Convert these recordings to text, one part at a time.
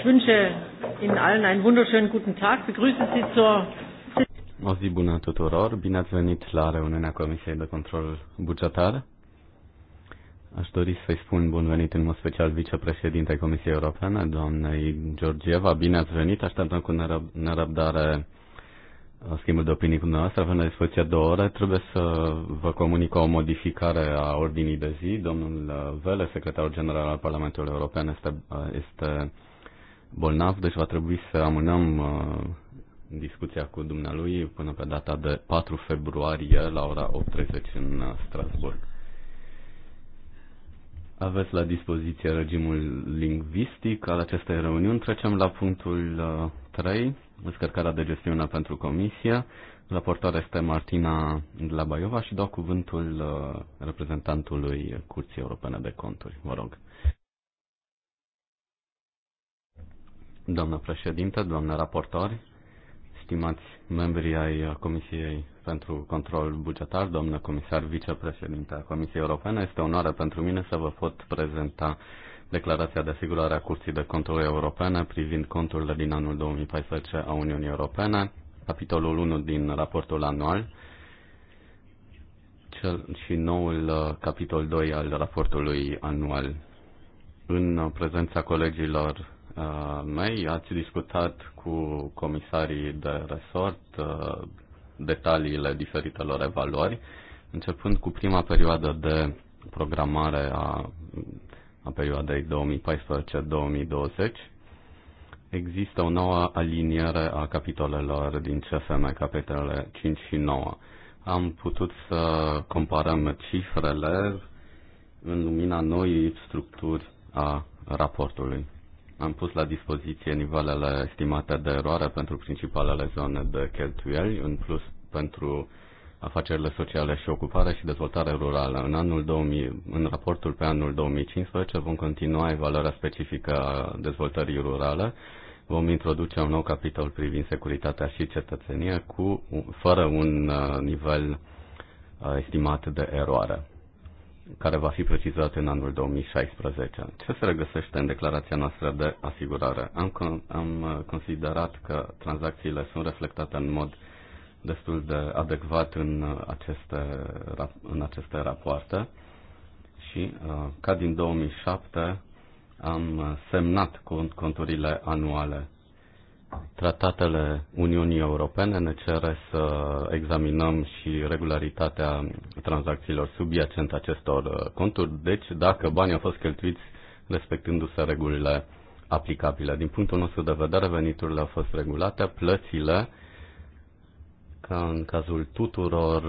Ich wünsche Ihnen allen einen wunderschönen guten Tag. Begrüße Sie zur o zi bună tuturor, bine ați venit la reuniunea Comisiei de Control Bugetar. Aș dori să-i spun bun venit în mod special vicepreședintei Comisiei Europene, doamnei Georgieva. Bine ați venit, așteptăm cu nerăb- nerăbdare uh, schimbul de opinii cu dumneavoastră. Avem la dispoziție două ore. Trebuie să vă comunic o modificare a ordinii de zi. Domnul uh, Vele, secretarul general al Parlamentului European, este, uh, este bolnav, deci va trebui să amânăm uh, discuția cu dumnealui până pe data de 4 februarie la ora 8.30 în uh, Strasburg. Aveți la dispoziție regimul lingvistic al acestei reuniuni. Trecem la punctul 3, uh, descărcarea de gestiune pentru comisie. Raportoarea este Martina Dlabaiova și dau cuvântul uh, reprezentantului Curții Europene de Conturi. Vă rog. Doamnă președintă, doamnă raportori, stimați membrii ai Comisiei pentru Control Bugetar, doamnă comisar vicepreședinte a Comisiei Europene, este onoare pentru mine să vă pot prezenta declarația de asigurare a Curții de Control Europene privind conturile din anul 2014 a Uniunii Europene, capitolul 1 din raportul anual cel și noul capitol 2 al raportului anual. În prezența colegilor Uh, mei. Ați discutat cu comisarii de resort uh, detaliile diferitelor evaluări, începând cu prima perioadă de programare a, a perioadei 2014-2020. Există o nouă aliniere a capitolelor din CFM, capitolele 5 și 9. Am putut să comparăm cifrele în lumina noii structuri a raportului. Am pus la dispoziție nivelele estimate de eroare pentru principalele zone de cheltuieli, în plus pentru afacerile sociale și ocupare și dezvoltare rurală. În, anul 2000, în raportul pe anul 2015 vom continua evaluarea specifică a dezvoltării rurale, vom introduce un nou capitol privind securitatea și cetățenia cu, fără un uh, nivel uh, estimat de eroare care va fi precizat în anul 2016. Ce se regăsește în declarația noastră de asigurare? Am, con- am uh, considerat că tranzacțiile sunt reflectate în mod destul de adecvat în uh, aceste, în aceste rapoarte și, uh, ca din 2007, am semnat conturile anuale tratatele Uniunii Europene ne cere să examinăm și regularitatea tranzacțiilor subiacente acestor uh, conturi, deci dacă banii au fost cheltuiți respectându-se regulile aplicabile. Din punctul nostru de vedere, veniturile au fost regulate, plățile, ca în cazul tuturor,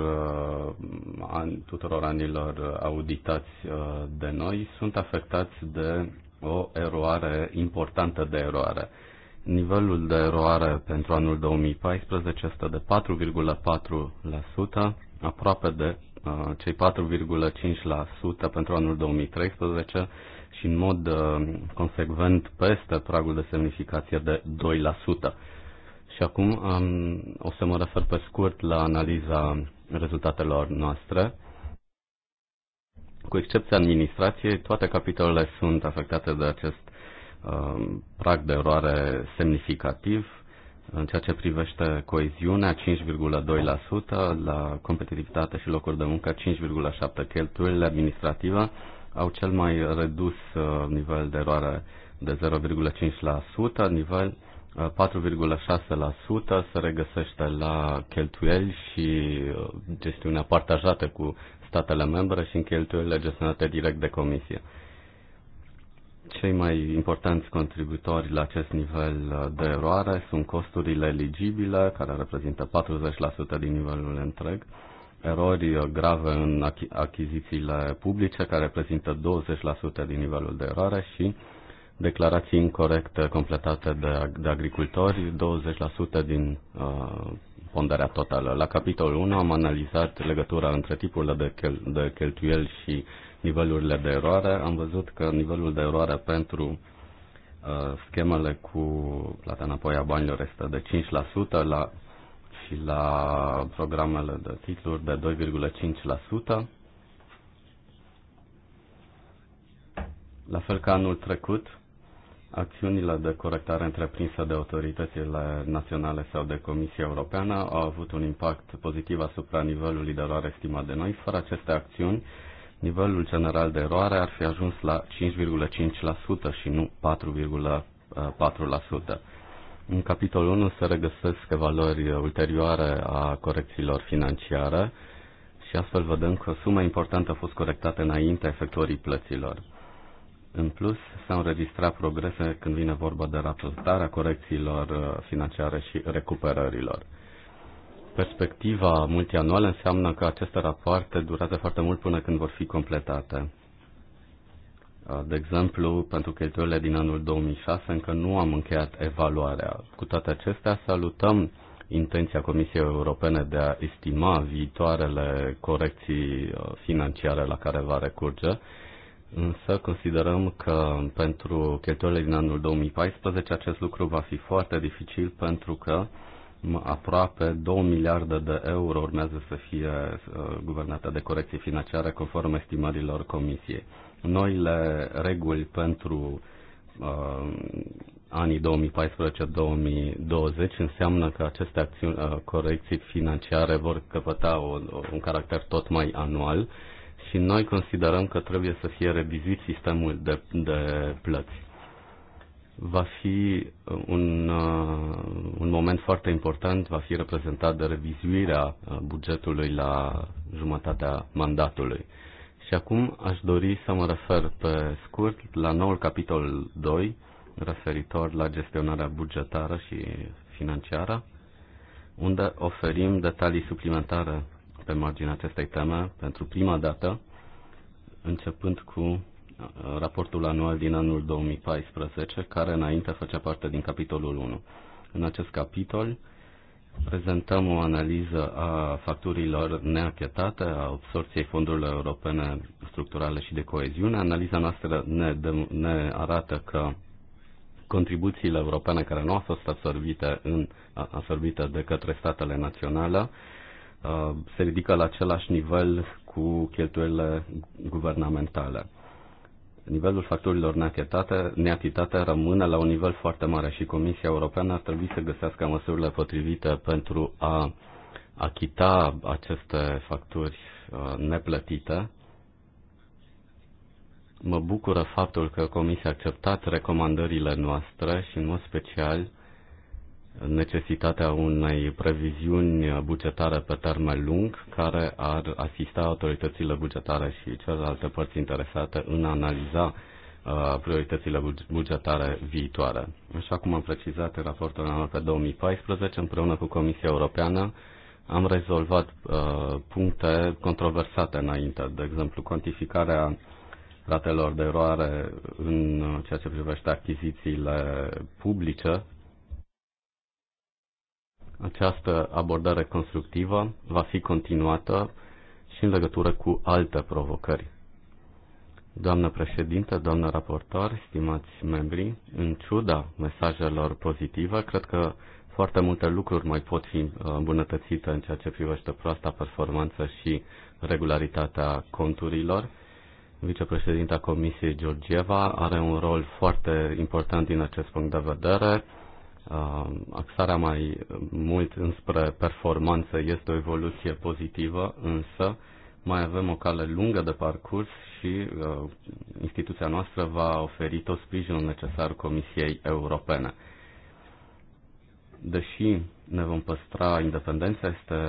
uh, tuturor anilor auditați uh, de noi, sunt afectați de o eroare importantă de eroare. Nivelul de eroare pentru anul 2014 este de 4,4%, aproape de uh, cei 4,5% pentru anul 2013 și în mod uh, consecvent peste pragul de semnificație de 2%. Și acum um, o să mă refer pe scurt la analiza rezultatelor noastre. Cu excepția administrației, toate capitolele sunt afectate de acest Um, prag de eroare semnificativ. În ceea ce privește coeziunea, 5,2%, la competitivitate și locuri de muncă, 5,7%. Cheltuielile administrative au cel mai redus uh, nivel de eroare de 0,5%, nivel 4,6% uh, se regăsește la cheltuieli și uh, gestiunea partajată cu statele membre și în cheltuielile gestionate direct de comisie. Cei mai importanți contributori la acest nivel de eroare sunt costurile eligibile, care reprezintă 40% din nivelul întreg, erori grave în achi- achizițiile publice, care reprezintă 20% din nivelul de eroare și declarații incorrecte completate de, de agricultori, 20% din uh, ponderea totală. La capitolul 1 am analizat legătura între tipurile de, chel- de cheltuieli și nivelurile de eroare. Am văzut că nivelul de eroare pentru uh, schemele cu plata înapoi a banilor este de 5% la, și la programele de titluri de 2,5%. La fel ca anul trecut, acțiunile de corectare întreprinse de autoritățile naționale sau de Comisia Europeană au avut un impact pozitiv asupra nivelului de eroare estimat de noi. Fără aceste acțiuni, nivelul general de eroare ar fi ajuns la 5,5% și nu 4,4%. În capitolul 1 se regăsesc valori ulterioare a corecțiilor financiare și astfel vedem că suma importantă a fost corectată înainte efectuării plăților. În plus, s-au înregistrat progrese când vine vorba de raportarea corecțiilor uh, financiare și recuperărilor. Perspectiva multianuală înseamnă că aceste rapoarte durează foarte mult până când vor fi completate. Uh, de exemplu, pentru cheltuielile din anul 2006 încă nu am încheiat evaluarea. Cu toate acestea, salutăm intenția Comisiei Europene de a estima viitoarele corecții uh, financiare la care va recurge, însă considerăm că pentru cheltuielile din anul 2014 acest lucru va fi foarte dificil pentru că aproape 2 miliarde de euro urmează să fie uh, guvernate de corecție financiară, conform estimărilor Comisiei. Noile reguli pentru uh, anii 2014-2020 înseamnă că aceste acțiuni, uh, corecții financiare vor căpăta o, un caracter tot mai anual și noi considerăm că trebuie să fie revizuit sistemul de, de plăți va fi uh, un, uh, un moment foarte important, va fi reprezentat de revizuirea uh, bugetului la jumătatea mandatului. Și acum aș dori să mă refer pe scurt la noul capitol 2, referitor la gestionarea bugetară și financiară, unde oferim detalii suplimentare pe marginea acestei teme pentru prima dată, începând cu raportul anual din anul 2014, care înainte făcea parte din capitolul 1. În acest capitol prezentăm o analiză a facturilor neachetate, a absorției fondurilor europene structurale și de coeziune. Analiza noastră ne, de, ne arată că contribuțiile europene care nu au fost absorbite, în, absorbite de către statele naționale uh, se ridică la același nivel cu cheltuielile guvernamentale nivelul factorilor neachitate, neachitate rămâne la un nivel foarte mare și Comisia Europeană ar trebui să găsească măsurile potrivite pentru a achita aceste facturi uh, neplătite. Mă bucură faptul că Comisia a acceptat recomandările noastre și, în mod special, necesitatea unei previziuni bugetare pe termen lung care ar asista autoritățile bugetare și celelalte părți interesate în a analiza uh, prioritățile bugetare viitoare. Așa cum am precizat în raportul anual pe 2014, împreună cu Comisia Europeană, am rezolvat uh, puncte controversate înainte, de exemplu, cuantificarea ratelor de eroare în uh, ceea ce privește achizițiile publice această abordare constructivă va fi continuată și în legătură cu alte provocări. Doamnă președinte, doamnă raportor, stimați membri, în ciuda mesajelor pozitive, cred că foarte multe lucruri mai pot fi uh, îmbunătățite în ceea ce privește proasta performanță și regularitatea conturilor. Vicepreședinta Comisiei Georgieva are un rol foarte important din acest punct de vedere Uh, axarea mai mult înspre performanță este o evoluție pozitivă, însă mai avem o cale lungă de parcurs și uh, instituția noastră va oferi tot sprijinul necesar Comisiei Europene. Deși ne vom păstra independența, este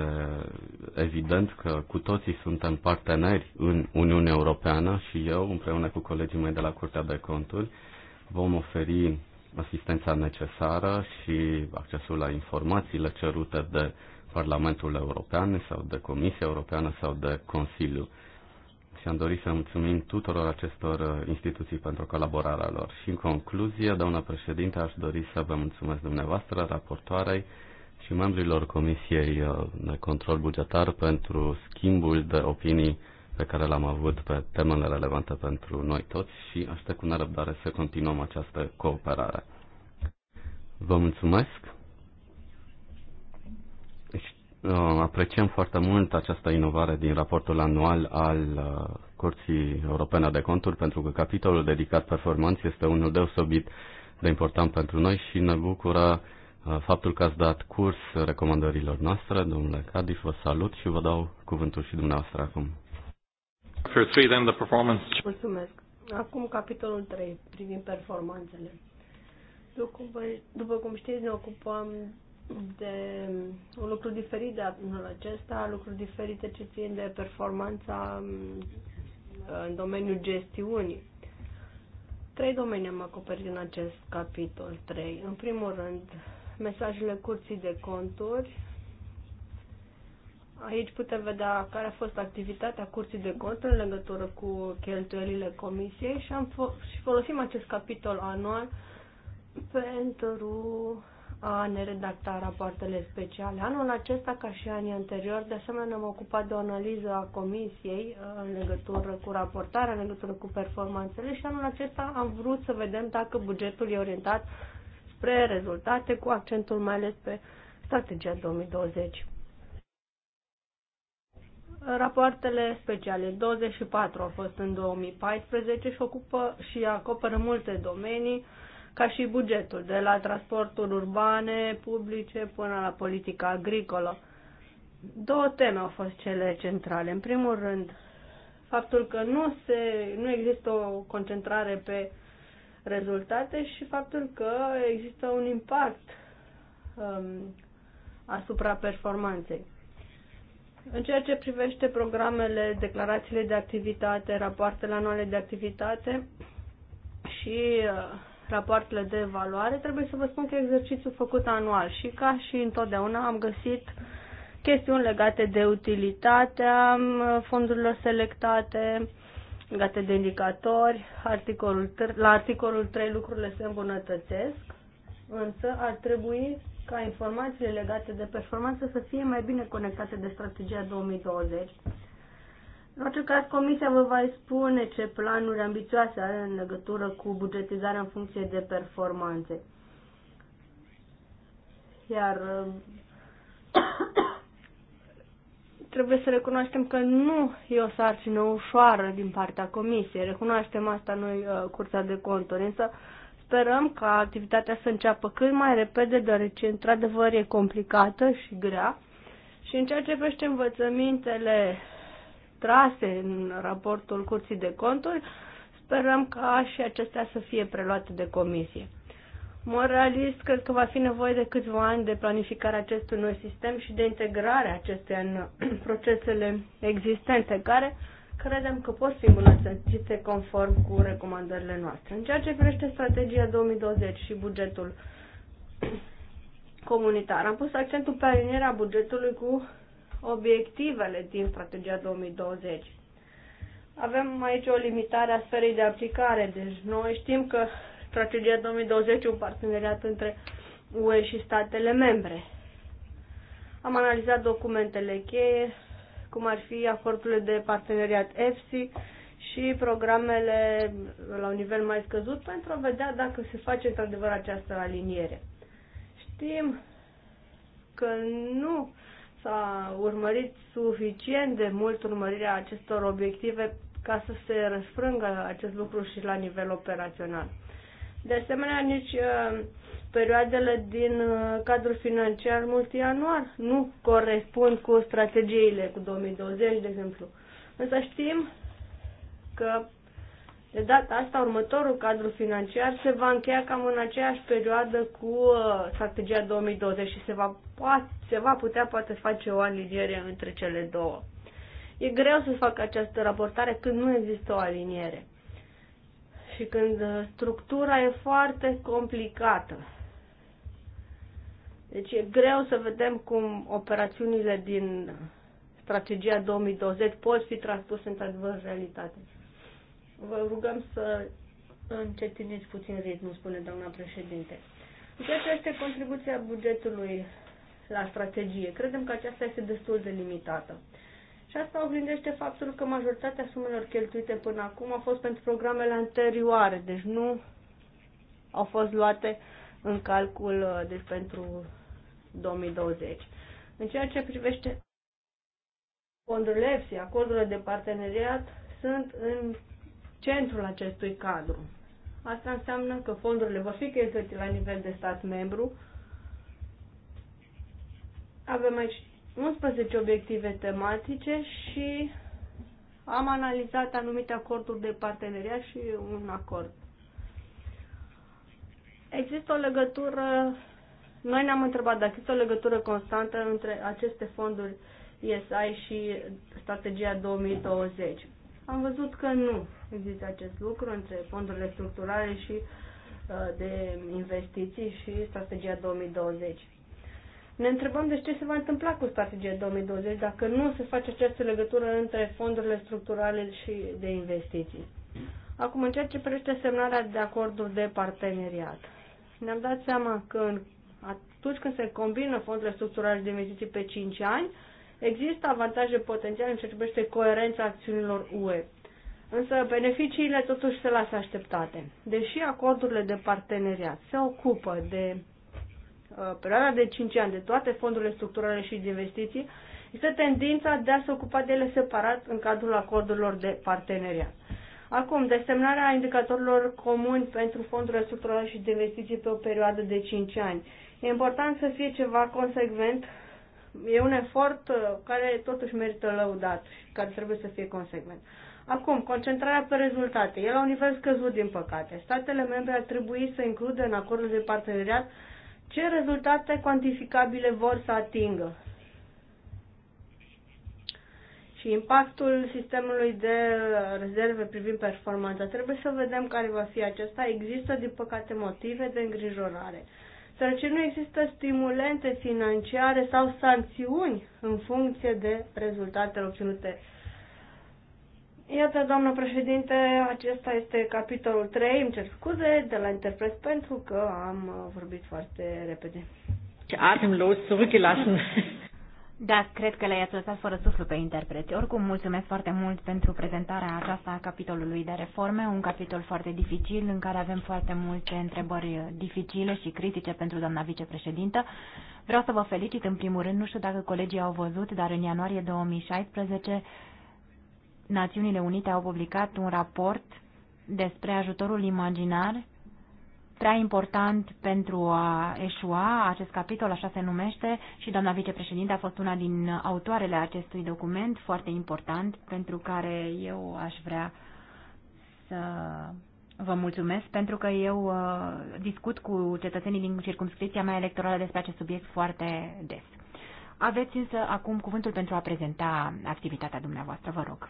evident că cu toții suntem parteneri în Uniunea Europeană și eu, împreună cu colegii mei de la Curtea de Conturi, vom oferi asistența necesară și accesul la informațiile cerute de Parlamentul European sau de Comisia Europeană sau de Consiliu. Și am dorit să mulțumim tuturor acestor instituții pentru colaborarea lor. Și în concluzie, doamna președinte, aș dori să vă mulțumesc dumneavoastră, raportoarei și membrilor Comisiei de Control Bugetar pentru schimbul de opinii pe care l-am avut pe temele relevante pentru noi toți și aștept cu nerăbdare să continuăm această cooperare. Vă mulțumesc! Uh, apreciem foarte mult această inovare din raportul anual al uh, Curții Europene de Conturi, pentru că capitolul dedicat performanței este unul deosebit de important pentru noi și ne bucură uh, faptul că ați dat curs recomandărilor noastre. Domnule Cadif, vă salut și vă dau cuvântul și dumneavoastră acum. Chapter 3, then the performance. Mulțumesc. Acum capitolul 3, privind performanțele. După cum știți, ne ocupăm de un lucru diferit de anul acesta, lucruri diferite ce țin de performanța mm, în domeniul gestiunii. Trei domenii am acoperit în acest capitol 3. În primul rând, mesajele curții de conturi, Aici putem vedea care a fost activitatea Curții de Conturi în legătură cu cheltuielile comisiei și, am fo- și folosim acest capitol anual pentru a ne redacta rapoartele speciale. Anul acesta, ca și anii anterior, de asemenea ne-am ocupat de o analiză a comisiei uh, în legătură cu raportarea, în legătură cu performanțele și anul acesta am vrut să vedem dacă bugetul e orientat spre rezultate, cu accentul mai ales pe strategia 2020. Rapoartele speciale, 24 au fost în 2014 și, ocupă, și acoperă multe domenii, ca și bugetul, de la transporturi urbane, publice, până la politica agricolă. Două teme au fost cele centrale. În primul rând, faptul că nu, se, nu există o concentrare pe rezultate și faptul că există un impact um, asupra performanței. În ceea ce privește programele, declarațiile de activitate, rapoartele anuale de activitate și uh, rapoartele de evaluare, trebuie să vă spun că exercițiul făcut anual și ca și întotdeauna am găsit chestiuni legate de utilitatea um, fondurilor selectate, legate de indicatori, articolul, la articolul 3 lucrurile se îmbunătățesc, însă ar trebui ca informațiile legate de performanță să fie mai bine conectate de strategia 2020. În orice caz, Comisia vă va spune ce planuri ambițioase are în legătură cu bugetizarea în funcție de performanțe. Iar trebuie să recunoaștem că nu e o sarcină ușoară din partea Comisiei. Recunoaștem asta noi, uh, Curtea de Conturi, însă Sperăm ca activitatea să înceapă cât mai repede, deoarece într-adevăr e complicată și grea. Și în ceea ce privește învățămintele trase în raportul Curții de Conturi, sperăm ca și acestea să fie preluate de comisie. Mă realist, cred că va fi nevoie de câțiva ani de planificarea acestui noi sistem și de integrarea acestuia în procesele existente, care credem că pot fi îmbunătățite conform cu recomandările noastre. În ceea ce privește strategia 2020 și bugetul comunitar, am pus accentul pe alinierea bugetului cu obiectivele din strategia 2020. Avem aici o limitare a sferei de aplicare, deci noi știm că strategia 2020 e un parteneriat între UE și statele membre. Am analizat documentele cheie, cum ar fi acordurile de parteneriat EFSI și programele la un nivel mai scăzut pentru a vedea dacă se face într-adevăr această aliniere. Știm că nu s-a urmărit suficient de mult urmărirea acestor obiective ca să se răsfrângă acest lucru și la nivel operațional. De asemenea, nici uh, perioadele din uh, cadrul financiar multianual nu corespund cu strategiile cu 2020, de exemplu. Însă știm că de data asta, următorul cadru financiar se va încheia cam în aceeași perioadă cu uh, strategia 2020 și se va, poate, se va putea poate face o aliniere între cele două. E greu să fac această raportare când nu există o aliniere și când uh, structura e foarte complicată. Deci e greu să vedem cum operațiunile din strategia 2020 pot fi transpuse într-adevăr în realitate. Vă rugăm să încetiniți puțin ritmul, spune doamna președinte. În ceea ce este contribuția bugetului la strategie, credem că aceasta este destul de limitată. Și asta oglindește faptul că majoritatea sumelor cheltuite până acum au fost pentru programele anterioare, deci nu au fost luate în calcul uh, deci pentru 2020. În ceea ce privește fondurile EFSI, acordurile de parteneriat sunt în centrul acestui cadru. Asta înseamnă că fondurile vor fi cheltuite la nivel de stat membru. Avem aici 11 obiective tematice și am analizat anumite acorduri de parteneria și un acord. Există o legătură, noi ne-am întrebat dacă există o legătură constantă între aceste fonduri ESI și strategia 2020. Am văzut că nu există acest lucru între fondurile structurale și uh, de investiții și strategia 2020. Ne întrebăm de ce se va întâmpla cu strategia 2020 dacă nu se face această legătură între fondurile structurale și de investiții. Acum, în ceea ce privește semnarea de acorduri de parteneriat, ne-am dat seama că în, atunci când se combină fondurile structurale de investiții pe 5 ani, există avantaje potențiale în ceea ce privește coerența acțiunilor UE. Însă beneficiile totuși se lasă așteptate. Deși acordurile de parteneriat se ocupă de Uh, perioada de 5 ani de toate fondurile structurale și de investiții, este tendința de a se ocupa de ele separat în cadrul acordurilor de parteneriat. Acum, desemnarea indicatorilor comuni pentru fondurile structurale și de investiții pe o perioadă de 5 ani. E important să fie ceva consecvent. E un efort uh, care totuși merită lăudat și care trebuie să fie consecvent. Acum, concentrarea pe rezultate. E la un nivel scăzut, din păcate. Statele membre ar trebui să includă în acordul de parteneriat ce rezultate cuantificabile vor să atingă? Și impactul sistemului de rezerve privind performanța. Trebuie să vedem care va fi acesta. Există, din păcate, motive de îngrijorare. Sărăcie nu există stimulente financiare sau sancțiuni în funcție de rezultatele obținute Iată, doamnă președinte, acesta este capitolul 3, îmi cer scuze de la interpret pentru că am uh, vorbit foarte repede. los, zurückgelassen. Da, cred că le-ați lăsat fără suflu pe interpreți. Oricum, mulțumesc foarte mult pentru prezentarea aceasta a capitolului de reforme, un capitol foarte dificil în care avem foarte multe întrebări dificile și critice pentru doamna vicepreședintă. Vreau să vă felicit în primul rând, nu știu dacă colegii au văzut, dar în ianuarie 2016 Națiunile Unite au publicat un raport despre ajutorul imaginar, prea important pentru a eșua, acest capitol așa se numește, și doamna vicepreședinte a fost una din autoarele acestui document foarte important pentru care eu aș vrea să Vă mulțumesc pentru că eu uh, discut cu cetățenii din circunscripția mea electorală despre acest subiect foarte des. Aveți însă acum cuvântul pentru a prezenta activitatea dumneavoastră, vă rog.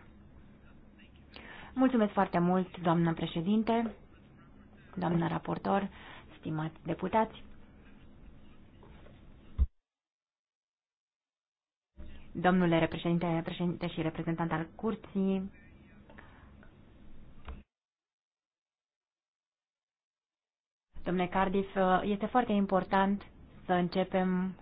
Mulțumesc foarte mult, doamnă președinte, doamnă raportor, stimați deputați. Domnule repreședinte, președinte și reprezentant al curții, Domnule Cardiff, este foarte important să începem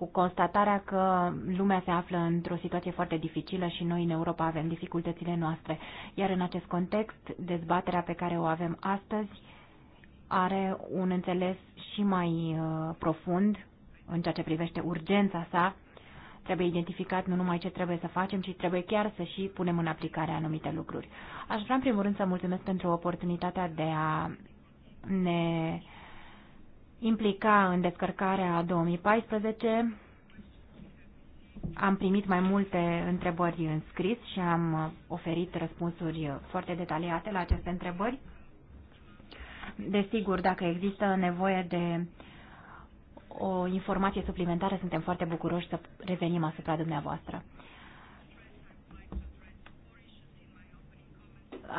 cu constatarea că lumea se află într-o situație foarte dificilă și noi în Europa avem dificultățile noastre. Iar în acest context, dezbaterea pe care o avem astăzi are un înțeles și mai uh, profund în ceea ce privește urgența sa. Trebuie identificat nu numai ce trebuie să facem, ci trebuie chiar să și punem în aplicare anumite lucruri. Aș vrea, în primul rând, să mulțumesc pentru oportunitatea de a ne implica în descărcarea 2014. Am primit mai multe întrebări în scris și am oferit răspunsuri foarte detaliate la aceste întrebări. Desigur, dacă există nevoie de o informație suplimentară, suntem foarte bucuroși să revenim asupra dumneavoastră.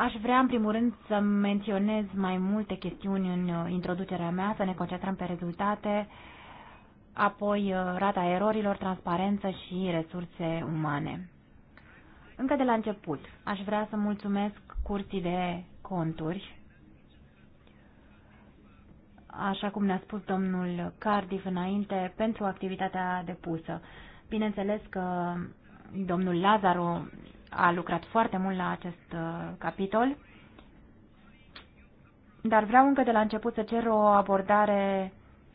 Aș vrea, în primul rând, să menționez mai multe chestiuni în uh, introducerea mea, să ne concentrăm pe rezultate, apoi uh, rata erorilor, transparență și resurse umane. Încă de la început, aș vrea să mulțumesc curții de conturi. Așa cum ne-a spus domnul Cardiff înainte, pentru activitatea depusă. Bineînțeles că domnul Lazaru a lucrat foarte mult la acest uh, capitol, dar vreau încă de la început să cer o abordare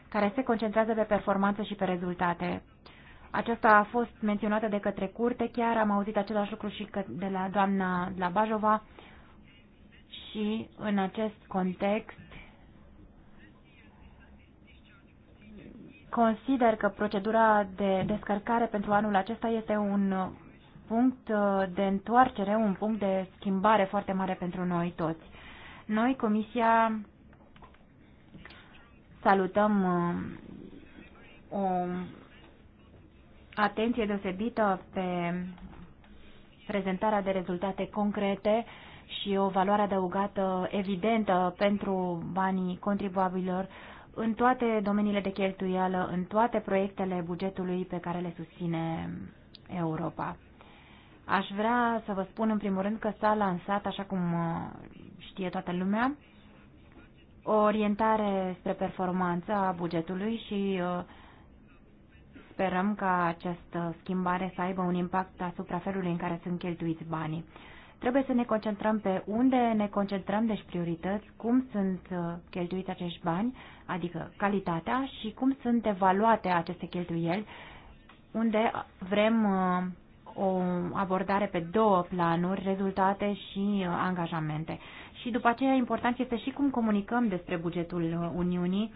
care se concentrează pe performanță și pe rezultate. Aceasta a fost menționată de către curte, chiar am auzit același lucru și de la doamna de la Bajova și în acest context consider că procedura de descărcare pentru anul acesta este un punct uh, de întoarcere, un punct de schimbare foarte mare pentru noi toți. Noi, Comisia, salutăm uh, o atenție deosebită pe prezentarea de rezultate concrete și o valoare adăugată evidentă pentru banii contribuabililor în toate domeniile de cheltuială, în toate proiectele bugetului pe care le susține Europa. Aș vrea să vă spun în primul rând că s-a lansat, așa cum uh, știe toată lumea, o orientare spre performanță a bugetului și uh, sperăm ca această schimbare să aibă un impact asupra felului în care sunt cheltuiți banii. Trebuie să ne concentrăm pe unde ne concentrăm, deci priorități, cum sunt uh, cheltuiți acești bani, adică calitatea și cum sunt evaluate aceste cheltuieli, unde vrem o abordare pe două planuri, rezultate și uh, angajamente. Și după aceea important este și cum comunicăm despre bugetul Uniunii.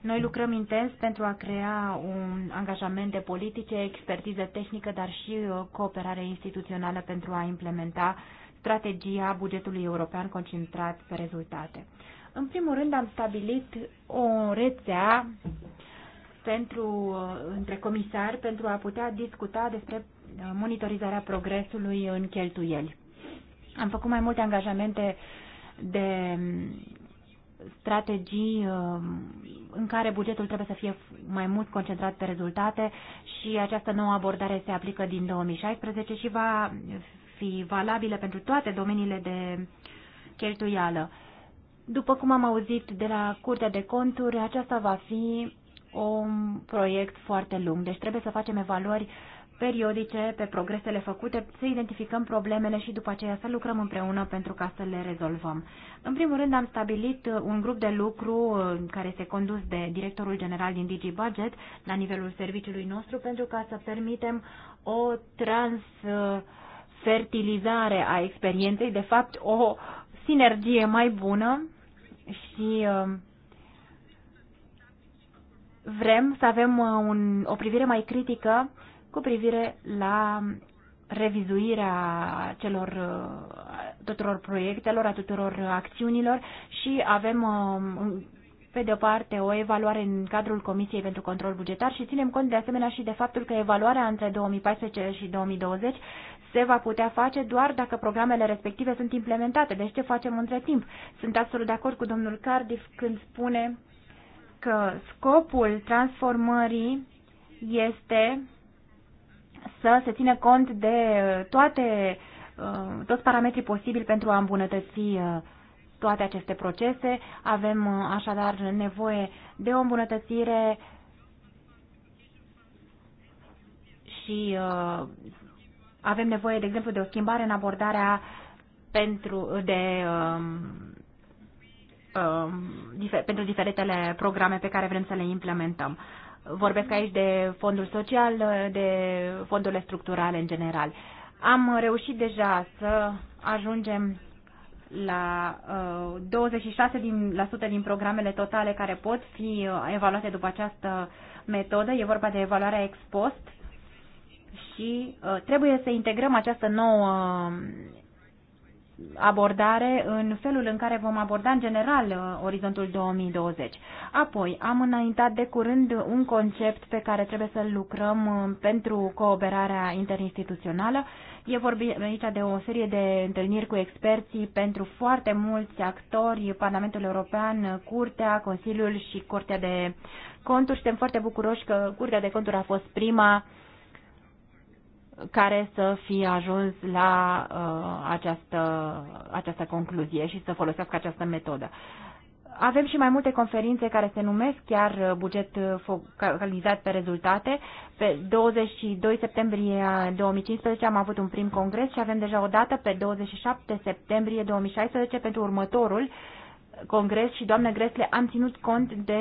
Noi lucrăm intens pentru a crea un angajament de politice, expertiză tehnică, dar și uh, cooperare instituțională pentru a implementa strategia bugetului european concentrat pe rezultate. În primul rând am stabilit o rețea pentru, uh, între comisari pentru a putea discuta despre monitorizarea progresului în cheltuieli. Am făcut mai multe angajamente de mm, strategii mm, în care bugetul trebuie să fie mai mult concentrat pe rezultate și această nouă abordare se aplică din 2016 și va fi valabilă pentru toate domeniile de cheltuială. După cum am auzit de la Curtea de Conturi, aceasta va fi un proiect foarte lung, deci trebuie să facem evaluări uh, periodice pe progresele făcute, să identificăm problemele și după aceea să lucrăm împreună pentru ca să le rezolvăm. În primul rând am stabilit uh, un grup de lucru uh, care este condus de directorul general din DigiBudget la nivelul serviciului nostru pentru ca să permitem o transfertilizare uh, a experienței, de fapt o sinergie mai bună și vrem să avem un, o privire mai critică cu privire la revizuirea celor, tuturor proiectelor, a tuturor acțiunilor și avem um, pe de o parte o evaluare în cadrul Comisiei pentru Control Bugetar și ținem cont de asemenea și de faptul că evaluarea între 2014 și 2020 se va putea face doar dacă programele respective sunt implementate. Deci ce facem între timp? Sunt absolut de acord cu domnul Cardiff când spune că scopul transformării este să se țină cont de uh, toate, uh, toți parametrii posibili pentru a îmbunătăți uh, toate aceste procese. Avem așadar nevoie de o îmbunătățire și avem nevoie, de exemplu, de o schimbare în abordarea pentru, de, um, um, difer, pentru diferitele programe pe care vrem să le implementăm. Vorbesc aici de fondul social, de fondurile structurale în general. Am reușit deja să ajungem la uh, 26% din, la sută din programele totale care pot fi uh, evaluate după această metodă. E vorba de evaluarea ex post și uh, trebuie să integrăm această nouă uh, abordare în felul în care vom aborda în general uh, orizontul 2020. Apoi, am înaintat de curând un concept pe care trebuie să-l lucrăm uh, pentru cooperarea interinstituțională. E vorbit aici de o serie de întâlniri cu experții pentru foarte mulți actori, Parlamentul European, Curtea, Consiliul și Curtea de Conturi. Suntem foarte bucuroși că Curtea de Conturi a fost prima uh, care să fie ajuns la uh, această, această concluzie și să folosească această metodă. Avem și mai multe conferințe care se numesc chiar uh, buget uh, focalizat pe rezultate. Pe 22 septembrie 2015 uh, am avut un prim congres și avem deja o dată pe 27 septembrie 2016 pentru următorul congres și, doamnă Gresle, am ținut cont de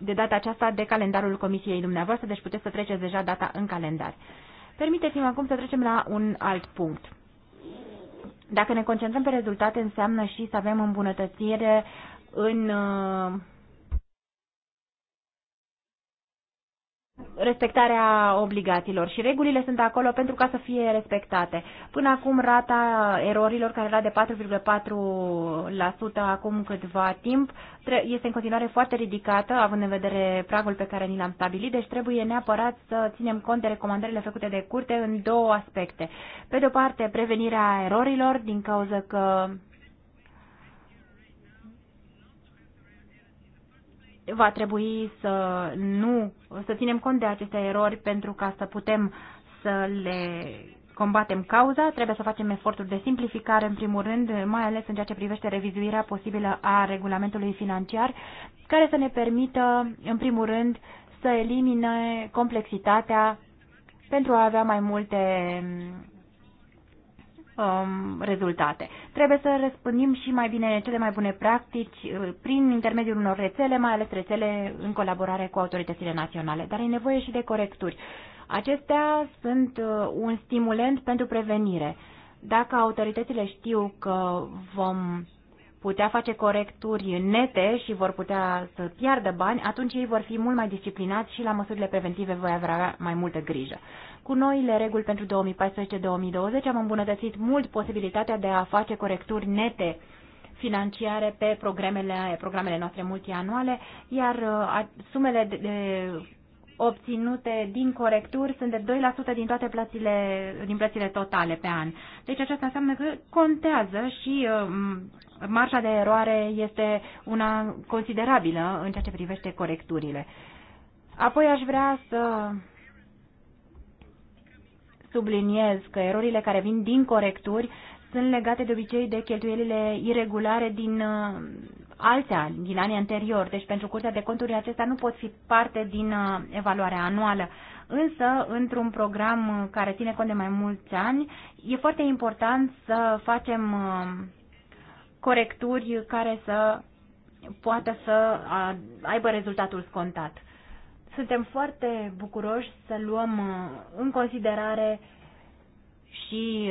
de data aceasta de calendarul comisiei dumneavoastră, deci puteți să treceți deja data în calendar. Permiteți-mi acum să trecem la un alt punct. Dacă ne concentrăm pe rezultate, înseamnă și să avem îmbunătățire în uh, respectarea obligațiilor și regulile sunt acolo pentru ca să fie respectate. Până acum rata erorilor care era de 4,4% acum câtva timp este în continuare foarte ridicată având în vedere pragul pe care ni l-am stabilit, deci trebuie neapărat să ținem cont de recomandările făcute de curte în două aspecte. Pe de o parte, prevenirea erorilor din cauza că va trebui să nu, să ținem cont de aceste erori pentru ca să putem să le combatem cauza, trebuie să facem eforturi de simplificare, în primul rând, mai ales în ceea ce privește revizuirea posibilă a regulamentului financiar, care să ne permită, în primul rând, să elimine complexitatea pentru a avea mai multe um, rezultate. Trebuie să răspândim și mai bine cele mai bune practici uh, prin intermediul unor rețele, mai ales rețele în colaborare cu autoritățile naționale, dar e nevoie și de corecturi. Acestea sunt uh, un stimulent pentru prevenire. Dacă autoritățile știu că vom putea face corecturi nete și vor putea să piardă bani, atunci ei vor fi mult mai disciplinați și la măsurile preventive voi avea mai multă grijă. Cu noile reguli pentru 2014-2020 am îmbunătățit mult posibilitatea de a face corecturi nete financiare pe programele, programele noastre multianuale, iar uh, sumele de, de obținute din corecturi sunt de 2% din toate plățile, din plățile totale pe an. Deci aceasta înseamnă că contează și um, marja de eroare este una considerabilă în ceea ce privește corecturile. Apoi aș vrea să subliniez că erorile care vin din corecturi sunt legate de obicei de cheltuielile irregulare din uh, ani, din anii anteriori. Deci pentru Curtea de Conturi acestea nu pot fi parte din uh, evaluarea anuală. Însă, într-un program uh, care ține cont de mai mulți ani, e foarte important să facem uh, corecturi care să poată să aibă rezultatul scontat. Suntem foarte bucuroși să luăm în considerare și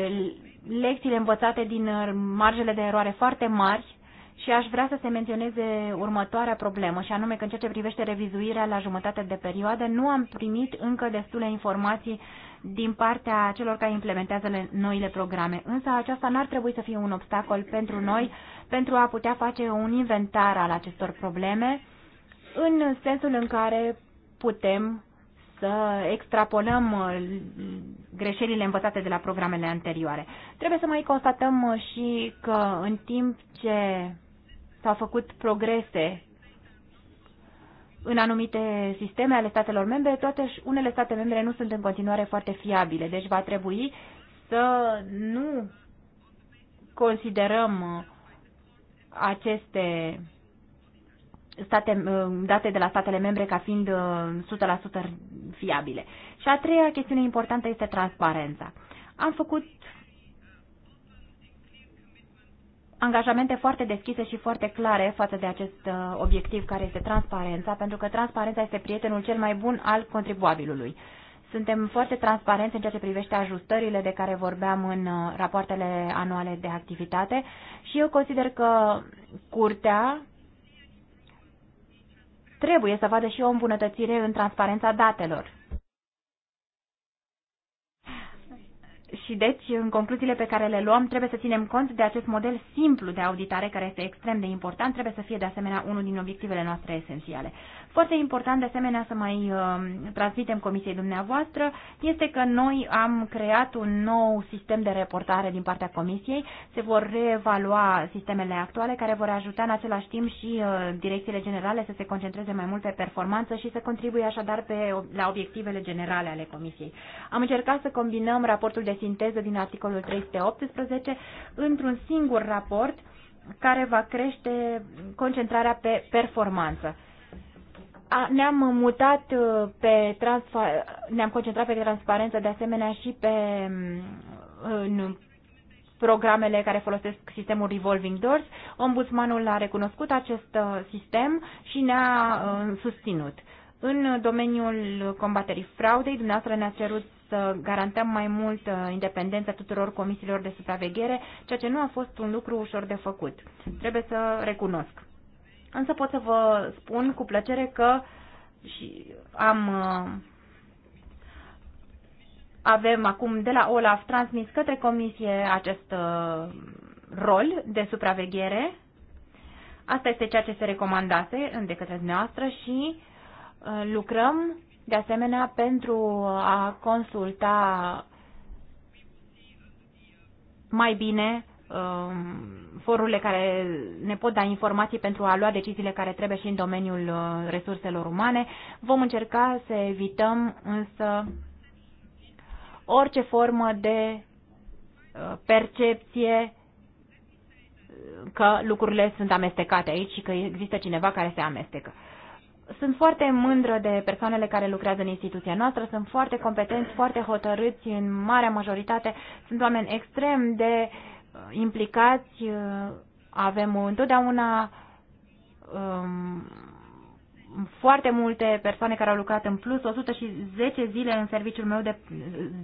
lecțiile învățate din marjele de eroare foarte mari și aș vrea să se menționeze următoarea problemă, și anume că în ceea ce privește revizuirea la jumătate de perioadă, nu am primit încă destule informații din partea celor care implementează noile programe. Însă aceasta n-ar trebui să fie un obstacol pentru noi pentru a putea face un inventar al acestor probleme, în sensul în care putem să extrapolăm uh, greșelile învățate de la programele anterioare. Trebuie să mai constatăm uh, și că în timp ce s-au făcut progrese în anumite sisteme ale statelor membre, toate unele state membre nu sunt în continuare foarte fiabile, deci va trebui să nu considerăm uh, aceste state, uh, date de la statele membre ca fiind 100% uh, fiabile. Și a treia chestiune importantă este transparența. Am făcut angajamente foarte deschise și foarte clare față de acest uh, obiectiv care este transparența, pentru că transparența este prietenul cel mai bun al contribuabilului. Suntem foarte transparenți în ceea ce privește ajustările de care vorbeam în uh, rapoartele anuale de activitate și eu consider că curtea trebuie să vadă și o îmbunătățire în transparența datelor. Și deci, în concluziile pe care le luăm, trebuie să ținem cont de acest model simplu de auditare, care este extrem de important, trebuie să fie de asemenea unul din obiectivele noastre esențiale. Foarte important, de asemenea, să mai uh, transmitem comisiei dumneavoastră, este că noi am creat un nou sistem de reportare din partea comisiei. Se vor reevalua sistemele actuale, care vor ajuta în același timp și uh, direcțiile generale să se concentreze mai mult pe performanță și să contribuie așadar pe, la obiectivele generale ale comisiei. Am încercat să combinăm raportul de sinteză sinteză din articolul 318 într-un singur raport care va crește concentrarea pe performanță. Ne-am mutat uh, pe ne-am concentrat pe transparență, de asemenea și pe mm, în programele care folosesc sistemul Revolving Doors. Ombudsmanul a recunoscut acest uh, sistem și ne-a uh, susținut. În domeniul combaterii fraudei, dumneavoastră ne-a cerut să garantăm mai mult uh, independența tuturor comisiilor de supraveghere, ceea ce nu a fost un lucru ușor de făcut. Trebuie să recunosc. Însă pot să vă spun cu plăcere că și am uh, avem acum de la OLAF transmis către comisie acest uh, rol de supraveghere. Asta este ceea ce se recomandase de către dumneavoastră și lucrăm de asemenea, pentru a consulta mai bine um, forurile care ne pot da informații pentru a lua deciziile care trebuie și în domeniul uh, resurselor umane. Vom încerca să evităm însă orice formă de uh, percepție că lucrurile sunt amestecate aici și că există cineva care se amestecă. Sunt foarte mândră de persoanele care lucrează în instituția noastră, sunt foarte competenți, foarte hotărâți, în marea majoritate sunt oameni extrem de uh, implicați, uh, avem întotdeauna um, foarte multe persoane care au lucrat în plus, 110 zile în serviciul meu de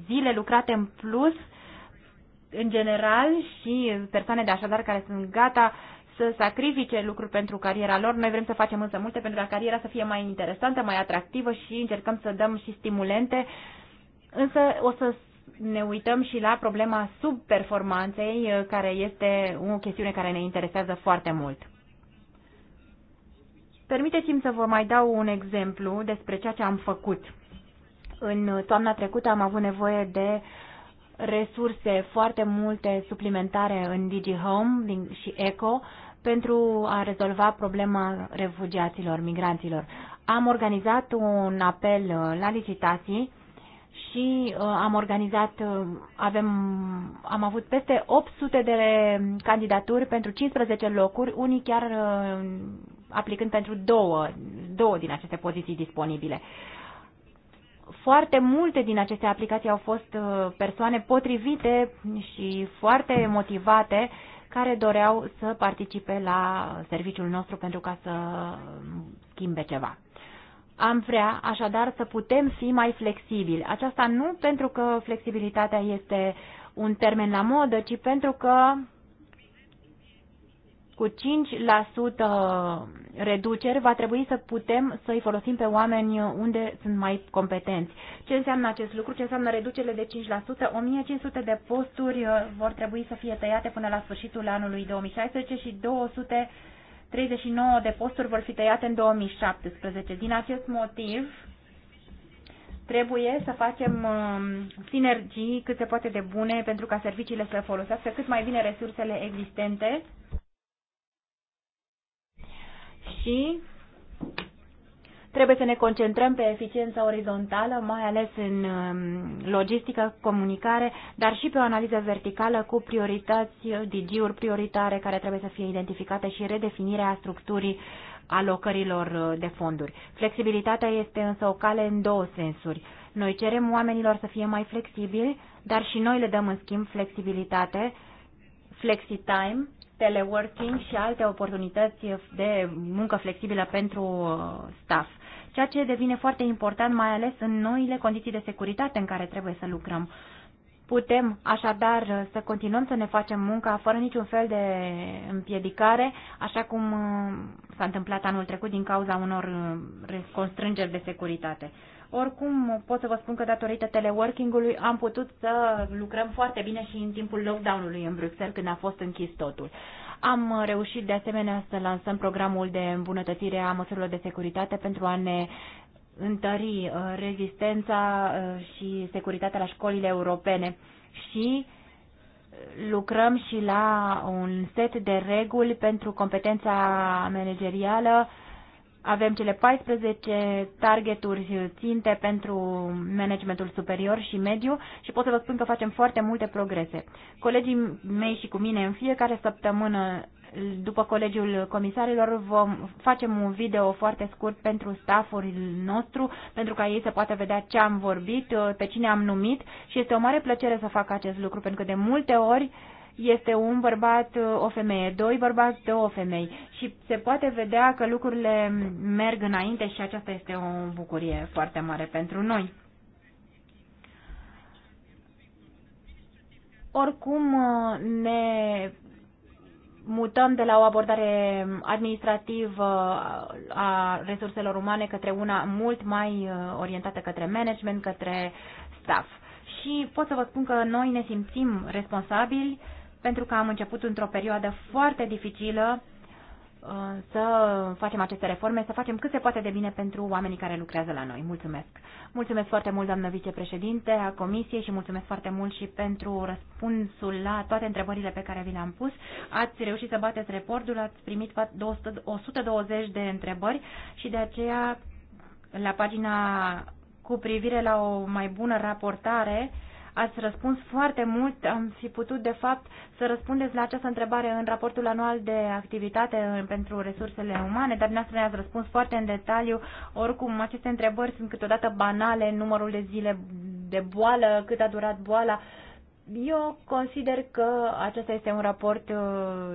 zile lucrate în plus, în general, și persoane de așadar care sunt gata să sacrifice lucruri pentru cariera lor. Noi vrem să facem însă multe pentru ca cariera să fie mai interesantă, mai atractivă și încercăm să dăm și stimulente. Însă o să ne uităm și la problema subperformanței, care este o chestiune care ne interesează foarte mult. Permiteți-mi să vă mai dau un exemplu despre ceea ce am făcut. În toamna trecută am avut nevoie de uh, resurse foarte multe suplimentare în DigiHome și ECO pentru a rezolva problema refugiaților, migranților. Am organizat un apel uh, la licitații și uh, am organizat, uh, avem, am avut peste 800 de candidaturi pentru 15 locuri, unii chiar aplicând pentru două, două din aceste poziții disponibile foarte multe din aceste aplicații au fost uh, persoane potrivite și foarte motivate care doreau să participe la serviciul nostru pentru ca să um, schimbe ceva. Am vrea așadar să putem fi mai flexibili. Aceasta nu pentru că flexibilitatea este un termen la modă, ci pentru că cu 5% reduceri, va trebui să putem să-i folosim pe oameni unde sunt mai competenți. Ce înseamnă acest lucru? Ce înseamnă reducerile de 5%? 1500 de posturi uh, vor trebui să fie tăiate până la sfârșitul anului 2016 și 239 de posturi vor fi tăiate în 2017. Din acest motiv, trebuie să facem um, sinergii cât se poate de bune pentru ca serviciile să folosească cât mai bine resursele existente și trebuie să ne concentrăm pe eficiența orizontală, mai ales în um, logistică, comunicare, dar și pe o analiză verticală cu priorități, DG-uri prioritare care trebuie să fie identificate și redefinirea structurii alocărilor uh, de fonduri. Flexibilitatea este însă o cale în două sensuri. Noi cerem oamenilor să fie mai flexibili, dar și noi le dăm în schimb flexibilitate, flexi time, teleworking și alte oportunități de muncă flexibilă pentru uh, staff, ceea ce devine foarte important, mai ales în noile condiții de securitate în care trebuie să lucrăm. Putem așadar să continuăm să ne facem munca fără niciun fel de împiedicare, așa cum uh, s-a întâmplat anul trecut din cauza unor uh, constrângeri de securitate. Oricum, pot să vă spun că datorită teleworking-ului am putut să lucrăm foarte bine și în timpul lockdown-ului în Bruxelles, când a fost închis totul. Am reușit de asemenea să lansăm programul de îmbunătățire a măsurilor de securitate pentru a ne întări uh, rezistența uh, și securitatea la școlile europene și uh, lucrăm și la un set de reguli pentru competența managerială avem cele 14 targeturi ținte pentru managementul superior și mediu și pot să vă spun că facem foarte multe progrese. Colegii mei și cu mine în fiecare săptămână după colegiul comisarilor vom facem un video foarte scurt pentru stafful nostru, pentru ca ei să poată vedea ce am vorbit, pe cine am numit și este o mare plăcere să fac acest lucru, pentru că de multe ori uh, este un bărbat, o femeie, doi bărbați, două femei. Și se poate vedea că lucrurile merg înainte și aceasta este o bucurie foarte mare pentru noi. Oricum ne mutăm de la o abordare administrativă a resurselor umane către una mult mai uh, orientată către management, către staff. Și pot să vă spun că noi ne simțim responsabili pentru că am început într-o perioadă foarte dificilă uh, să facem aceste reforme, să facem cât se poate de bine pentru oamenii care lucrează la noi. Mulțumesc! Mulțumesc foarte mult, doamnă vicepreședinte a Comisiei și mulțumesc foarte mult și pentru răspunsul la toate întrebările pe care vi le-am pus. Ați reușit să bateți recordul, ați primit 120 de întrebări și de aceea la pagina cu privire la o mai bună raportare Ați răspuns foarte mult. Am fi putut, de fapt, să răspundeți la această întrebare în raportul anual de activitate pentru resursele umane, dar dumneavoastră ne-ați răspuns foarte în detaliu. Oricum, aceste întrebări sunt câteodată banale, numărul de zile de boală, cât a durat boala. Eu consider că acesta este un raport uh,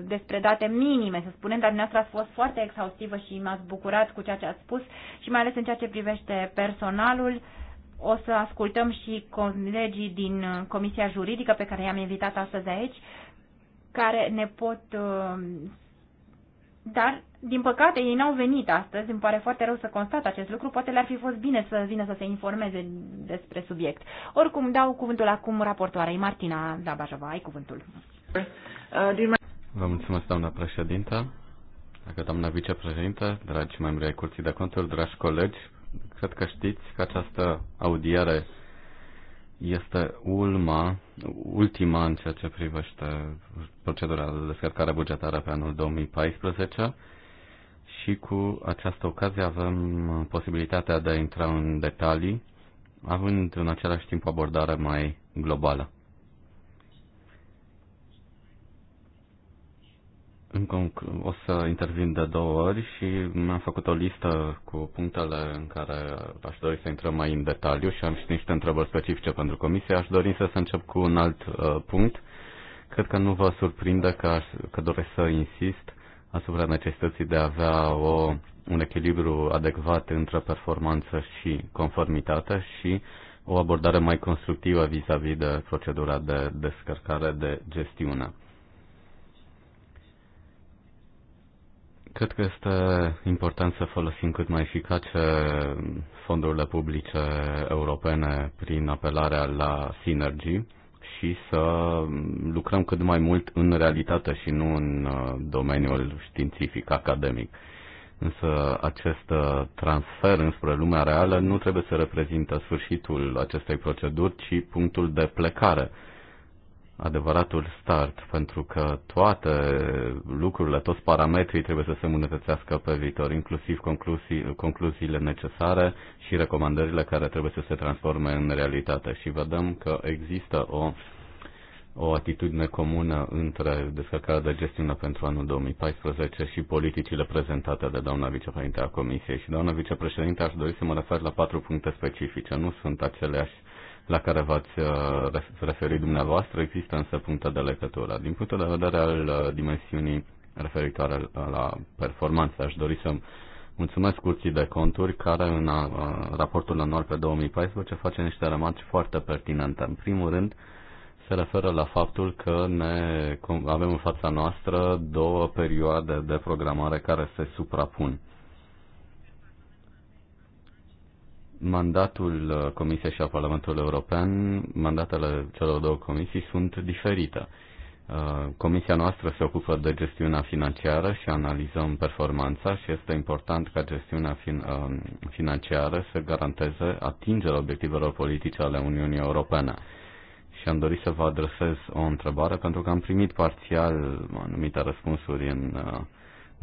despre date minime, să spunem, dar dumneavoastră ați fost foarte exhaustivă și m-ați bucurat cu ceea ce ați spus și mai ales în ceea ce privește personalul. O să ascultăm și colegii din uh, Comisia Juridică pe care i-am invitat astăzi aici, care ne pot... Uh, dar, din păcate, ei n-au venit astăzi. Îmi pare foarte rău să constat acest lucru. Poate le-ar fi fost bine să vină să se informeze despre subiect. Oricum, dau cuvântul acum raportoarei. Martina Dabajova, ai cuvântul. Vă mulțumesc, doamna președintă. Dacă doamna vicepreședintă, dragi membri ai Curții de Conturi, dragi colegi, Cred că știți că această audiere este ulma, ultima în ceea ce privește procedura de descărcare bugetară pe anul 2014 și cu această ocazie avem posibilitatea de a intra în detalii, având în același timp o abordare mai globală. Încă o să intervin de două ori și mi-am făcut o listă cu punctele în care aș dori să intrăm mai în detaliu și am și niște întrebări specifice pentru comisie. Aș dori să, să încep cu un alt uh, punct. Cred că nu vă surprinde că, aș, că doresc să insist asupra necesității de a avea o, un echilibru adecvat între performanță și conformitate și o abordare mai constructivă vis-a-vis -vis de procedura de descărcare de gestiune. Cred că este important să folosim cât mai eficace fondurile publice europene prin apelarea la sinergii și să lucrăm cât mai mult în realitate și nu în uh, domeniul științific, academic. Însă acest uh, transfer înspre lumea reală nu trebuie să reprezintă sfârșitul acestei proceduri, ci punctul de plecare adevăratul start, pentru că toate lucrurile, toți parametrii trebuie să se îmbunătățească pe viitor, inclusiv concluzii, concluziile necesare și recomandările care trebuie să se transforme în realitate. Și vedem că există o, o atitudine comună între descărcarea de gestiune pentru anul 2014 și politicile prezentate de doamna vicepreședinte a Comisiei. Și doamna vicepreședinte, aș dori să mă refer la patru puncte specifice. Nu sunt aceleași la care v-ați uh, referit dumneavoastră, există însă puncte de legătură. Din punctul de vedere al uh, dimensiunii referitoare la performanță, aș dori să mulțumesc curții de conturi care în uh, raportul anual pe 2014 face niște remarci foarte pertinente. În primul rând, se referă la faptul că ne avem în fața noastră două perioade de programare care se suprapun. mandatul uh, Comisiei și a Parlamentului European, mandatele celor două comisii sunt diferite. Uh, Comisia noastră se ocupă de gestiunea financiară și analizăm performanța și este important ca gestiunea fin, uh, financiară să garanteze atingerea obiectivelor politice ale Uniunii Europene. Și am dorit să vă adresez o întrebare pentru că am primit parțial anumite răspunsuri în uh,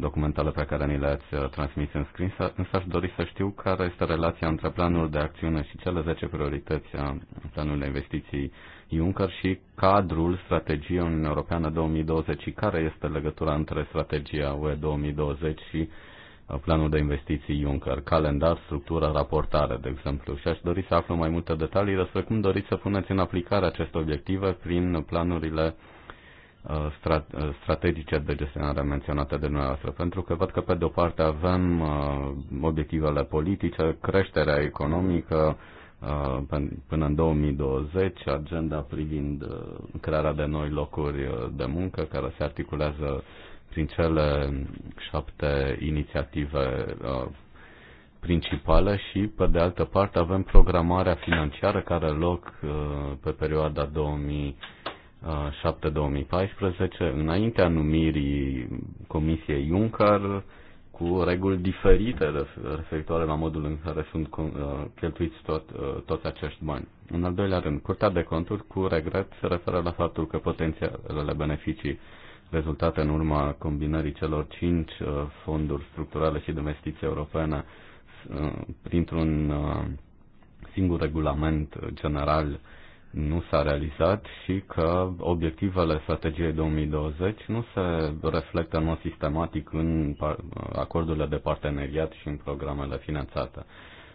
documentele pe care ni le-ați uh, transmis în scris, însă aș dori să știu care este relația între planul de acțiune și cele 10 priorități a uh, planului de investiții Juncker și cadrul strategiei Uniunii Europeană 2020 și care este legătura între strategia UE 2020 și uh, planul de investiții Juncker, calendar, structură, raportare, de exemplu. Și aș dori să aflu mai multe detalii despre cum doriți să puneți în aplicare aceste obiective prin planurile Uh, uh, strategice de gestionare menționate de noastră, pentru că văd că pe de-o parte avem uh, obiectivele politice, creșterea economică până în 2020, agenda privind crearea de noi locuri de muncă care se articulează prin cele șapte inițiative principale și, pe de altă parte, avem programarea financiară care loc pe perioada 2000 7 2014 înaintea numirii Comisiei Juncker, cu reguli diferite referitoare la modul în care sunt cheltuiți tot, toți acești bani. În al doilea rând, Curtea de Conturi, cu regret, se referă la faptul că potențialele beneficii rezultate în urma combinării celor cinci fonduri structurale și de investiții europene printr-un singur regulament general nu s-a realizat și că obiectivele strategiei 2020 nu se reflectă în mod sistematic în acordurile de parteneriat și în programele finanțate.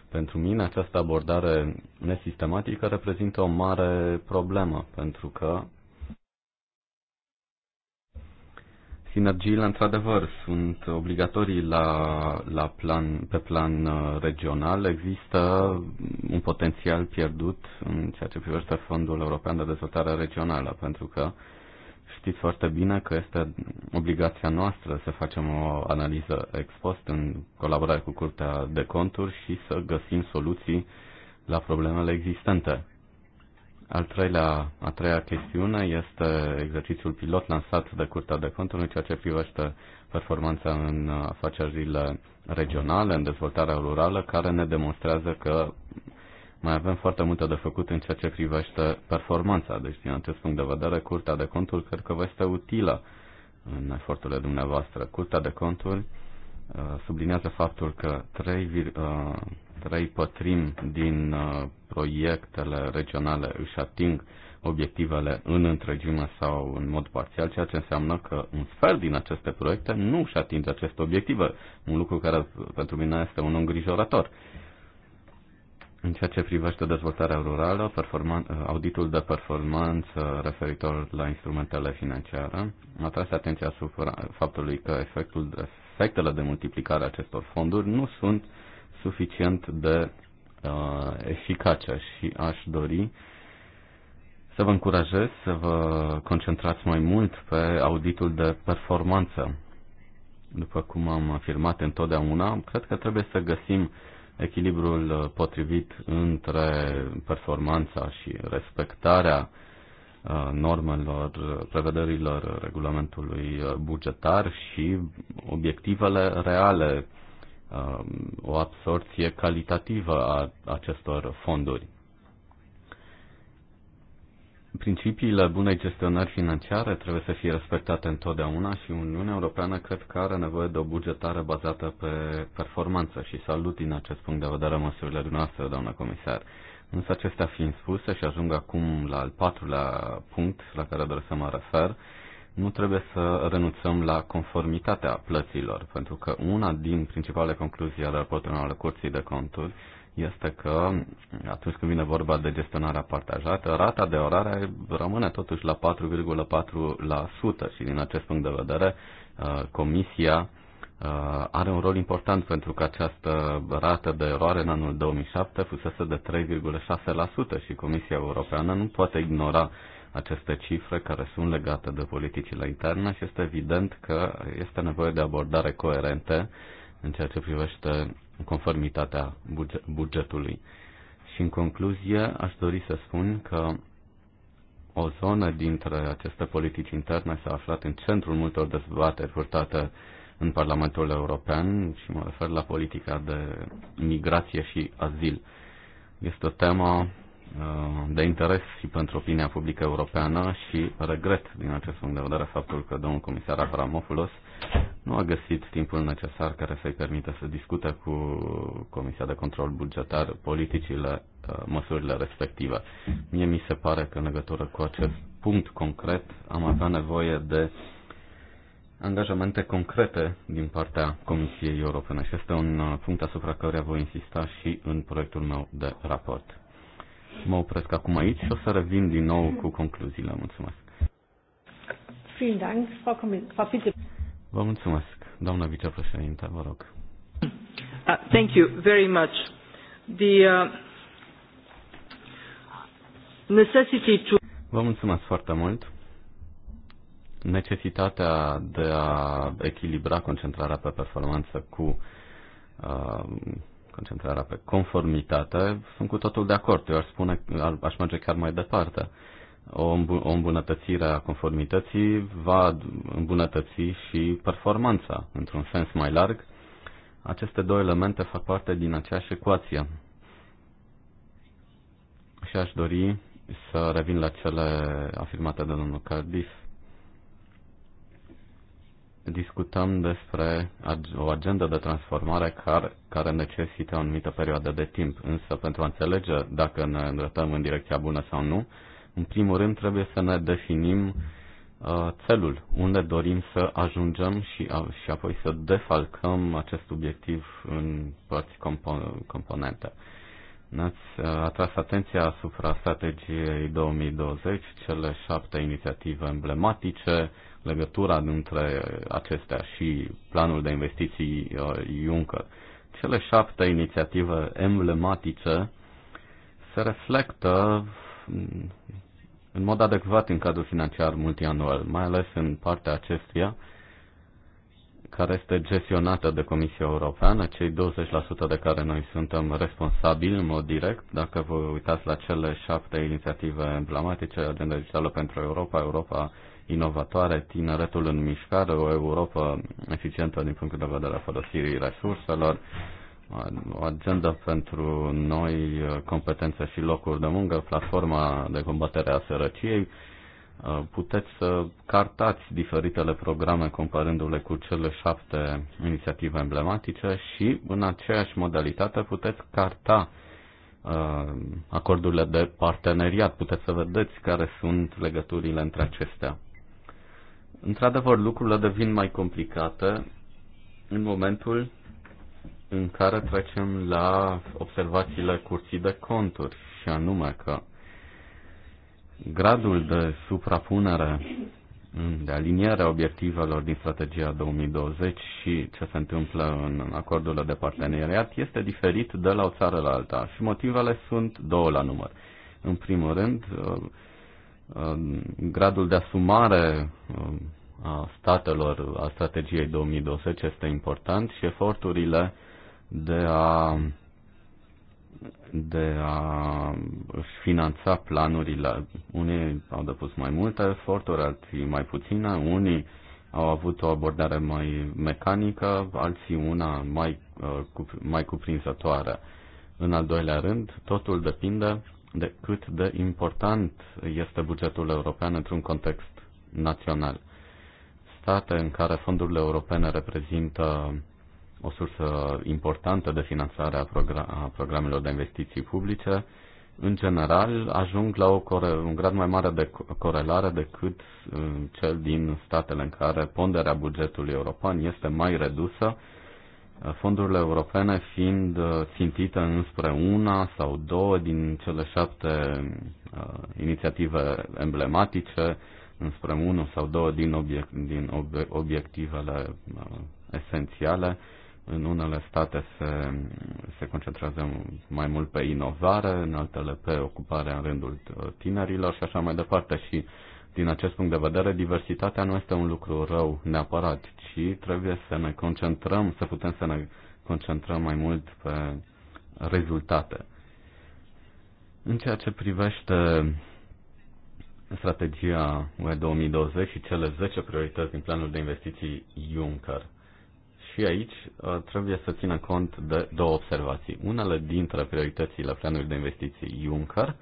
Pentru mine această abordare nesistematică reprezintă o mare problemă, pentru că Sinergiile, într-adevăr, sunt obligatorii la, la plan, pe plan uh, regional. Există un potențial pierdut în ceea ce privește Fondul European de Dezvoltare Regională, pentru că știți foarte bine că este obligația noastră să facem o analiză ex post în colaborare cu Curtea de Conturi și să găsim soluții la problemele existente. Al treilea, a treia chestiune este exercițiul pilot lansat de Curtea de Conturi în ceea ce privește performanța în afacerile regionale, în dezvoltarea rurală, care ne demonstrează că mai avem foarte multe de făcut în ceea ce privește performanța. Deci, din acest punct de vedere, Curtea de Conturi cred că vă este utilă în eforturile dumneavoastră. Curtea de Conturi Uh, subliniază faptul că trei, uh, trei pătrim din uh, proiectele regionale își ating obiectivele în întregime sau în mod parțial, ceea ce înseamnă că un sfert din aceste proiecte nu își atinge aceste obiective, un lucru care pentru mine este un îngrijorător. În ceea ce privește dezvoltarea rurală, auditul de performanță referitor la instrumentele financiare a tras atenția asupra faptului că efectul de efectele de multiplicare a acestor fonduri nu sunt suficient de uh, eficace și aș dori să vă încurajez să vă concentrați mai mult pe auditul de performanță. După cum am afirmat întotdeauna, cred că trebuie să găsim echilibrul potrivit între performanța și respectarea uh, Uh, normelor, prevederilor regulamentului bugetar și obiectivele reale, um, o absorție calitativă a acestor fonduri. Principiile bunei gestionări financiare trebuie să fie respectate întotdeauna și Uniunea Europeană cred că are nevoie de o bugetare bazată pe performanță și salut din acest punct de vedere măsurile dumneavoastră, doamnă comisar. Însă acestea fiind spuse și ajung acum la al patrulea punct la care doresc să mă refer, nu trebuie să renunțăm la conformitatea plăților, pentru că una din principalele concluzii ale raportului al Curții de Conturi este că atunci când vine vorba de gestionarea partajată, rata de orare rămâne totuși la 4,4% și din acest punct de vedere uh, Comisia Uh, are un rol important pentru că această rată de eroare în anul 2007 fusese de 3,6% și Comisia Europeană nu poate ignora aceste cifre care sunt legate de politicile interne și este evident că este nevoie de abordare coerente în ceea ce privește conformitatea bugetului. Și în concluzie aș dori să spun că o zonă dintre aceste politici interne s-a aflat în centrul multor dezbateri purtate în Parlamentul European și mă refer la politica de migrație și azil. Este o temă uh, de interes și pentru opinia publică europeană și regret din acest punct de vedere faptul că domnul comisar Abramopoulos nu a găsit timpul necesar care să-i permită să discute cu Comisia de Control Bugetar politicile, uh, măsurile respective. Mie mi se pare că în legătură cu acest punct concret am avea nevoie de uh, angajamente concrete din partea Comisiei Europene și este un uh, punct asupra care voi insista și în proiectul meu de raport. Mă opresc acum aici și o să revin din nou cu concluziile. Mulțumesc. Vă mulțumesc, doamna vicepreședinte, vă rog. Uh, thank you very much. The uh, necessity to... Vă mulțumesc foarte mult necesitatea de a echilibra concentrarea pe performanță cu uh, concentrarea pe conformitate, sunt cu totul de acord. Eu aș spune, aș merge chiar mai departe. O, îmbunătățire a conformității va îmbunătăți și performanța, într-un sens mai larg. Aceste două elemente fac parte din aceeași ecuație. Și aș dori să revin la cele afirmate de domnul Cardiff discutăm despre o agendă de transformare care, care necesită o anumită perioadă de timp. Însă, pentru a înțelege dacă ne îndreptăm în direcția bună sau nu, în primul rând trebuie să ne definim uh, unde dorim să ajungem și, a, și apoi să defalcăm acest obiectiv în părți compo- componente. Ne-ați uh, atras atenția asupra strategiei 2020, cele șapte inițiative emblematice, legătura dintre acestea și planul de investiții uh, Juncker. Cele șapte inițiative emblematice se reflectă mm, în mod adecvat în cadrul financiar multianual, mai ales în partea acestuia care este gestionată de Comisia Europeană, cei 20% de care noi suntem responsabili în mod direct. Dacă vă uitați la cele șapte inițiative emblematice, Agenda Digitală pentru Europa, Europa inovatoare, tineretul în mișcare, o Europa eficientă din punct de vedere a folosirii resurselor, o agenda pentru noi competențe și locuri de muncă, platforma de combatere a sărăciei. Puteți să cartați diferitele programe comparându-le cu cele șapte inițiative emblematice și în aceeași modalitate puteți carta uh, acordurile de parteneriat. Puteți să vedeți care sunt legăturile între acestea. Într-adevăr, lucrurile devin mai complicate în momentul în care trecem la observațiile curții de conturi, și anume că gradul de suprapunere, de aliniere a obiectivelor din strategia 2020 și ce se întâmplă în acordurile de parteneriat este diferit de la o țară la alta și motivele sunt două la număr. În primul rând, gradul de asumare um, a statelor a strategiei 2020 este important și eforturile de a de a își finanța planurile. Unii au depus mai multe eforturi, alții mai puține, unii au avut o abordare mai mecanică, alții una mai, uh, mai cuprinzătoare. În al doilea rând, totul depinde de cât de important este bugetul european într-un context național. State în care fondurile europene reprezintă o sursă importantă de finanțare a, program- a programelor de investiții publice, în general ajung la o core- un grad mai mare de corelare decât uh, cel din statele în care ponderea bugetului european este mai redusă fondurile europene fiind uh, țintite înspre una sau două din cele șapte uh, inițiative emblematice, înspre unul sau două din, obiect, din ob- obiectivele uh, esențiale. În unele state se, se concentrează mai mult pe inovare, în altele pe ocuparea în rândul uh, tinerilor și așa mai departe. Și uh, din acest punct de vedere, diversitatea nu este un lucru rău neapărat, ci trebuie să ne concentrăm, să putem să ne concentrăm mai mult pe rezultate. În ceea ce privește strategia UE 2020 și cele 10 priorități din planul de investiții Juncker. Și aici uh, trebuie să țină cont de două observații. Unele dintre prioritățile planului de investiții Juncker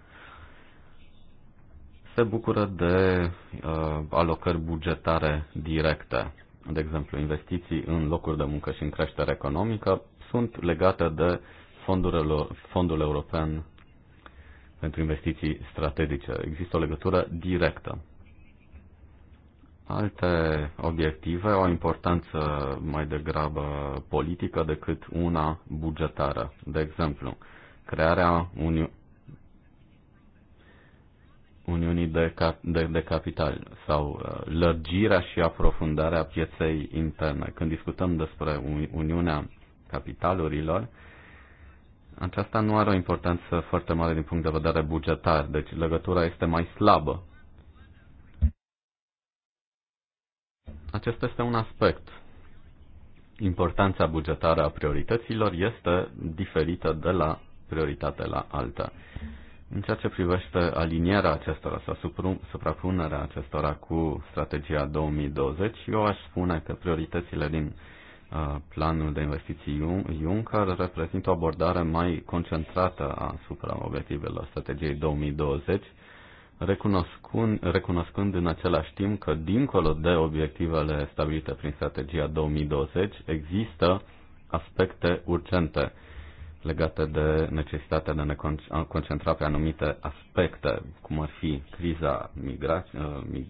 se bucură de uh, alocări bugetare directe. De exemplu, investiții în locuri de muncă și în creștere economică sunt legate de fondurile, fondul european pentru investiții strategice. Există o legătură directă. Alte obiective au importanță mai degrabă politică decât una bugetară. De exemplu, crearea unui Uniunii de, cap- de, de Capital sau uh, lărgirea și aprofundarea pieței interne. Când discutăm despre Uniunea Capitalurilor, aceasta nu are o importanță foarte mare din punct de vedere bugetar, deci legătura este mai slabă. Acesta este un aspect. Importanța bugetară a priorităților este diferită de la prioritate la alta. În ceea ce privește alinierea acestora sau suprapunerea acestora cu strategia 2020, eu aș spune că prioritățile din uh, planul de investiții Juncker reprezintă o abordare mai concentrată asupra obiectivelor strategiei 2020, recunoscând, recunoscând în același timp că, dincolo de obiectivele stabilite prin strategia 2020, există aspecte urgente legate de necesitatea de a ne concentra pe anumite aspecte, cum ar fi criza migra- uh,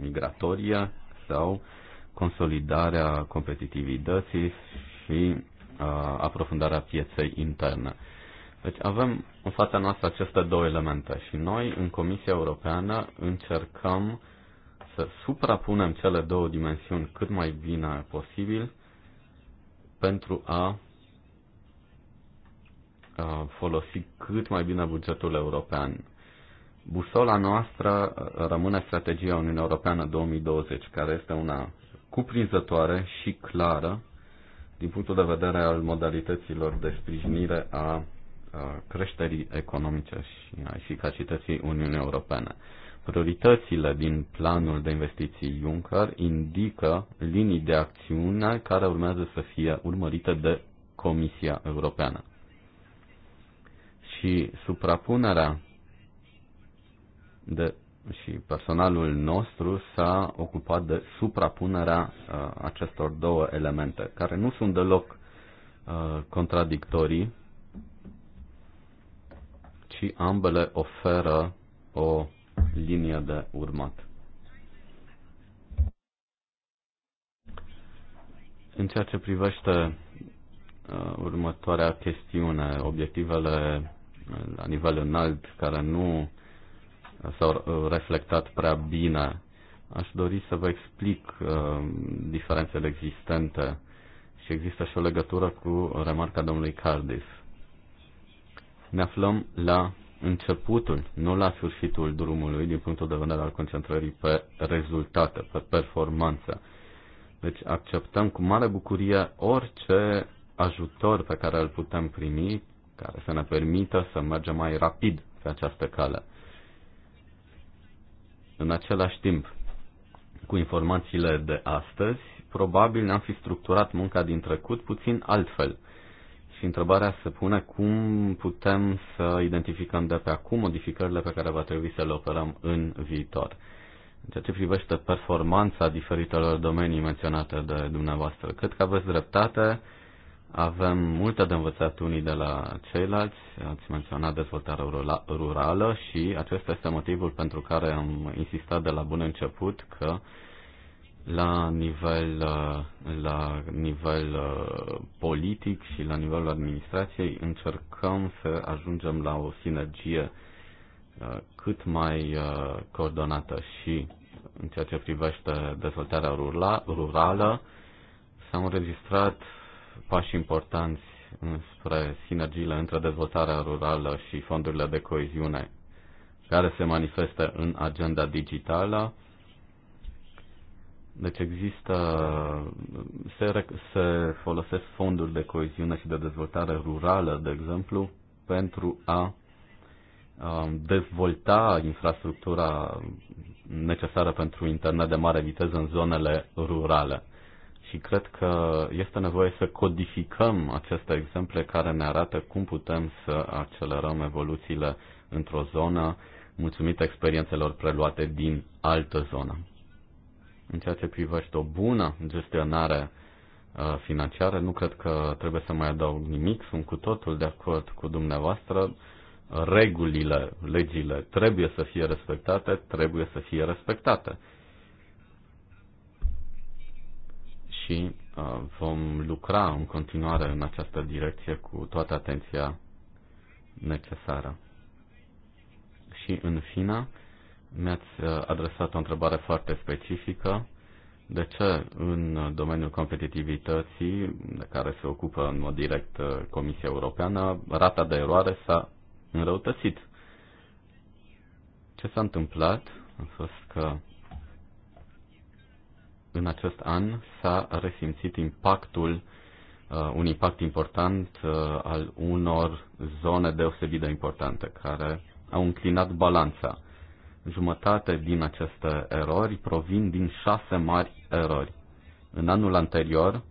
migratorie sau consolidarea competitivității și uh, aprofundarea pieței interne. Deci avem în fața noastră aceste două elemente și noi în Comisia Europeană încercăm să suprapunem cele două dimensiuni cât mai bine posibil pentru a folosi cât mai bine bugetul european. Busola noastră uh, rămâne strategia Uniunii Europeană 2020, care este una cuprinzătoare și clară din punctul de vedere al modalităților de sprijinire a creșterii economice și a eficacității Uniunii Europene. Prioritățile din planul de investiții Juncker indică linii de acțiune care urmează să fie urmărite de Comisia Europeană și suprapunerea de, și personalul nostru s-a ocupat de suprapunerea uh, acestor două elemente, care nu sunt deloc uh, contradictorii, ci ambele oferă o linie de urmat. În ceea ce privește uh, următoarea chestiune, obiectivele la nivel înalt care nu s-au uh, reflectat prea bine. Aș dori să vă explic uh, diferențele existente și există și o legătură cu remarca domnului Cardis. Ne aflăm la începutul, nu la sfârșitul drumului din punctul de vedere al concentrării pe rezultate, pe performanță. Deci acceptăm cu mare bucurie orice ajutor pe care îl putem primi care să ne permită să mergem mai rapid pe această cale. În același timp, cu informațiile de astăzi, probabil ne-am fi structurat munca din trecut puțin altfel. Și întrebarea se pune cum putem să identificăm de pe acum modificările pe care va trebui să le operăm în viitor. În ceea ce privește performanța diferitelor domenii menționate de dumneavoastră, cred că aveți dreptate avem multe de învățat unii de la ceilalți, ați menționat dezvoltarea rurală și acesta este motivul pentru care am insistat de la bun început că la nivel, la nivel uh, politic și la nivelul administrației încercăm să ajungem la o sinergie uh, cât mai uh, coordonată și în ceea ce privește dezvoltarea rurală s-au înregistrat pași importanți spre sinergiile între dezvoltarea rurală și fondurile de coeziune care se manifestă în agenda digitală. Deci există, se, se folosesc fonduri de coeziune și de dezvoltare rurală, de exemplu, pentru a um, dezvolta infrastructura necesară pentru internet de mare viteză în zonele rurale și cred că este nevoie să codificăm aceste exemple care ne arată cum putem să accelerăm evoluțiile într-o zonă mulțumită experiențelor preluate din altă zonă. În ceea ce privește o bună gestionare uh, financiară, nu cred că trebuie să mai adaug nimic, sunt cu totul de acord cu dumneavoastră. Regulile, legile trebuie să fie respectate, trebuie să fie respectate și uh, vom lucra în continuare în această direcție cu toată atenția necesară. Și în fine, mi-ați uh, adresat o întrebare foarte specifică. De ce în domeniul competitivității, de care se ocupă în mod direct uh, Comisia Europeană, rata de eroare s-a înrăutățit? Ce s-a întâmplat a fost că în acest an s-a resimțit impactul, uh, un impact important uh, al unor zone deosebit de importante care au înclinat balanța. Jumătate din aceste erori provin din șase mari erori. În anul anterior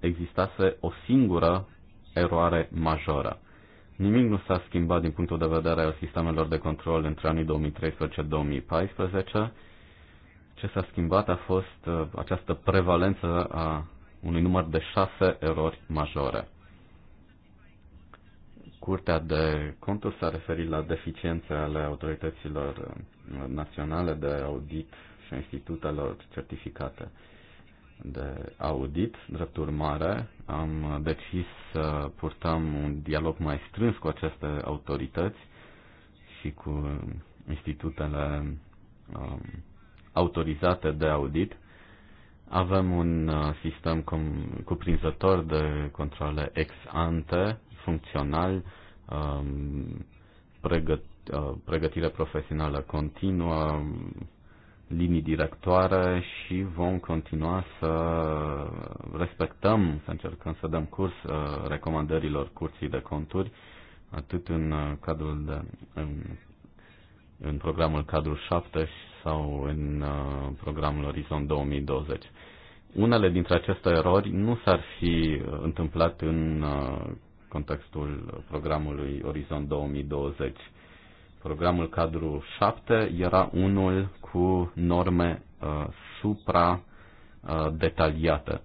existase o singură eroare majoră. Nimic nu s-a schimbat din punctul de vedere al sistemelor de control între anii 2013-2014 ce s-a schimbat a fost uh, această prevalență a unui număr de șase erori majore. Curtea de conturi s-a referit la deficiențe ale autorităților uh, naționale de audit și a institutelor certificate de audit. Drept urmare, am decis să purtăm un dialog mai strâns cu aceste autorități și cu institutele um, autorizate de audit. Avem un uh, sistem cuprinzător de controle ex ante, funcțional, um, uh, pregătire profesională continuă, linii directoare și vom continua să respectăm, să încercăm să dăm curs uh, recomandărilor curții de conturi, atât în cadrul de, în, în programul cadrul 7 sau în uh, programul Orizont 2020. Unele dintre aceste erori nu s-ar fi uh, întâmplat în uh, contextul programului Orizont 2020. Programul cadru 7 era unul cu norme uh, supra-detaliate.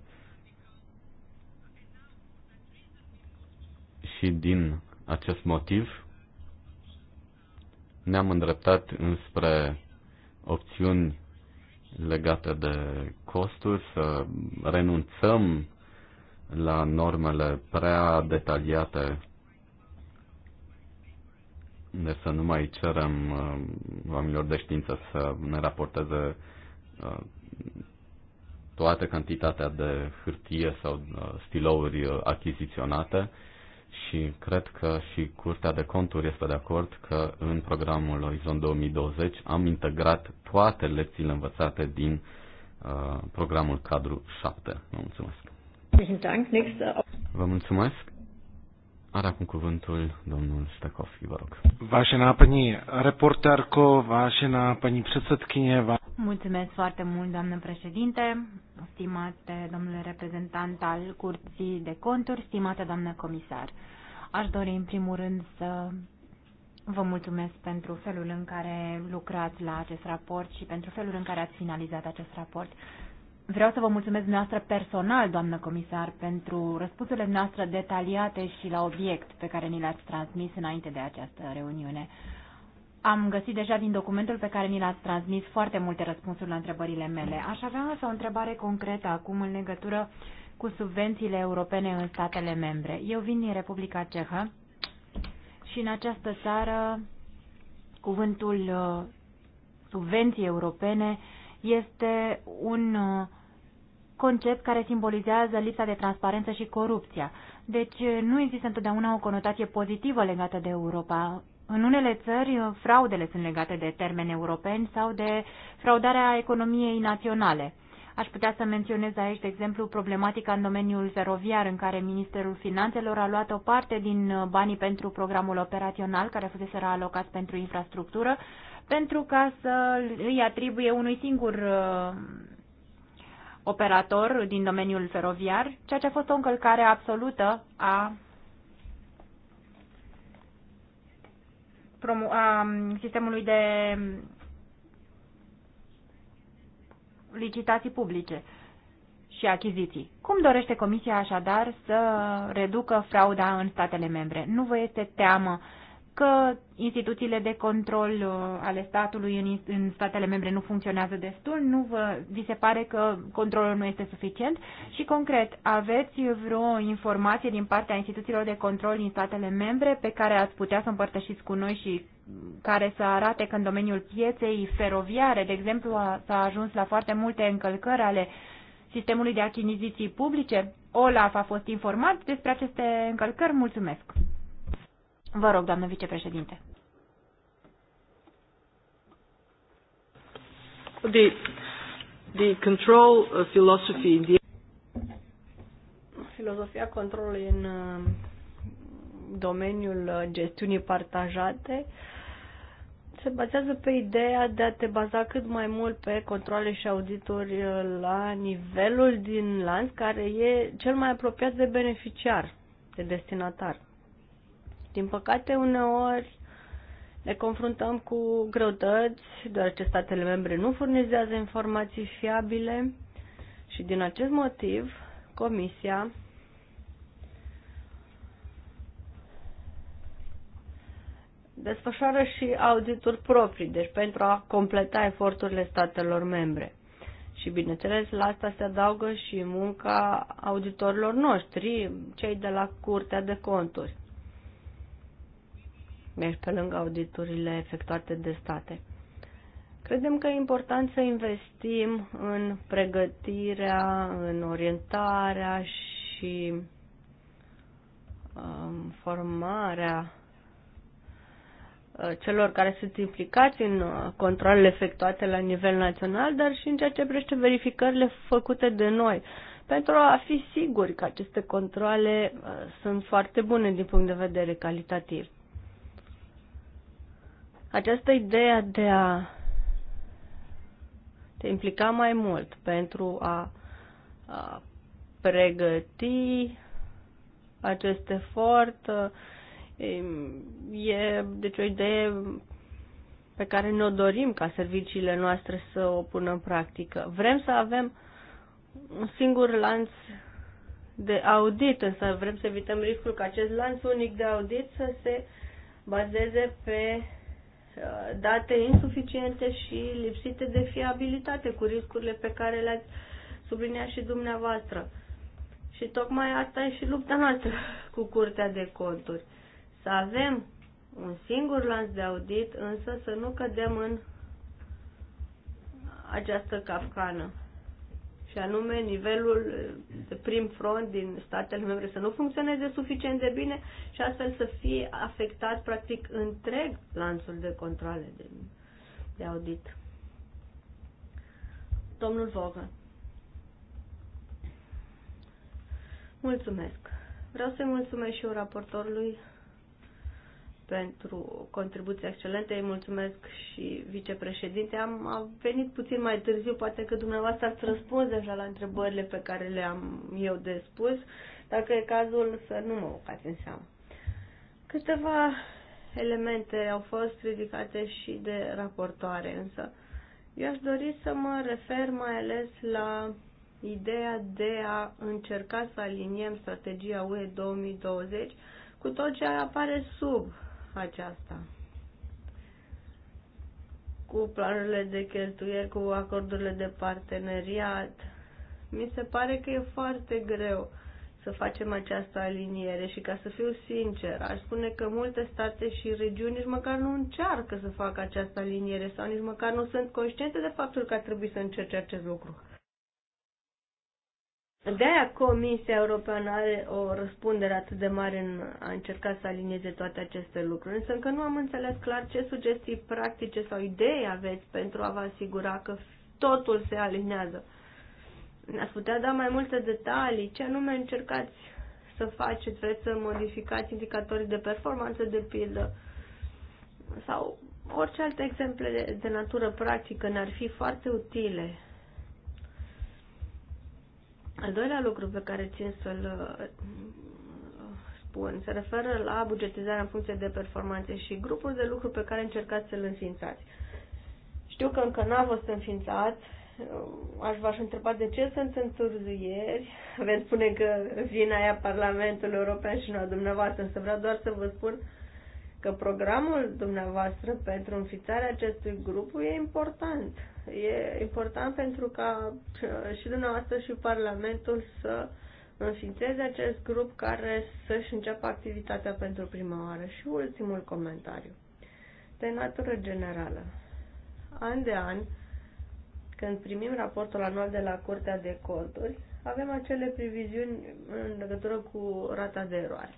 Și din acest motiv ne-am îndreptat înspre opțiuni legate de costuri, să renunțăm la normele prea detaliate de să nu mai cerem uh, oamenilor de știință să ne raporteze uh, toată cantitatea de hârtie sau uh, stilouri uh, achiziționate și cred că și Curtea de Conturi este de acord că în programul Orizont 2020 am integrat toate lecțiile învățate din uh, programul cadru 7. Vă mulțumesc! Vă mulțumesc! Are acum cuvântul domnul Stakovski, vă rog. Vážená paní reportérko, vážená paní předsedkyně. Mulțumesc foarte mult, doamnă președinte, stimate domnule reprezentant al Curții de Conturi, stimate doamnă comisar. Aș dori în primul rând să vă mulțumesc pentru felul în care lucrați la acest raport și pentru felul în care ați finalizat acest raport. Vreau să vă mulțumesc dumneavoastră personal, doamnă comisar, pentru răspunsurile noastre detaliate și la obiect pe care ni le-ați transmis înainte de această reuniune. Am găsit deja din documentul pe care ni l-ați transmis foarte multe răspunsuri la întrebările mele. Aș avea însă o întrebare concretă acum în legătură cu subvențiile europene în statele membre. Eu vin din Republica Cehă și în această țară cuvântul uh, subvenții europene uh, este un uh, concept care simbolizează lipsa de transparență și corupția. Deci uh, nu există întotdeauna o conotație pozitivă legată de Europa. În unele țări, uh, fraudele sunt legate de termeni europeni sau de fraudarea economiei naționale. Aș putea să menționez aici, de exemplu, problematica în domeniul feroviar, în care Ministerul Finanțelor a luat o parte din banii pentru programul operațional, care fusese alocați pentru infrastructură, pentru ca să îi atribuie unui singur uh, operator din domeniul feroviar, ceea ce a fost o încălcare absolută a, a um, sistemului de licitații publice și achiziții. Cum dorește Comisia așadar să reducă frauda în statele membre? Nu vă este teamă uh, că instituțiile de control uh, ale statului în, în statele membre nu funcționează destul, nu vă, vi se pare că controlul nu este suficient și concret, aveți vreo informație din partea instituțiilor de control din statele membre pe care ați putea să împărtășiți cu noi și care să arate că în domeniul pieței feroviare, de exemplu, s-a ajuns la foarte multe încălcări ale sistemului de achiziții publice? Olaf a fost informat despre aceste încălcări? Mulțumesc! Vă rog, doamnă vicepreședinte. The, the control uh, philosophy, the... Filozofia controlului în uh, domeniul uh, gestiunii partajate se bazează pe ideea de a te baza cât mai mult pe controle și audituri la nivelul din lanț care e cel mai apropiat de beneficiar, de destinatar. Din păcate, uneori ne confruntăm cu greutăți, deoarece statele membre nu furnizează informații fiabile și din acest motiv Comisia desfășoară și audituri proprii, deci pentru a completa eforturile statelor membre. Și bineînțeles, la asta se adaugă și munca auditorilor noștri, cei de la Curtea de Conturi mergi pe lângă auditurile efectuate de state. Credem că e important să investim în pregătirea, în orientarea și um, formarea uh, celor care sunt implicați în uh, controlele efectuate la nivel național, dar și în ceea ce privește verificările făcute de noi, pentru a fi siguri că aceste controle uh, sunt foarte bune din punct de vedere calitativ. Această idee de a te implica mai mult pentru a, a pregăti acest efort e deci o idee pe care ne-o dorim ca serviciile noastre să o pună în practică. Vrem să avem un singur lanț de audit, însă vrem să evităm riscul ca acest lanț unic de audit să se bazeze pe Uh, date insuficiente și lipsite de fiabilitate cu riscurile pe care le-ați subliniat și dumneavoastră. Și tocmai asta e și lupta noastră cu Curtea de Conturi. Să avem un singur lanț de audit, însă să nu cădem în această capcană și anume nivelul de prim front din statele membre să nu funcționeze suficient de bine și astfel să fie afectat practic întreg lanțul de controle de, de audit. Domnul Vogă. Mulțumesc. Vreau să-i mulțumesc și eu raportorului pentru contribuții excelente. Îi mulțumesc și vicepreședinte. Am, venit puțin mai târziu, poate că dumneavoastră ați răspuns deja la întrebările pe care le am eu de spus. Dacă e cazul, să nu mă ocați în seamă. Câteva elemente au fost ridicate și de raportoare, însă eu aș dori să mă refer mai ales la ideea de a încerca să aliniem strategia UE 2020 cu tot ce apare sub face asta. Cu planurile de cheltuieli, cu acordurile de parteneriat. Mi se pare că e foarte greu să facem această aliniere și ca să fiu sincer, aș spune că multe state și regiuni nici măcar nu încearcă să facă această aliniere sau nici măcar nu sunt conștiente de faptul că ar trebui să încerce acest lucru. De-aia Comisia Europeană are o răspundere atât de mare în a încerca să alinieze toate aceste lucruri, însă încă nu am înțeles clar ce sugestii practice sau idei aveți pentru a vă asigura că totul se alinează. ați putea da mai multe detalii, ce anume încercați să faceți, vreți să modificați indicatorii de performanță de pildă sau orice alte exemple de natură practică ne-ar fi foarte utile al doilea lucru pe care țin să-l uh, spun se referă la bugetizarea în funcție de performanțe și grupul de lucru pe care încercați să-l înființați. Știu că încă n-a fost înființat, uh, aș v-aș întreba de ce sunt întârzieri. Veți spune că vin aia Parlamentul European și nu a dumneavoastră, însă vreau doar să vă spun că programul dumneavoastră pentru înființarea acestui grup e important. E important pentru ca uh, și dumneavoastră și Parlamentul să înființeze acest grup care să-și înceapă activitatea pentru prima oară. Și ultimul comentariu, de natură generală. An de an, când primim raportul anual de la Curtea de Conturi, avem acele previziuni în legătură cu rata de eroare.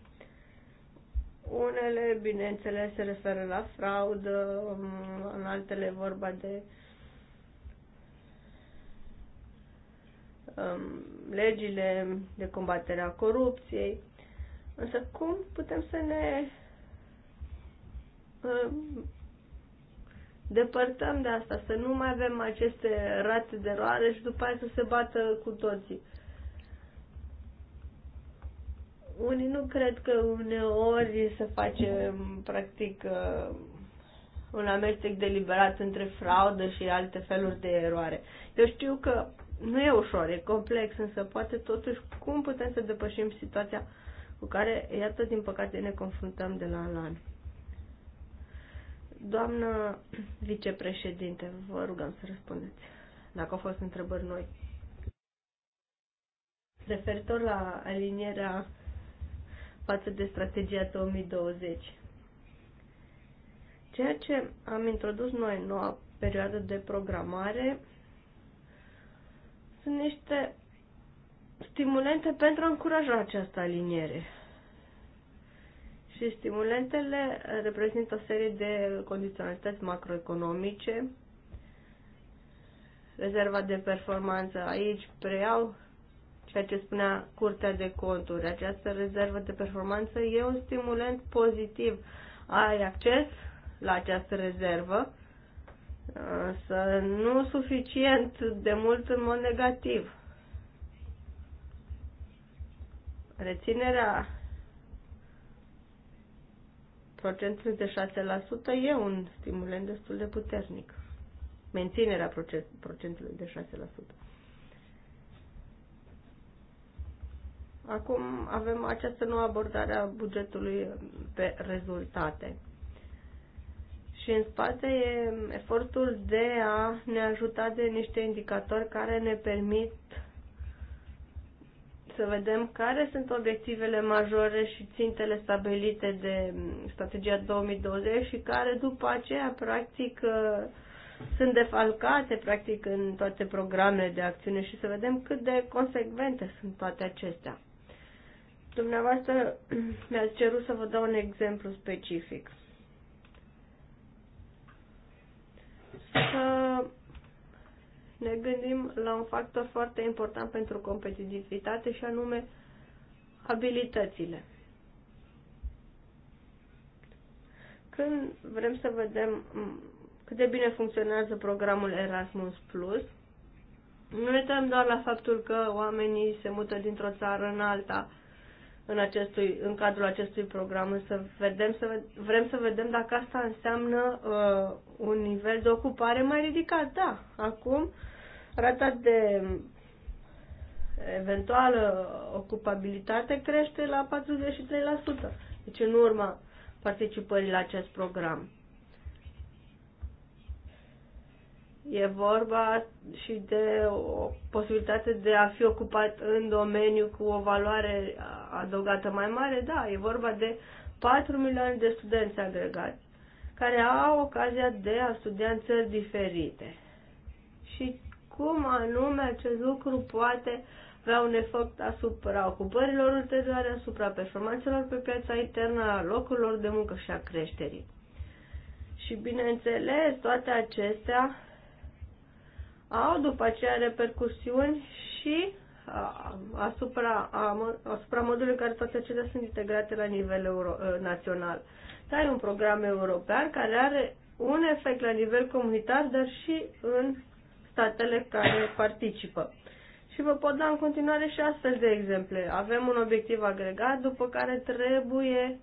Unele, bineînțeles, se referă la fraudă, în altele vorba de uh, Um, legile de combatere a corupției. Însă cum putem să ne um, depărtăm de asta, să nu mai avem aceste rate de eroare și după aceea să se bată cu toții. Unii nu cred că uneori se face um, practic uh, un amestec deliberat între fraudă și alte feluri de eroare. Eu știu că nu e ușor, e complex, însă poate totuși cum putem să depășim situația cu care, iată, din păcate ne confruntăm de la an la an. Doamnă vicepreședinte, vă rugăm să răspundeți dacă au fost întrebări noi. Referitor la alinierea față de strategia 2020. Ceea ce am introdus noi în noua perioadă de programare sunt niște stimulente pentru a încuraja această aliniere. Și stimulentele reprezintă o serie de condiționalități macroeconomice, rezerva de performanță. Aici preiau ceea ce spunea Curtea de Conturi. Această rezervă de performanță e un stimulent pozitiv. Ai acces la această rezervă însă nu suficient de mult în mod negativ. Reținerea procentului de 6% e un stimulant destul de puternic. Menținerea procentului de 6%. Acum avem această nouă abordare a bugetului pe rezultate. Și în spate e efortul de a ne ajuta de niște indicatori care ne permit să vedem care sunt obiectivele majore și țintele stabilite de strategia 2020 și care după aceea practic uh, sunt defalcate practic în toate programele de acțiune și să vedem cât de consecvente sunt toate acestea. Dumneavoastră mi-ați cerut să vă dau un exemplu specific. să ne gândim la un factor foarte important pentru competitivitate și anume abilitățile. Când vrem să vedem cât de bine funcționează programul Erasmus Plus, nu ne uităm doar la faptul că oamenii se mută dintr-o țară în alta, în, acestui, în cadrul acestui program, să vedem, să, vrem să vedem dacă asta înseamnă uh, un nivel de ocupare mai ridicat. Da, acum rata de eventuală ocupabilitate crește la 43%, deci în urma participării la acest program. E vorba și de o posibilitate de a fi ocupat în domeniu cu o valoare adăugată mai mare. Da, e vorba de 4 milioane de studenți agregați care au ocazia de a studia în țări diferite. Și cum anume acest lucru poate avea un efect asupra ocupărilor ulterioare, asupra performanțelor pe piața internă, a locurilor de muncă și a creșterii. Și bineînțeles, toate acestea au după aceea repercusiuni și asupra, asupra modului în care toate acestea sunt integrate la nivel euro, ă, național. Dar e un program european care are un efect la nivel comunitar, dar și în statele care participă. Și vă pot da în continuare și astfel de exemple. Avem un obiectiv agregat, după care trebuie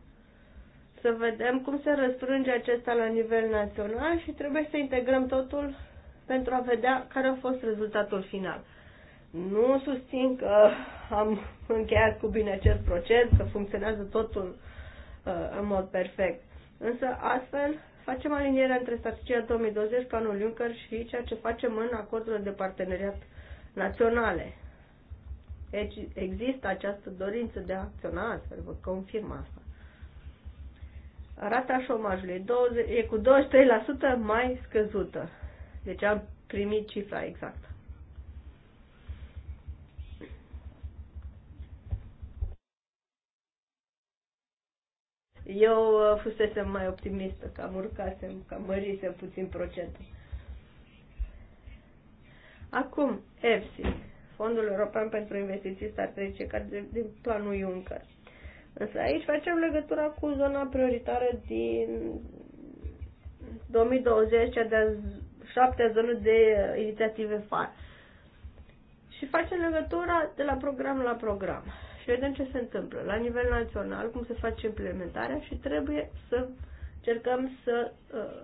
să vedem cum se răstrânge acesta la nivel național și trebuie să integrăm totul pentru a vedea care a fost rezultatul final. Nu susțin că am încheiat cu bine acest proces, că funcționează totul uh, în mod perfect. Însă astfel facem alinierea între strategia 2020, planul Juncker și ceea ce facem în acordurile de parteneriat naționale. Deci există această dorință de a acționa astfel, vă confirm asta. Rata șomajului e cu 23% mai scăzută. Deci am primit cifra exactă. Eu uh, fusesem mai optimistă, că am urcasem, că mărisem puțin procentul. Acum, EFSI, Fondul European pentru Investiții Strategice, care din planul Juncker. Însă aici facem legătura cu zona prioritară din 2020, cea de șapte zonă de uh, inițiative FAR. Și facem legătura de la program la program și vedem ce se întâmplă la nivel național, cum se face implementarea și trebuie să încercăm să uh,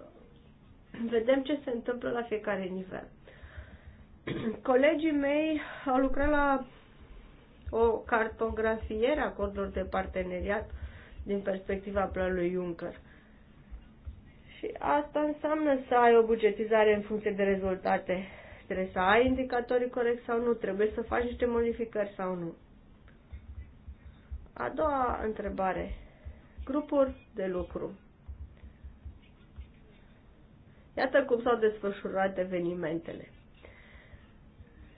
vedem ce se întâmplă la fiecare nivel. Colegii mei au lucrat la o cartografiere a codurilor de parteneriat din perspectiva planului Juncker. Și asta înseamnă să ai o bugetizare în funcție de rezultate. Trebuie să ai indicatorii corect sau nu, trebuie să faci niște modificări sau nu. A doua întrebare. Grupuri de lucru. Iată cum s-au desfășurat evenimentele.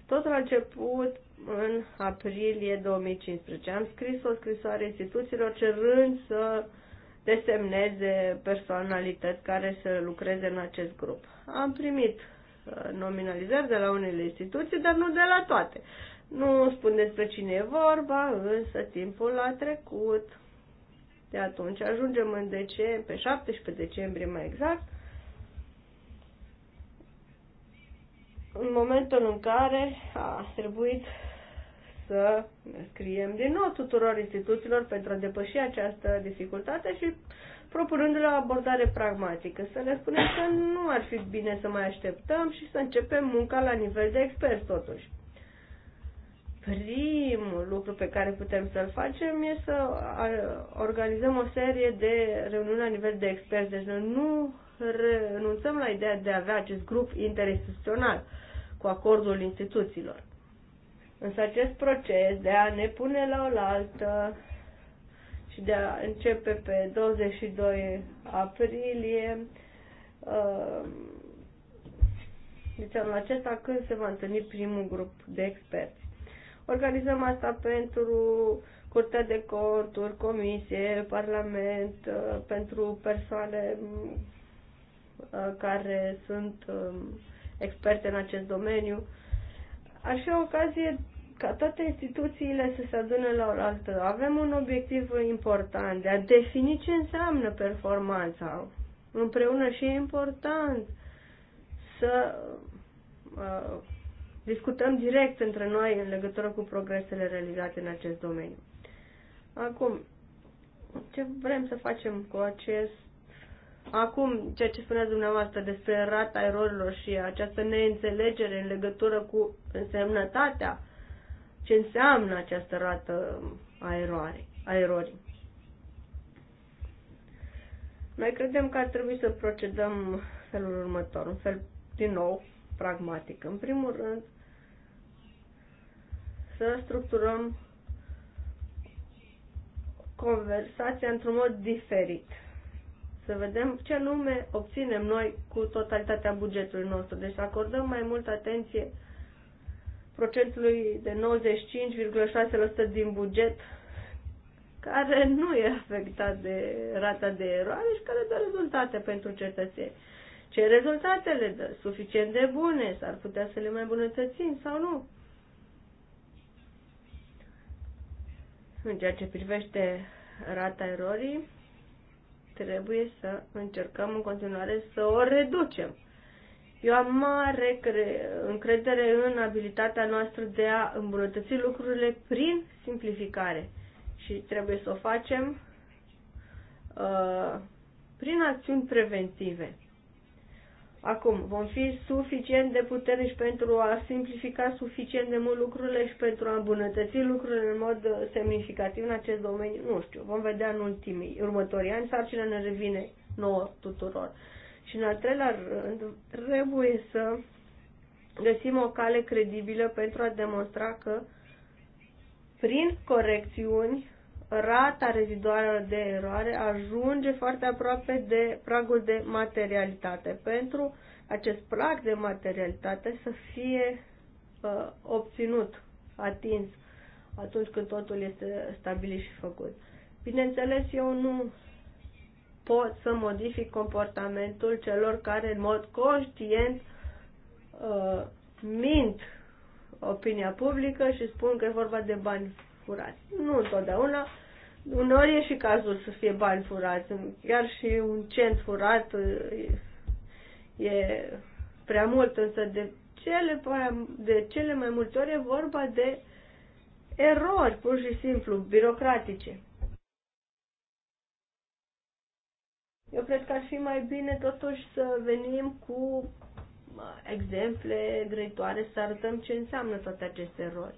Tot a început în aprilie 2015. Am scris o scrisoare instituțiilor cerând să desemneze personalități care să lucreze în acest grup. Am primit uh, nominalizări de la unele instituții, dar nu de la toate. Nu spun despre cine e vorba, însă timpul a trecut. De atunci ajungem în decembrie, pe 17 decembrie mai exact, în momentul în care a trebuit să scriem din nou tuturor instituțiilor pentru a depăși această dificultate și propunându-le o abordare pragmatică, să le spunem că nu ar fi bine să mai așteptăm și să începem munca la nivel de expert totuși. Primul lucru pe care putem să-l facem este să organizăm o serie de reuniuni la nivel de experți, deci noi nu renunțăm la ideea de a avea acest grup interinstituțional cu acordul instituțiilor. Însă acest proces de a ne pune la oaltă și de a începe pe 22 aprilie, uh, deci anul acesta când se va întâlni primul grup de experți. Organizăm asta pentru Curtea de Conturi, Comisie, Parlament, uh, pentru persoane uh, care sunt experte în acest domeniu ar fi o ocazie ca toate instituțiile să se adune la oaltă. Avem un obiectiv important de a defini ce înseamnă performanța. Împreună și e important să uh, discutăm direct între noi în legătură cu progresele realizate în acest domeniu. Acum, ce vrem să facem cu acest Acum, ceea ce spuneați dumneavoastră despre rata erorilor și această neînțelegere în legătură cu însemnătatea, ce înseamnă această rată a, eroare, a erorii. Noi credem că ar trebui să procedăm felul următor, un fel, din nou, pragmatic. În primul rând, să structurăm conversația într-un mod diferit să vedem ce anume obținem noi cu totalitatea bugetului nostru. Deci să acordăm mai multă atenție procentului de 95,6% din buget care nu e afectat de rata de eroare și care dă rezultate pentru cetățeni. Ce rezultate le dă? Suficient de bune? S-ar putea să le mai bunătățim sau nu? În ceea ce privește rata erorii, trebuie să încercăm în continuare să o reducem. Eu am mare încredere în abilitatea noastră de a îmbunătăți lucrurile prin simplificare și trebuie să o facem uh, prin acțiuni preventive. Acum, vom fi suficient de puternici pentru a simplifica suficient de mult lucrurile și pentru a îmbunătăți lucrurile în mod semnificativ în acest domeniu? Nu știu, vom vedea în ultimii, următorii ani, sarcina ne revine nouă tuturor. Și în al treilea rând, trebuie să găsim o cale credibilă pentru a demonstra că prin corecțiuni rata reziduală de eroare ajunge foarte aproape de pragul de materialitate pentru acest prag de materialitate să fie uh, obținut, atins atunci când totul este stabilit și făcut. Bineînțeles, eu nu pot să modific comportamentul celor care în mod conștient uh, mint opinia publică și spun că e vorba de bani furați. Nu întotdeauna, uneori e și cazul să fie bani furați, chiar și un cent furat e prea mult, însă de cele, de cele mai multe ori e vorba de erori pur și simplu birocratice. Eu cred că ar fi mai bine totuși să venim cu uh, exemple grăitoare, să arătăm ce înseamnă toate aceste erori.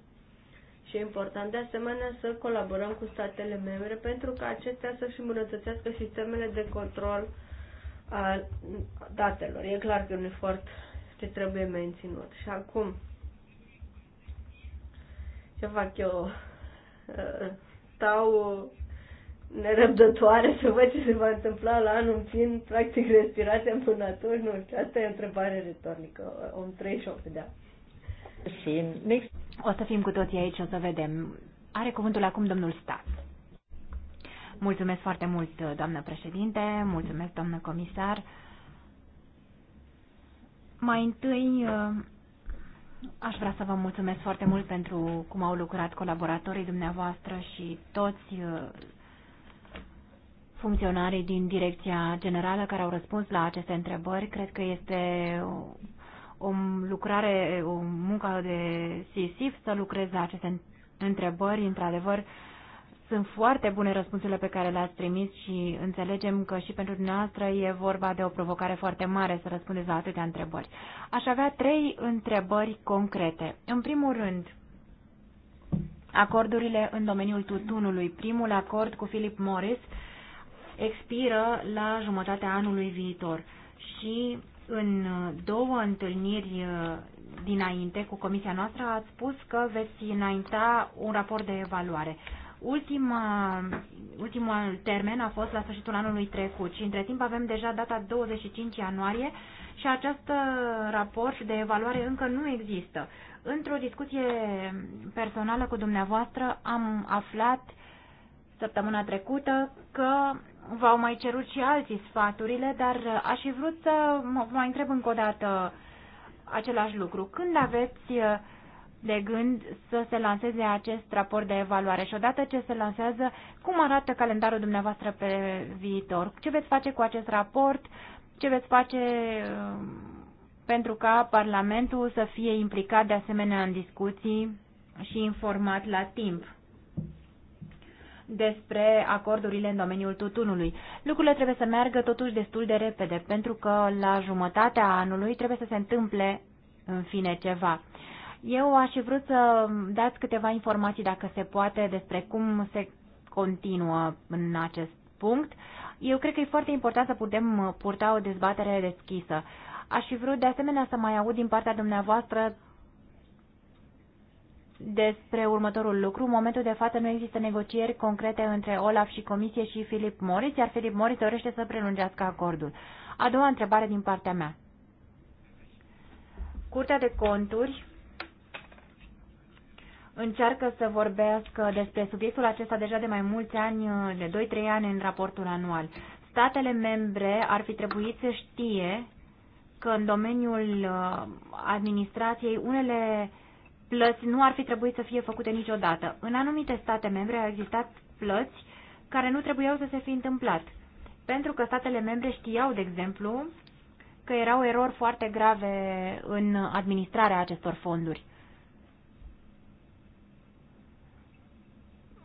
Și e important de asemenea să colaborăm cu statele membre pentru ca acestea să-și îmbunătățească sistemele de control a datelor. E clar că e un efort ce trebuie menținut. Și acum, ce fac eu? Uh, stau nerăbdătoare să văd ce se va întâmpla la anul, țin practic respirația până atunci, nu știu, asta e o întrebare retornică, om 38 de ani. O să fim cu toții aici, o să vedem. Are cuvântul acum domnul Stas. Mulțumesc foarte mult, doamnă președinte, mulțumesc, doamnă comisar. Mai întâi, aș vrea să vă mulțumesc foarte mult pentru cum au lucrat colaboratorii dumneavoastră și toți uh, funcționarii din Direcția Generală care au răspuns la aceste întrebări. Cred că este o lucrare, o muncă de sisif să lucreze aceste întrebări. Într-adevăr, sunt foarte bune răspunsurile pe care le-ați trimis și înțelegem că și pentru dumneavoastră e vorba de o provocare foarte mare să răspundeți la atâtea întrebări. Aș avea trei întrebări concrete. În primul rând, acordurile în domeniul tutunului. Primul acord cu Philip Morris expiră la jumătatea anului viitor și în uh, două întâlniri uh, dinainte cu comisia noastră ați spus că veți înainta un raport de evaluare. Ultima, ultimul termen a fost la sfârșitul anului trecut și între timp avem deja data 25 ianuarie și acest uh, raport de evaluare încă nu există. Într-o discuție personală cu dumneavoastră am aflat săptămâna trecută că V-au mai cerut și alții sfaturile, dar aș fi vrut să mă mai întreb încă o dată același lucru. Când aveți uh, de gând să se lanseze acest raport de evaluare și odată ce se lansează, cum arată calendarul dumneavoastră pe viitor? Ce veți face cu acest raport? Ce veți face uh, pentru ca Parlamentul să fie implicat de asemenea în discuții și informat la timp? despre acordurile în domeniul tutunului. Lucrurile trebuie să meargă totuși destul de repede, pentru că la jumătatea anului trebuie să se întâmple în fine ceva. Eu aș fi vrut să dați câteva informații, dacă se poate, despre cum se continuă în acest punct. Eu cred că e foarte important să putem purta o dezbatere deschisă. Aș fi vrut de asemenea să mai aud din partea dumneavoastră despre următorul lucru. În momentul de față nu există negocieri concrete între Olaf și Comisie și Philip Morris, iar Philip Morris dorește să prelungească acordul. A doua întrebare din partea mea. Curtea de conturi încearcă să vorbească despre subiectul acesta deja de mai mulți ani, de 2-3 ani în raportul anual. Statele membre ar fi trebuit să știe că în domeniul uh, administrației unele plăți nu ar fi trebuit să fie făcute niciodată. În anumite state membre au existat plăți care nu trebuiau să se fi întâmplat, pentru că statele membre știau, de exemplu, că erau erori foarte grave în administrarea acestor fonduri.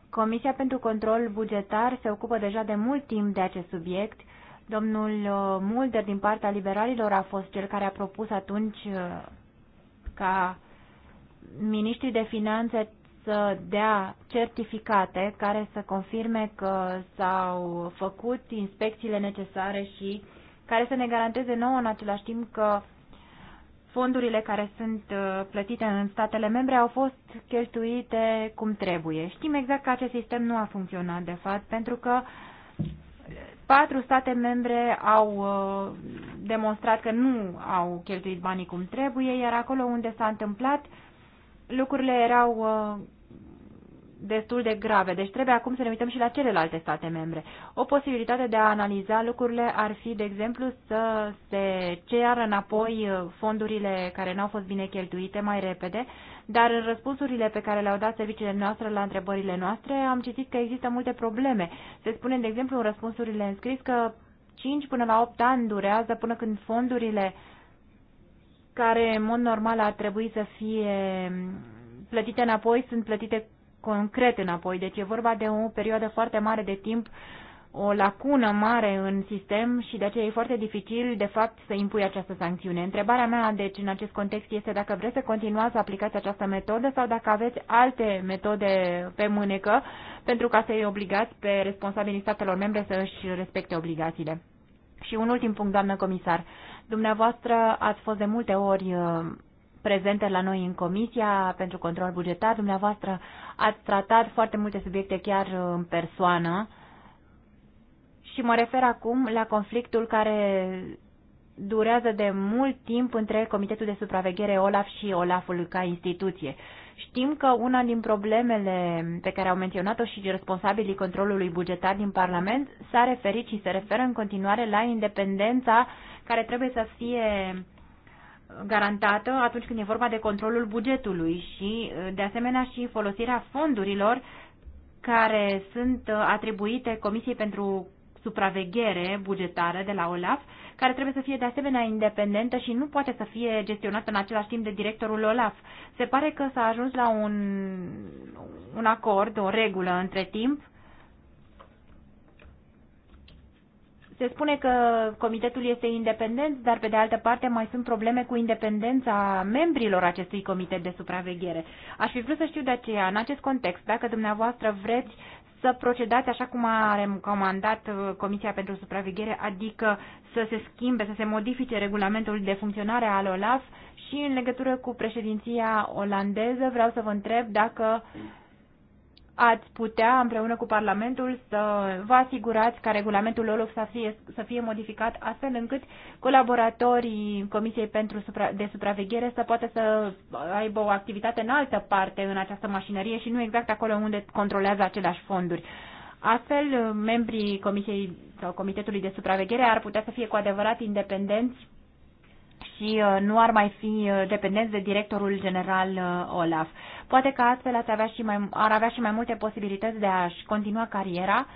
Comisia pentru Control Bugetar se ocupă deja de mult timp de acest subiect. Domnul uh, Mulder din partea liberalilor a fost cel care a propus atunci uh, ca miniștrii de finanțe să dea certificate care să confirme că s-au făcut inspecțiile necesare și care să ne garanteze nouă în același timp că fondurile care sunt uh, plătite în statele membre au fost cheltuite cum trebuie. Știm exact că acest sistem nu a funcționat, de fapt, pentru că patru state membre au uh, demonstrat că nu au cheltuit banii cum trebuie, iar acolo unde s-a întâmplat, lucrurile erau uh, destul de grave, deci trebuie acum să ne uităm și la celelalte state membre. O posibilitate de a analiza lucrurile ar fi, de exemplu, să se ceară înapoi uh, fondurile care n-au fost bine cheltuite mai repede, dar în răspunsurile pe care le-au dat serviciile noastre la întrebările noastre am citit că există multe probleme. Se spune, de exemplu, în răspunsurile înscris că 5 până la 8 ani durează până când fondurile uh, care în mod normal ar trebui să fie plătite înapoi, sunt plătite concret înapoi. Deci e vorba de o perioadă foarte mare de timp, o lacună mare în sistem și de aceea e foarte dificil, de fapt, să impui această sancțiune. Întrebarea mea, deci, în acest context este dacă vreți să continuați să aplicați această metodă sau dacă aveți alte metode pe mânecă pentru ca să-i obligați pe responsabilii statelor membre să își respecte obligațiile. Și un ultim punct, doamnă comisar. Dumneavoastră ați fost de multe ori uh, prezente la noi în Comisia pentru Control Bugetar. Dumneavoastră ați tratat foarte multe subiecte chiar uh, în persoană și mă refer acum la conflictul care durează de mult timp între Comitetul de Supraveghere OLAF și OLAF-ul ca instituție. Știm că una din problemele pe care au menționat-o și responsabilii controlului bugetar din Parlament s-a referit și se referă în continuare la independența uh, care trebuie să fie garantată atunci când e vorba de controlul bugetului și, de asemenea, și folosirea fondurilor care sunt atribuite Comisiei pentru supraveghere bugetară de la OLAF, care trebuie să fie de asemenea independentă și nu poate să fie gestionată în același timp de directorul OLAF. Se pare că s-a ajuns la un, un acord, o regulă între timp, se spune că comitetul este independent, dar pe de altă parte mai sunt probleme cu independența membrilor acestui comitet de supraveghere. Aș fi vrut să știu de aceea, în acest context, dacă dumneavoastră vreți să procedați așa cum a recomandat uh, Comisia pentru Supraveghere, adică să se schimbe, să se modifice regulamentul de funcționare al OLAF și în legătură cu președinția olandeză vreau să vă întreb dacă ați putea, împreună cu Parlamentul, să vă asigurați ca regulamentul OLOF să fie, să fie modificat astfel încât colaboratorii Comisiei pentru supra, de Supraveghere să poată să aibă o activitate în altă parte în această mașinărie și nu exact acolo unde controlează aceleași fonduri. Astfel, membrii Comisiei sau Comitetului de Supraveghere ar putea să fie cu adevărat independenți și uh, nu ar mai fi uh, dependenți de directorul general uh, Olaf. Poate că astfel ați avea și mai, ar avea și mai multe posibilități de a-și continua cariera,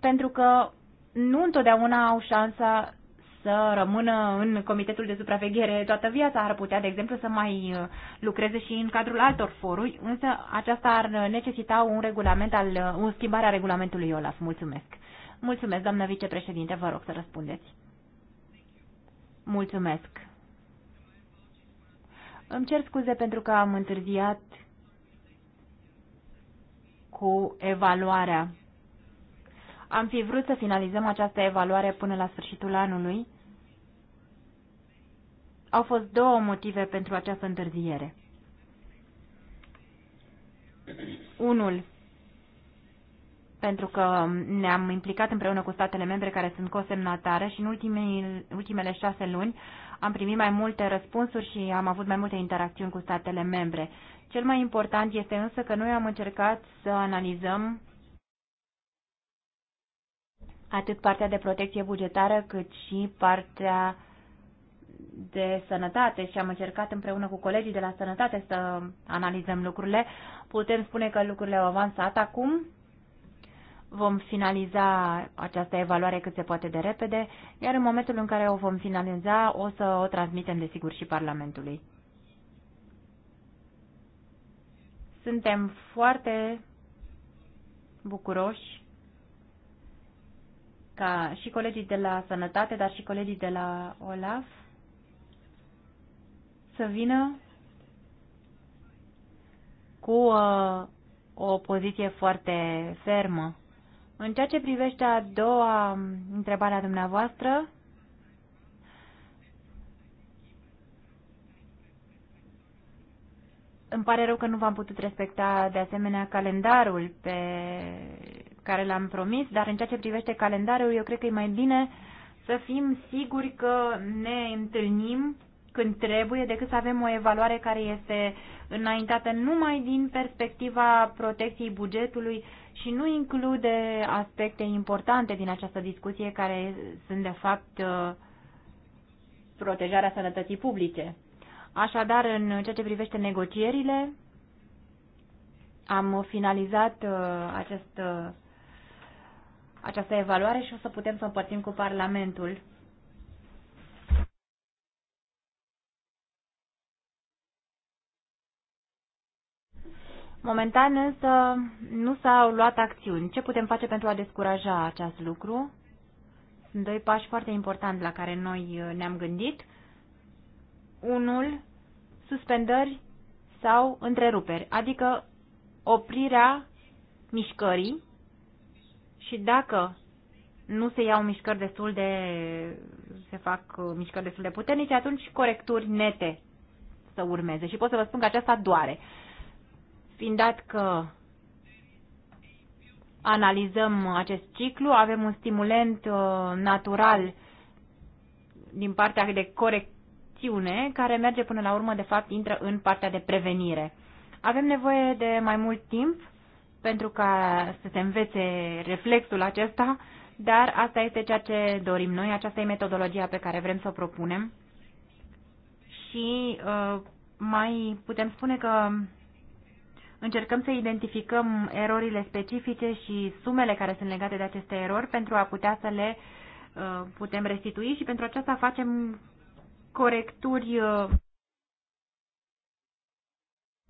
pentru că nu întotdeauna au șansa să rămână în comitetul de supraveghere toată viața. Ar putea, de exemplu, să mai lucreze și în cadrul altor foruri, însă aceasta ar necesita un regulament al, o schimbare a regulamentului OLAF. Mulțumesc. Mulțumesc, doamnă vicepreședinte, vă rog să răspundeți. Mulțumesc. Îmi cer scuze pentru că am întârziat cu evaluarea. Am fi vrut să finalizăm această evaluare până la sfârșitul anului. Au fost două motive pentru această întârziere. Unul pentru că ne-am implicat împreună cu statele membre care sunt cosemnatare și în ultimele, ultimele șase luni am primit mai multe răspunsuri și am avut mai multe interacțiuni cu statele membre. Cel mai important este însă că noi am încercat să analizăm atât partea de protecție bugetară cât și partea de sănătate și am încercat împreună cu colegii de la sănătate să analizăm lucrurile. Putem spune că lucrurile au avansat acum, Vom finaliza această evaluare cât se poate de repede, iar în momentul în care o vom finaliza, o să o transmitem desigur și Parlamentului. Suntem foarte bucuroși ca și colegii de la Sănătate, dar și colegii de la OLAF să vină cu uh, o poziție foarte fermă în ceea ce privește a doua întrebare a dumneavoastră, îmi pare rău că nu v-am putut respecta de asemenea calendarul pe care l-am promis, dar în ceea ce privește calendarul, eu cred că e mai bine să fim siguri că ne întâlnim când trebuie, decât să avem o evaluare care este înaintată numai din perspectiva protecției bugetului și nu include aspecte importante din această discuție care sunt de fapt uh, protejarea sănătății publice. Așadar, în ceea ce privește negocierile, am finalizat uh, această, uh, această evaluare și o să putem să împărțim cu Parlamentul Momentan însă nu s-au luat acțiuni. Ce putem face pentru a descuraja acest lucru? Sunt doi pași foarte importanti la care noi uh, ne-am gândit. Unul, suspendări sau întreruperi, adică oprirea mișcării și dacă nu se iau mișcări destul de se fac uh, mișcări destul de puternice, atunci corecturi nete să urmeze. Și pot să vă spun că aceasta doare. Fiind dat că analizăm acest ciclu, avem un stimulent uh, natural din partea de corecțiune care merge până la urmă, de fapt, intră în partea de prevenire. Avem nevoie de mai mult timp pentru ca să se învețe reflexul acesta, dar asta este ceea ce dorim noi, aceasta e metodologia pe care vrem să o propunem. Și uh, mai putem spune că Încercăm să identificăm erorile specifice și sumele care sunt legate de aceste erori pentru a putea să le uh, putem restitui și pentru aceasta facem corecturi uh,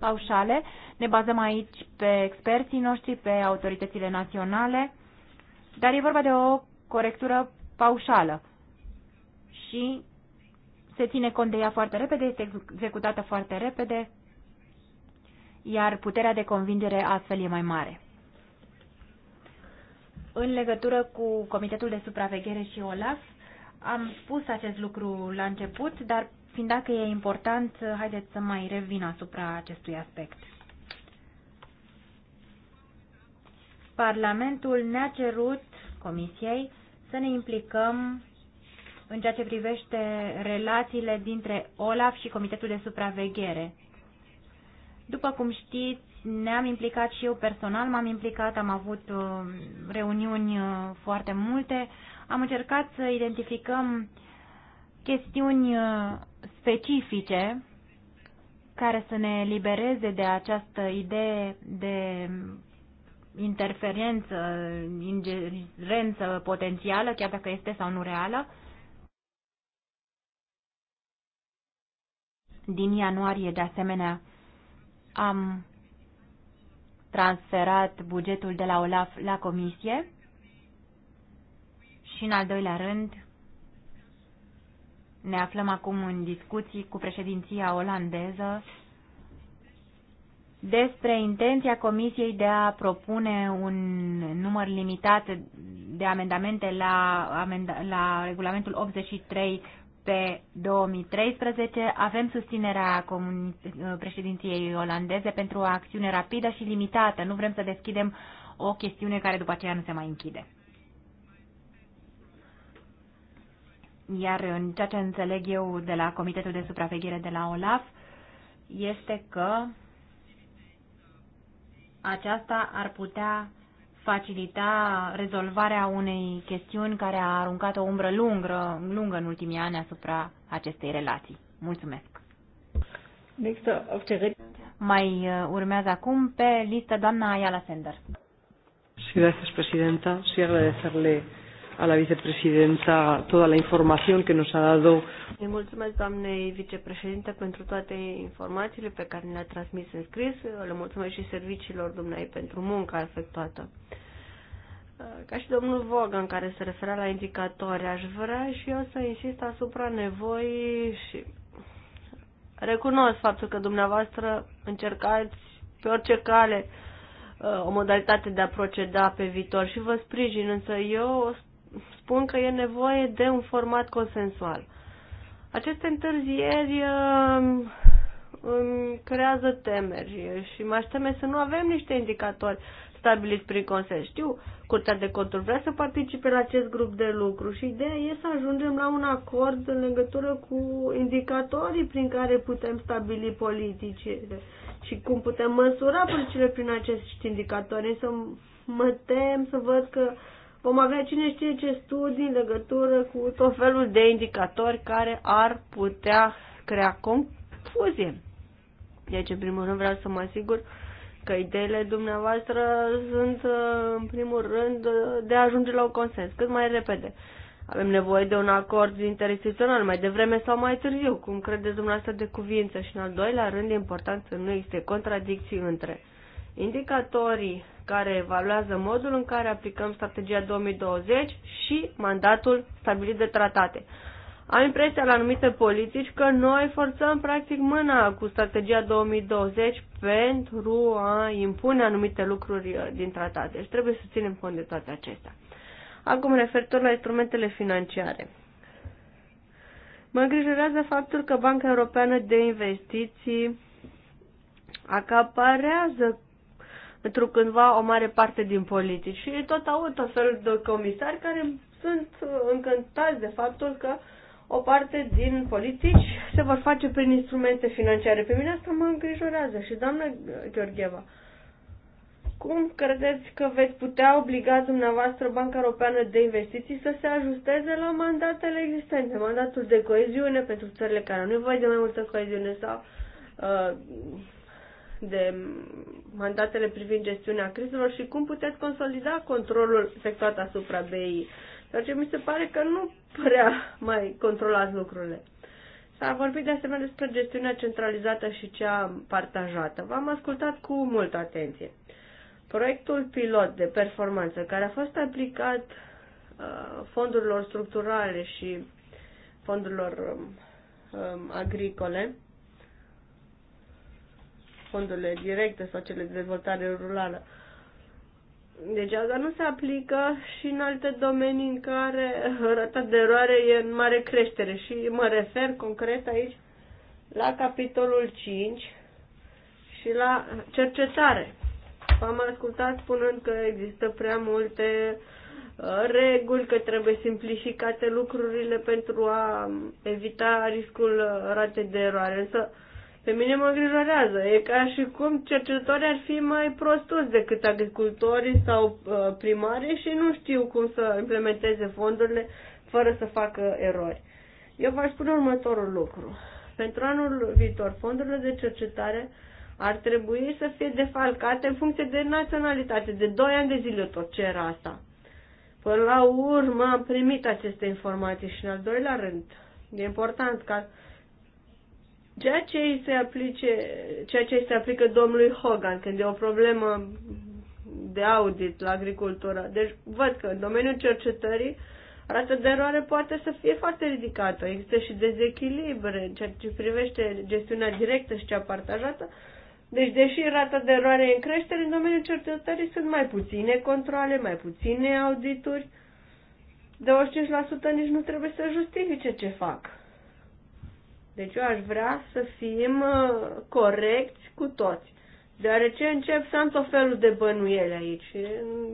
paușale. Ne bazăm aici pe experții noștri, pe autoritățile naționale, dar e vorba de o corectură paușală și se ține cont de ea foarte repede, este executată foarte repede iar puterea de convingere astfel e mai mare. În legătură cu Comitetul de Supraveghere și OLAF, am spus acest lucru la început, dar fiind dacă e important, haideți să mai revin asupra acestui aspect. Parlamentul ne-a cerut Comisiei să ne implicăm în ceea ce privește relațiile dintre OLAF și Comitetul de Supraveghere. După cum știți, ne-am implicat și eu personal, m-am implicat, am avut uh, reuniuni uh, foarte multe, am încercat să identificăm chestiuni uh, specifice care să ne libereze de această idee de interferență, ingerență potențială, chiar dacă este sau nu reală. Din ianuarie, de asemenea, am transferat bugetul de la OLAF la comisie și, în al doilea rând, ne aflăm acum în discuții cu președinția olandeză despre intenția Comisiei de a propune un număr limitat de amendamente la, la regulamentul 83 pe 2013 avem susținerea președinției olandeze pentru o acțiune rapidă și limitată. Nu vrem să deschidem o chestiune care după aceea nu se mai închide. Iar în ceea ce înțeleg eu de la Comitetul de Supraveghere de la OLAF este că aceasta ar putea facilita rezolvarea unei chestiuni care a aruncat o umbră lungă, lungă în ultimii ani asupra acestei relații. Mulțumesc! Uh, Mai uh, urmează acum pe listă doamna Ayala Sender. Sí, gracias, Presidenta. Sí, agradecerle a la vicepresidenta toda la información que nos ha dado. Îi mulțumesc doamnei vicepreședinte pentru toate informațiile pe care ne le-a transmis în scris. Le mulțumesc și serviciilor dumnei pentru munca efectuată. Ca și domnul Vogan care se referea la indicatori, aș vrea și eu să insist asupra nevoii și recunosc faptul că dumneavoastră încercați pe orice cale uh, o modalitate de a proceda pe viitor și vă sprijin, însă eu spun că e nevoie de un format consensual. Aceste întârzieri uh, îmi creează temeri și mă teme să nu avem niște indicatori stabiliți prin consens. Știu, Curtea de Conturi vrea să participe la acest grup de lucru și ideea e să ajungem la un acord în legătură cu indicatorii prin care putem stabili politicile și cum putem măsura politicile prin acești indicatori. Însă mă tem să văd că vom avea cine știe ce studii în legătură cu tot felul de indicatori care ar putea crea confuzie. Deci, în primul rând, vreau să mă asigur că ideile dumneavoastră sunt, uh, în primul rând, uh, de a ajunge la un consens, cât mai repede. Avem nevoie de un acord interinstituțional, mai devreme sau mai târziu, cum credeți dumneavoastră de cuvință. Și, în al doilea rând, e important să nu existe contradicții între indicatorii care evaluează modul în care aplicăm strategia 2020 și mandatul stabilit de tratate. Am impresia la anumite politici că noi forțăm practic mâna cu strategia 2020 pentru a impune anumite lucruri uh, din tratate și deci trebuie să ținem cont de toate acestea. Acum, referitor la instrumentele financiare. Mă îngrijorează faptul că Banca Europeană de Investiții acaparează pentru cândva o mare parte din politici. Și tot aud tot felul de comisari care sunt uh, încântați de faptul că o parte din politici se vor face prin instrumente financiare. Pe mine asta mă îngrijorează și doamna Gheorgheva. Cum credeți că veți putea obliga dumneavoastră Banca Europeană de Investiții să se ajusteze la mandatele existente, mandatul de coeziune pentru țările care nu văd de mai multă coeziune sau uh, de mandatele privind gestiunea crizelor și cum puteți consolida controlul efectuat asupra BI. Dar ce mi se pare că nu prea mai controlați lucrurile. S-a vorbit de asemenea despre gestiunea centralizată și cea partajată. V-am ascultat cu multă atenție. Proiectul pilot de performanță care a fost aplicat uh, fondurilor structurale și fondurilor um, um, agricole fondurile directe sau cele de dezvoltare rurală. Deci asta nu se aplică și în alte domenii în care rata de eroare e în mare creștere și mă refer concret aici la capitolul 5 și la cercetare. V-am ascultat spunând că există prea multe uh, reguli, că trebuie simplificate lucrurile pentru a um, evita riscul uh, ratei de eroare. Însă, pe mine mă îngrijorează. E ca și cum cercetătorii ar fi mai prostuți decât agricultorii sau uh, primarii și nu știu cum să implementeze fondurile fără să facă erori. Eu v-aș spune următorul lucru. Pentru anul viitor, fondurile de cercetare ar trebui să fie defalcate în funcție de naționalitate. De 2 ani de zile tot ce era asta. Până la urmă am primit aceste informații și în al doilea rând. E important ca Ceea ce, îi se aplice, ceea ce îi se aplică domnului Hogan când e o problemă de audit la agricultură. Deci văd că în domeniul cercetării rata de eroare poate să fie foarte ridicată. Există și dezechilibre în ceea ce privește gestiunea directă și cea partajată. Deci, deși rata de eroare e în creștere, în domeniul cercetării sunt mai puține controle, mai puține audituri. 25% nici nu trebuie să justifice ce fac. Deci eu aș vrea să fim uh, corecți cu toți. Deoarece încep să am tot felul de bănuieli aici.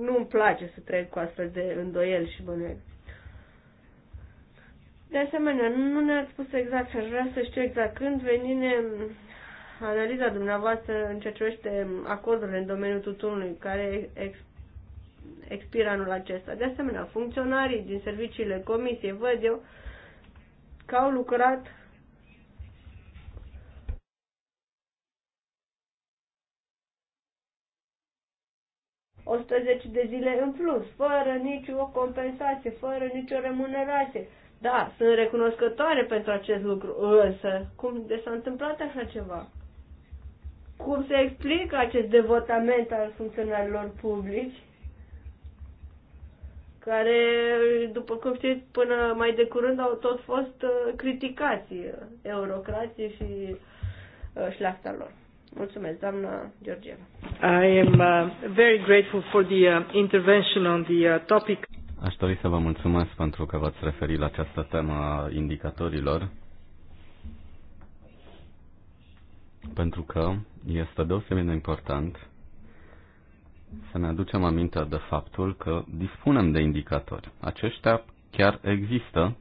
Nu îmi place să trec cu astfel de îndoieli și bănuieli. De asemenea, nu ne-ați spus exact și aș vrea să știu exact când venine analiza dumneavoastră în ce privește acordurile în domeniul tutunului care ex- expiră anul acesta. De asemenea, funcționarii din serviciile comisiei, văd eu, că au lucrat 110 de zile în plus, fără nicio compensație, fără nicio remunerație. Da, sunt recunoscătoare pentru acest lucru, însă cum de s-a întâmplat așa ceva? Cum se explică acest devotament al funcționarilor publici? care, după cum știți, până mai de curând au tot fost uh, criticați uh, eurocrații și uh, șlafta lor. Mulțumesc, doamna Georgieva. I am uh, very grateful for the uh, intervention on the uh, topic. Aș dori să vă mulțumesc pentru că v-ați referit la această temă a indicatorilor, pentru că este deosebit de important să ne aducem aminte de faptul că dispunem de indicatori. Aceștia chiar există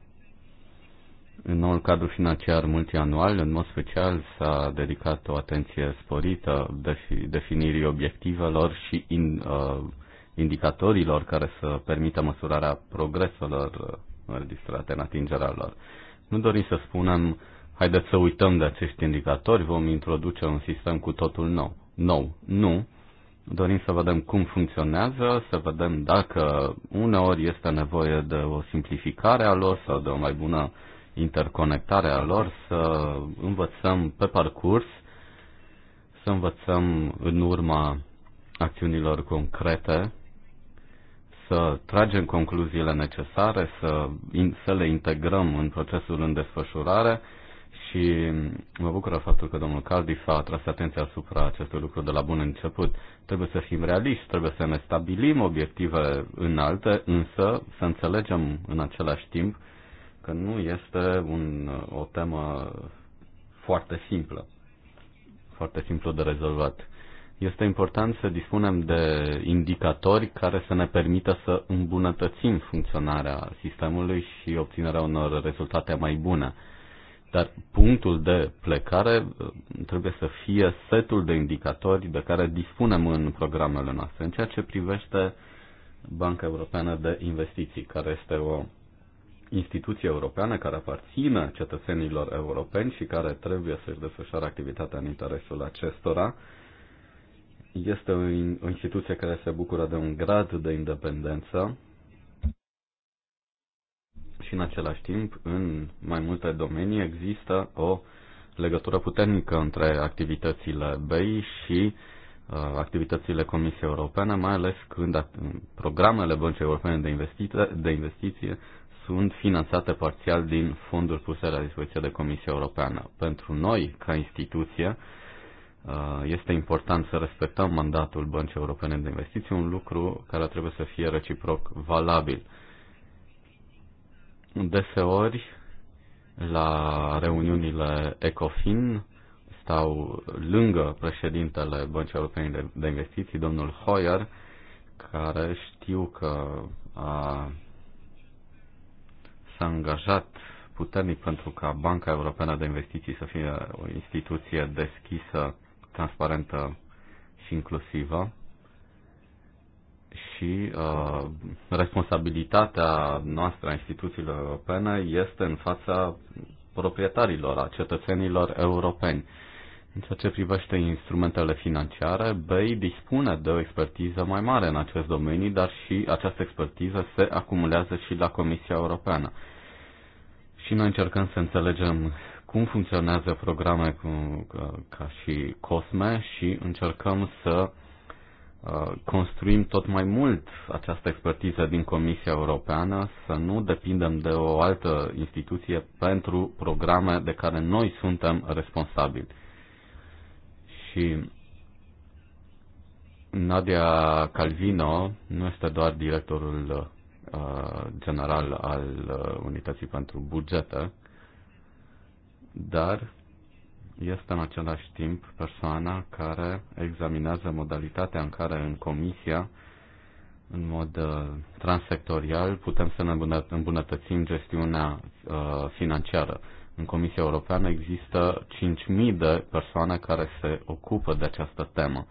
în noul cadru financiar multianual, în mod special, s-a dedicat o atenție sporită definirii obiectivelor și in, uh, indicatorilor care să permită măsurarea progreselor uh, înregistrate în atingerea lor. Nu dorim să spunem, haideți să uităm de acești indicatori, vom introduce un sistem cu totul nou. Nou, nu. Dorim să vedem cum funcționează, să vedem dacă uneori este nevoie de o simplificare a lor sau de o mai bună uh, interconectarea lor, să învățăm pe parcurs, să învățăm în urma acțiunilor concrete, să tragem concluziile necesare, să, să le integrăm în procesul în desfășurare și mă bucură faptul că domnul Caldif a atras atenția asupra acestui lucru de la bun început. Trebuie să fim realiști, trebuie să ne stabilim obiective înalte, însă să înțelegem în același timp că nu este un, o temă foarte simplă, foarte simplu de rezolvat. Este important să dispunem de indicatori care să ne permită să îmbunătățim funcționarea sistemului și obținerea unor rezultate mai bune. Dar punctul de plecare uh, trebuie să fie setul de indicatori de care dispunem în programele noastre. În ceea ce privește Banca Europeană de Investiții, care este o instituție europeană care aparține cetățenilor europeni și care trebuie să-și desfășoare activitatea în interesul acestora. Este o instituție care se bucură de un grad de independență și în același timp, în mai multe domenii, există o legătură puternică între activitățile BEI și uh, activitățile Comisiei Europene, mai ales când programele Băncii Europene de, investi- de Investiție sunt finanțate parțial din fonduri puse la dispoziție de Comisia Europeană. Pentru noi, ca instituție, uh, este important să respectăm mandatul Băncii Europene de Investiții, un lucru care trebuie să fie reciproc valabil. Deseori, la reuniunile ECOFIN, stau lângă președintele Băncii Europene de Investiții, domnul Hoyer, care știu că a s-a angajat puternic pentru ca Banca Europeană de Investiții să fie o instituție deschisă, transparentă și inclusivă și uh, responsabilitatea noastră a instituțiilor europene este în fața proprietarilor, a cetățenilor europeni. În ceea ce privește instrumentele financiare, BEI dispune de o expertiză mai mare în acest domeniu, dar și această expertiză se acumulează și la Comisia Europeană. Și noi încercăm să înțelegem cum funcționează programe cu, ca și COSME și încercăm să uh, construim tot mai mult această expertiză din Comisia Europeană, să nu depindem de o altă instituție pentru programe de care noi suntem responsabili și Nadia Calvino nu este doar directorul uh, general al uh, Unității pentru Bugete, dar este în același timp persoana care examinează modalitatea în care în comisia, în mod uh, transsectorial, putem să ne îmbunătățim gestiunea uh, financiară. Uh, în Comisia Europeană există 5.000 de persoane care se ocupă de această temă.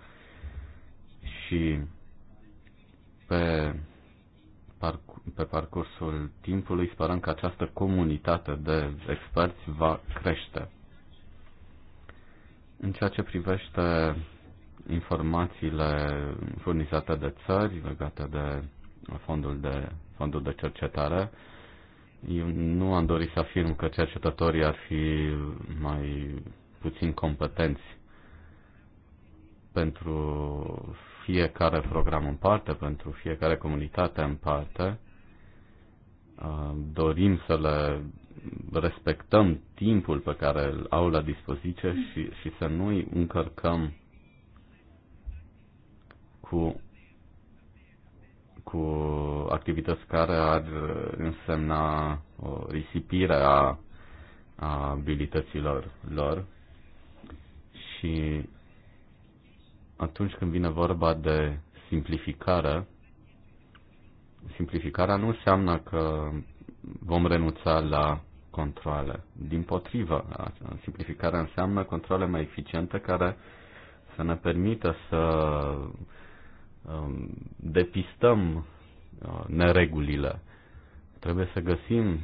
Și pe, parc- pe parcursul timpului sperăm că această comunitate de experți va crește. În ceea ce privește informațiile furnizate de țări legate de fondul de, fondul de cercetare, uh, eu nu am dorit să afirm că cercetătorii ar fi mai puțin competenți pentru fiecare program în parte, pentru fiecare comunitate în parte. Uh, dorim să le respectăm timpul pe care îl au la dispoziție și, și să nu îi încărcăm cu cu activități care ar însemna o uh, risipire a, a abilităților lor și atunci când vine vorba de simplificare, simplificarea nu înseamnă că vom renunța la controle. Din potrivă, simplificarea înseamnă controle mai eficiente care să ne permită să Um, depistăm uh, neregulile. Trebuie să găsim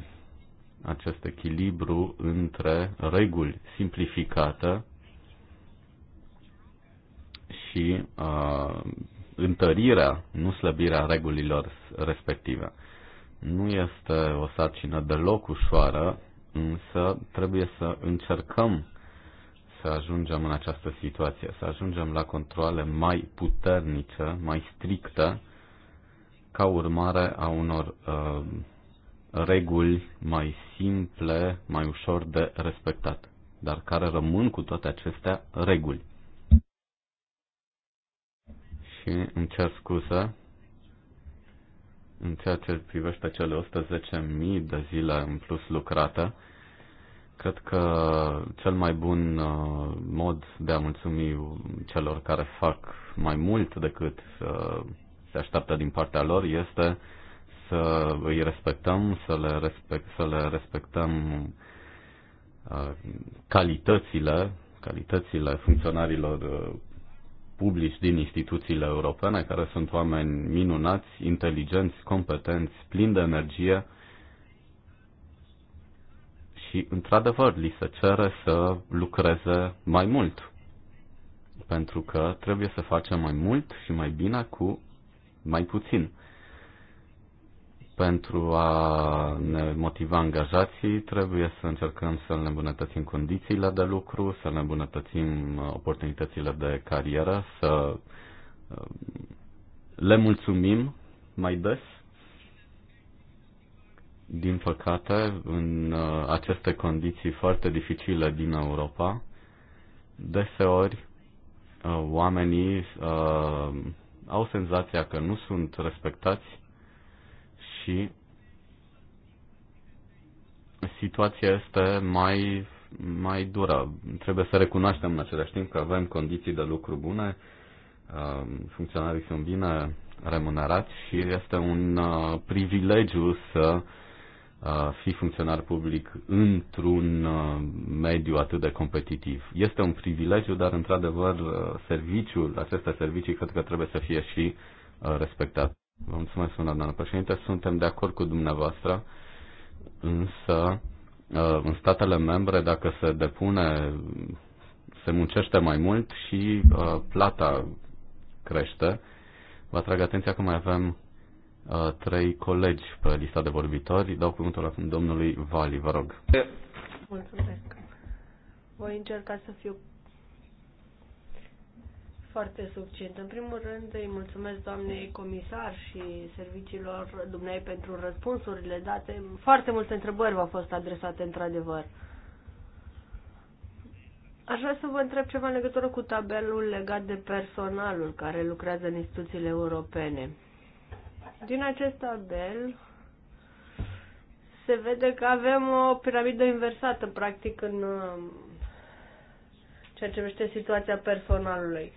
acest echilibru între reguli simplificate și uh, întărirea, nu slăbirea regulilor respective. Nu este o sarcină deloc ușoară, însă trebuie să încercăm să ajungem în această situație, să ajungem la controle mai puternice, mai stricte, ca urmare a unor uh, reguli mai simple, mai ușor de respectat, dar care rămân cu toate acestea reguli. Și îmi cer scuze în ceea ce privește cele 110.000 de zile în plus lucrate, Cred că cel mai bun uh, mod de a mulțumi celor care fac mai mult decât uh, se așteaptă din partea lor este să îi respectăm, să le, respect, să le respectăm uh, calitățile, calitățile funcționarilor publici din instituțiile europene, care sunt oameni minunați, inteligenți, competenți, plini de energie și, într-adevăr, li se cere să lucreze mai mult. Pentru că trebuie să facem mai mult și mai bine cu mai puțin. Pentru a ne motiva angajații, trebuie să încercăm să ne îmbunătățim condițiile de lucru, să ne îmbunătățim uh, oportunitățile de carieră, să uh, le mulțumim mai des din păcate, în uh, aceste condiții foarte dificile din Europa, deseori uh, oamenii uh, au senzația că nu sunt respectați și situația este mai, mai dură. Trebuie să recunoaștem în același timp că avem condiții de lucru bune, funcționarii sunt bine remunerați și este un privilegiu să uh, fi funcționar public într-un uh, mediu atât de competitiv. Este un privilegiu, dar într-adevăr uh, serviciul, aceste servicii cred că trebuie să fie și uh, respectat. Vă mulțumesc, doamna președinte. Suntem de acord cu dumneavoastră, însă în statele membre, dacă se depune, se muncește mai mult și plata crește. Vă atrag atenția că mai avem Uh, trei colegi pe lista de vorbitori. Dau cuvântul acum domnului Vali, vă rog. Mulțumesc. Voi încerca să fiu foarte succint. În primul rând îi mulțumesc doamnei comisar și serviciilor dumnei pentru răspunsurile date. Foarte multe întrebări v-au fost adresate într-adevăr. Aș vrea să vă întreb ceva în legătură cu tabelul legat de personalul care lucrează în instituțiile europene. Din acest tabel se vede că avem o piramidă inversată, practic, în um, ceea ce vește situația personalului.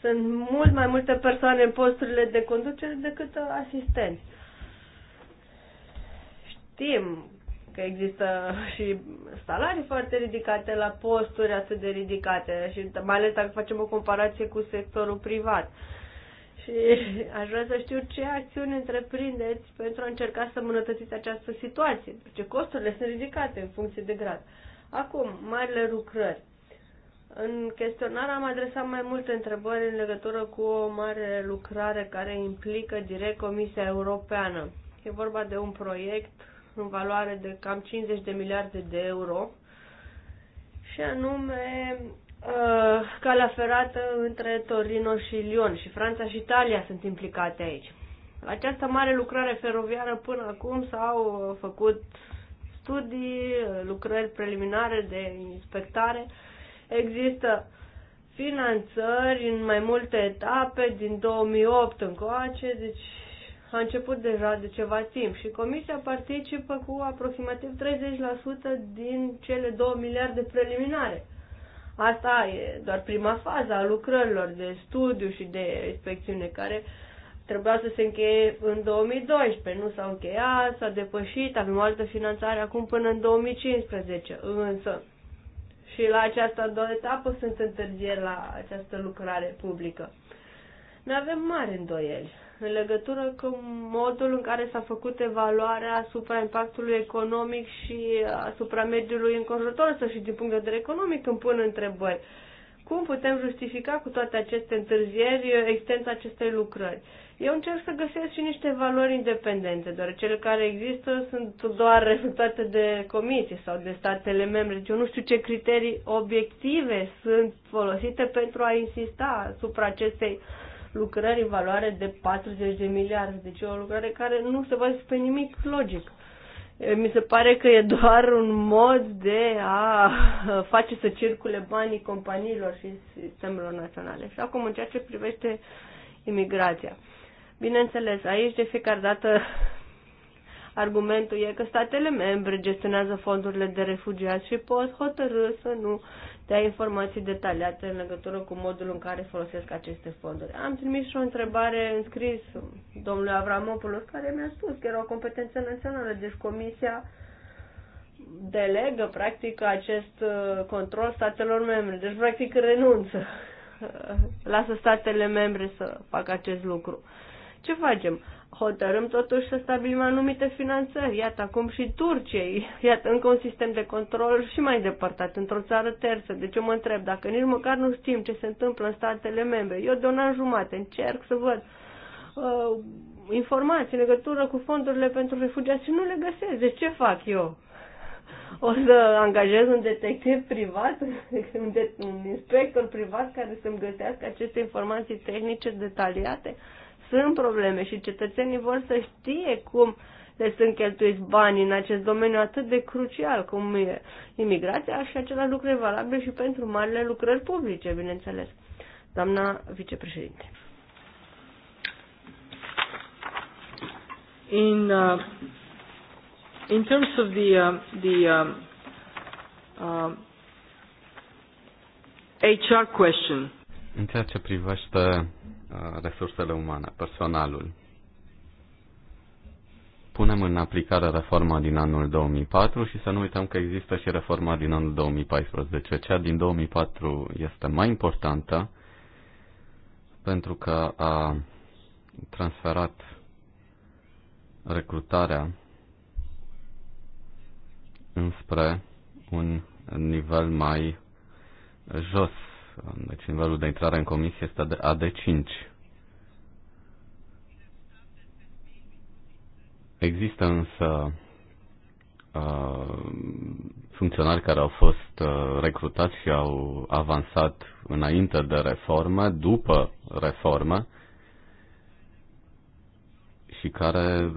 Sunt mult mai multe persoane în posturile de conducere decât asistenți. Știm că există și salarii foarte ridicate la posturi atât de ridicate și mai ales dacă facem o comparație cu sectorul privat. Uh, și aș vrea să știu ce acțiuni întreprindeți pentru a încerca să îmbunătățiți această situație. Ce costurile sunt ridicate în funcție de grad. Acum, marile lucrări. În chestionar am adresat mai multe întrebări în legătură cu o mare lucrare care implică direct Comisia Europeană. E vorba de un proiect în valoare de cam 50 de miliarde de euro și anume uh, calea ferată între Torino și Lyon și Franța și Italia sunt implicate aici. La această mare lucrare feroviară până acum s-au uh, făcut studii, uh, lucrări preliminare de inspectare. Există finanțări în mai multe etape din 2008 încoace, deci a început deja de ceva timp și comisia participă cu aproximativ 30% din cele 2 miliarde preliminare. Asta e doar prima fază a lucrărilor de studiu și de inspecțiune care trebuia să se încheie în 2012. Nu s au încheiat, s-a depășit, avem o altă finanțare acum până în 2015. Însă, și la această a doua etapă sunt întârzieri la această lucrare publică. Ne avem mari îndoieli în legătură cu modul în care s-a făcut evaluarea asupra impactului economic și asupra mediului înconjurător, să și din punct de vedere economic îmi pun întrebări. Cum putem justifica cu toate aceste întârzieri existența acestei lucrări? Eu încerc să găsesc și niște valori independente, doar cele care există sunt doar rezultate de comisie sau de statele membre. Deci eu nu știu ce criterii obiective sunt folosite pentru a insista asupra acestei uh, lucrări în valoare de 40 de miliarde. Deci e o lucrare care nu se bazează pe nimic logic. Mi se pare că e doar un mod de a face să circule banii companiilor și sistemelor naționale. Și acum în ceea ce privește imigrația. Bineînțeles, aici de fiecare dată argumentul e că statele membre gestionează fondurile de refugiați și pot hotărâ să nu a informații detaliate în legătură cu modul în care folosesc aceste fonduri. Am trimis și o întrebare în scris domnului Avramopoulos, care mi-a spus că era o competență națională, deci comisia delegă, practic, acest uh, control statelor membre. Deci, practic, renunță. Lasă statele membre să facă acest lucru. Ce facem? hotărâm totuși să stabilim anumite finanțări. Iată, acum și Turciei. Iată, încă un sistem de control și mai departat într-o țară terță. Deci eu mă întreb, dacă nici măcar nu știm ce se întâmplă în statele membre, eu de un an jumate încerc să văd uh, informații în legătură cu fondurile pentru refugiați și nu le găsesc. Deci ce fac eu? O să angajez un detectiv privat, un, de- un inspector privat care să-mi găsească aceste informații tehnice detaliate? sunt probleme și cetățenii vor să știe cum le sunt cheltuiți banii în acest domeniu atât de crucial cum e imigrația și același lucru e valabil și pentru marile lucrări publice, bineînțeles. Doamna vicepreședinte. In, uh, in terms of the, uh, the uh, uh, HR question. În ceea ce privește Uh, resursele umane, personalul. Punem în aplicare reforma din anul 2004 și să nu uităm că există și reforma din anul 2014. Cea din 2004 este mai importantă pentru că a transferat recrutarea înspre un nivel mai jos deci nivelul de intrare în comisie este de AD5. Există însă funcționari care au fost recrutați și au avansat înainte de reformă, după reformă și care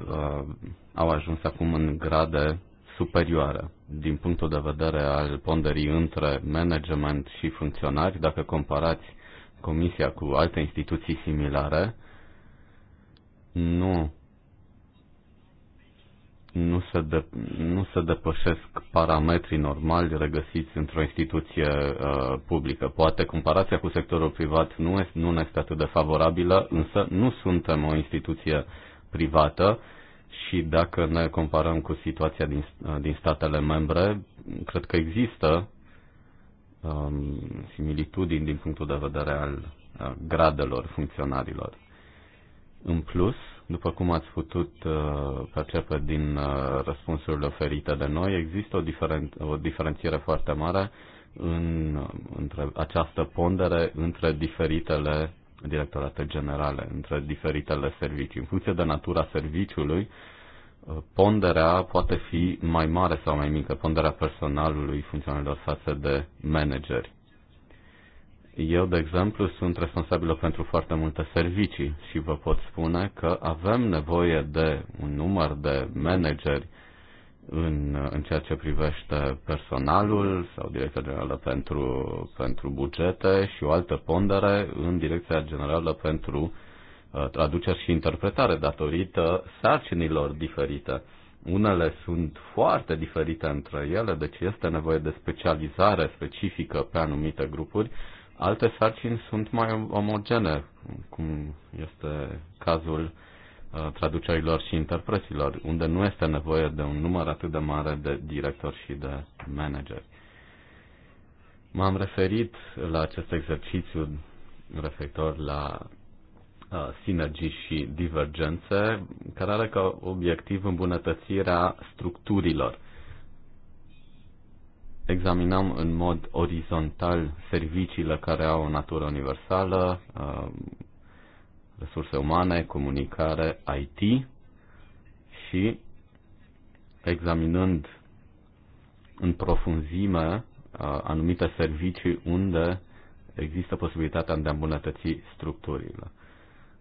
au ajuns acum în grade superioară din punctul de vedere al ponderii între management și funcționari. Dacă comparați Comisia cu alte instituții similare, nu nu se, de, nu se depășesc parametrii normali regăsiți într-o instituție uh, publică. Poate comparația cu sectorul privat nu, este, nu ne este atât de favorabilă, însă nu suntem o instituție privată și dacă ne comparăm cu situația din, din statele membre, cred că există um, similitudini din punctul de vedere al uh, gradelor funcționarilor. În plus, după cum ați putut uh, percepe din uh, răspunsurile oferite de noi, există o, diferen- o diferențiere foarte mare în, între această pondere între diferitele directorate generale, între diferitele servicii. În funcție de natura serviciului, uh, ponderea poate fi mai mare sau mai mică, ponderea personalului funcționarilor față de manageri. Eu, de exemplu, sunt responsabilă pentru foarte multe servicii și vă pot spune că avem nevoie de un număr de manageri în, în ceea ce privește personalul sau Direcția Generală pentru, pentru Bugete și o altă pondere în Direcția Generală pentru uh, Traduceri și Interpretare datorită sarcinilor diferite. Unele sunt foarte diferite între ele, deci este nevoie de specializare specifică pe anumite grupuri. Alte sarcini sunt mai omogene, cum este cazul uh, Uh, traducerilor și interpreților, unde nu este nevoie de un număr atât de mare de directori și de manageri. M-am referit la acest exercițiu referitor la uh, sinergii și divergențe, care are ca obiectiv îmbunătățirea structurilor. Examinăm în mod orizontal serviciile care au o natură universală, uh, resurse umane, comunicare, IT și examinând în profunzime anumite servicii unde există posibilitatea de a îmbunătăți structurile.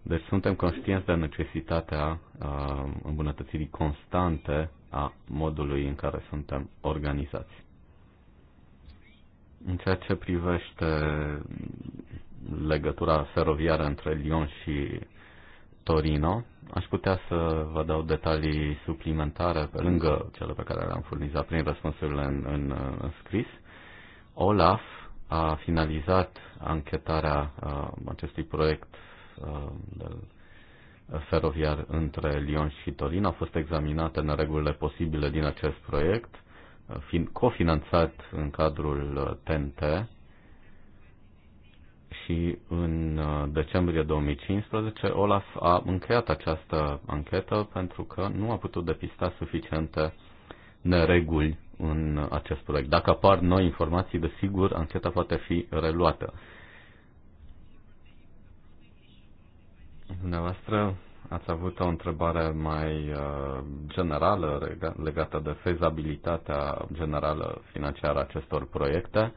Deci suntem conștienți de necesitatea îmbunătățirii constante a modului în care suntem organizați. În ceea ce privește legătura feroviară între Lyon și Torino. Aș putea să vă dau detalii suplimentare pe lângă cele pe care le-am furnizat prin răspunsurile în, în, în scris. Olaf a finalizat anchetarea uh, acestui proiect uh, de, feroviar între Lyon și Torino. Au fost examinate regulile posibile din acest proiect, uh, fiind cofinanțat în cadrul TNT uh, și în uh, decembrie 2015 Olaf a încheiat această anchetă pentru că nu a putut depista suficiente nereguli în acest proiect. Dacă apar noi informații, desigur, ancheta poate fi reluată. Dumneavoastră ați avut o întrebare mai uh, generală legată de fezabilitatea generală financiară a acestor proiecte.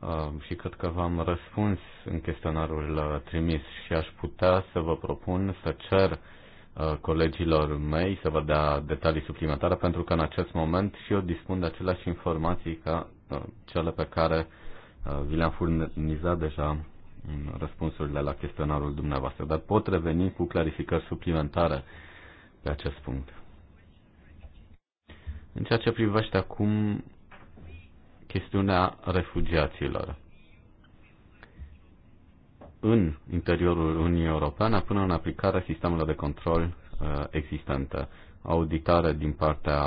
Um, și cred că v-am răspuns în chestionarul uh, trimis și aș putea să vă propun să cer uh, colegilor mei să vă dea detalii suplimentare pentru că în acest moment și eu dispun de aceleași informații ca uh, cele pe care vi le-am furnizat deja în răspunsurile la chestionarul dumneavoastră, dar pot reveni cu clarificări suplimentare pe acest punct. În ceea ce privește acum chestiunea refugiaților. În interiorul Uniunii Europene, până în aplicarea sistemelor de control uh, existente auditare din partea,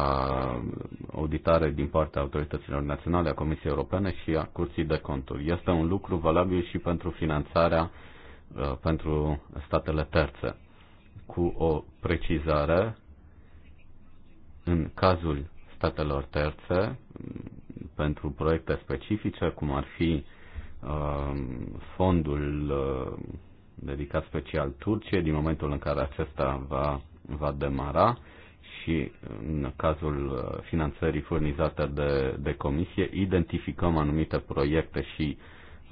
auditare din partea autorităților naționale, a Comisiei Europene și a Curții de Conturi. Este un lucru valabil și pentru finanțarea uh, pentru statele terțe. Cu o precizare, în cazul statelor terțe, pentru proiecte specifice, cum ar fi um, fondul uh, dedicat special Turciei din momentul în care acesta va, va demara și în cazul uh, finanțării furnizate de, de comisie, identificăm anumite proiecte și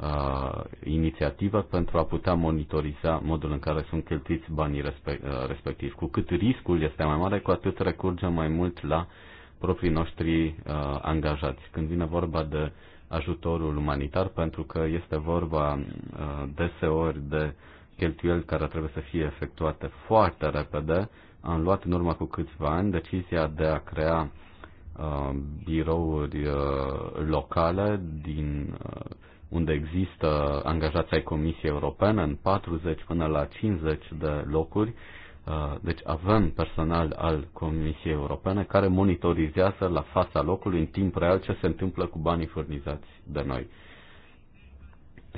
uh, inițiative pentru a putea monitoriza modul în care sunt cheltuiți banii respect, uh, respectiv. Cu cât riscul este mai mare, cu atât recurgem mai mult la uh, proprii noștri uh, angajați. Când vine vorba de ajutorul umanitar, pentru că este vorba uh, deseori de cheltuieli care trebuie să fie efectuate foarte repede, am luat în urmă cu câțiva ani decizia de a crea uh, birouri uh, locale din uh, unde există angajați ai Comisiei Europene în 40 până la 50 de locuri Uh, deci avem personal al Comisiei Europene care monitorizează la fața locului în timp real ce se întâmplă cu banii furnizați de noi.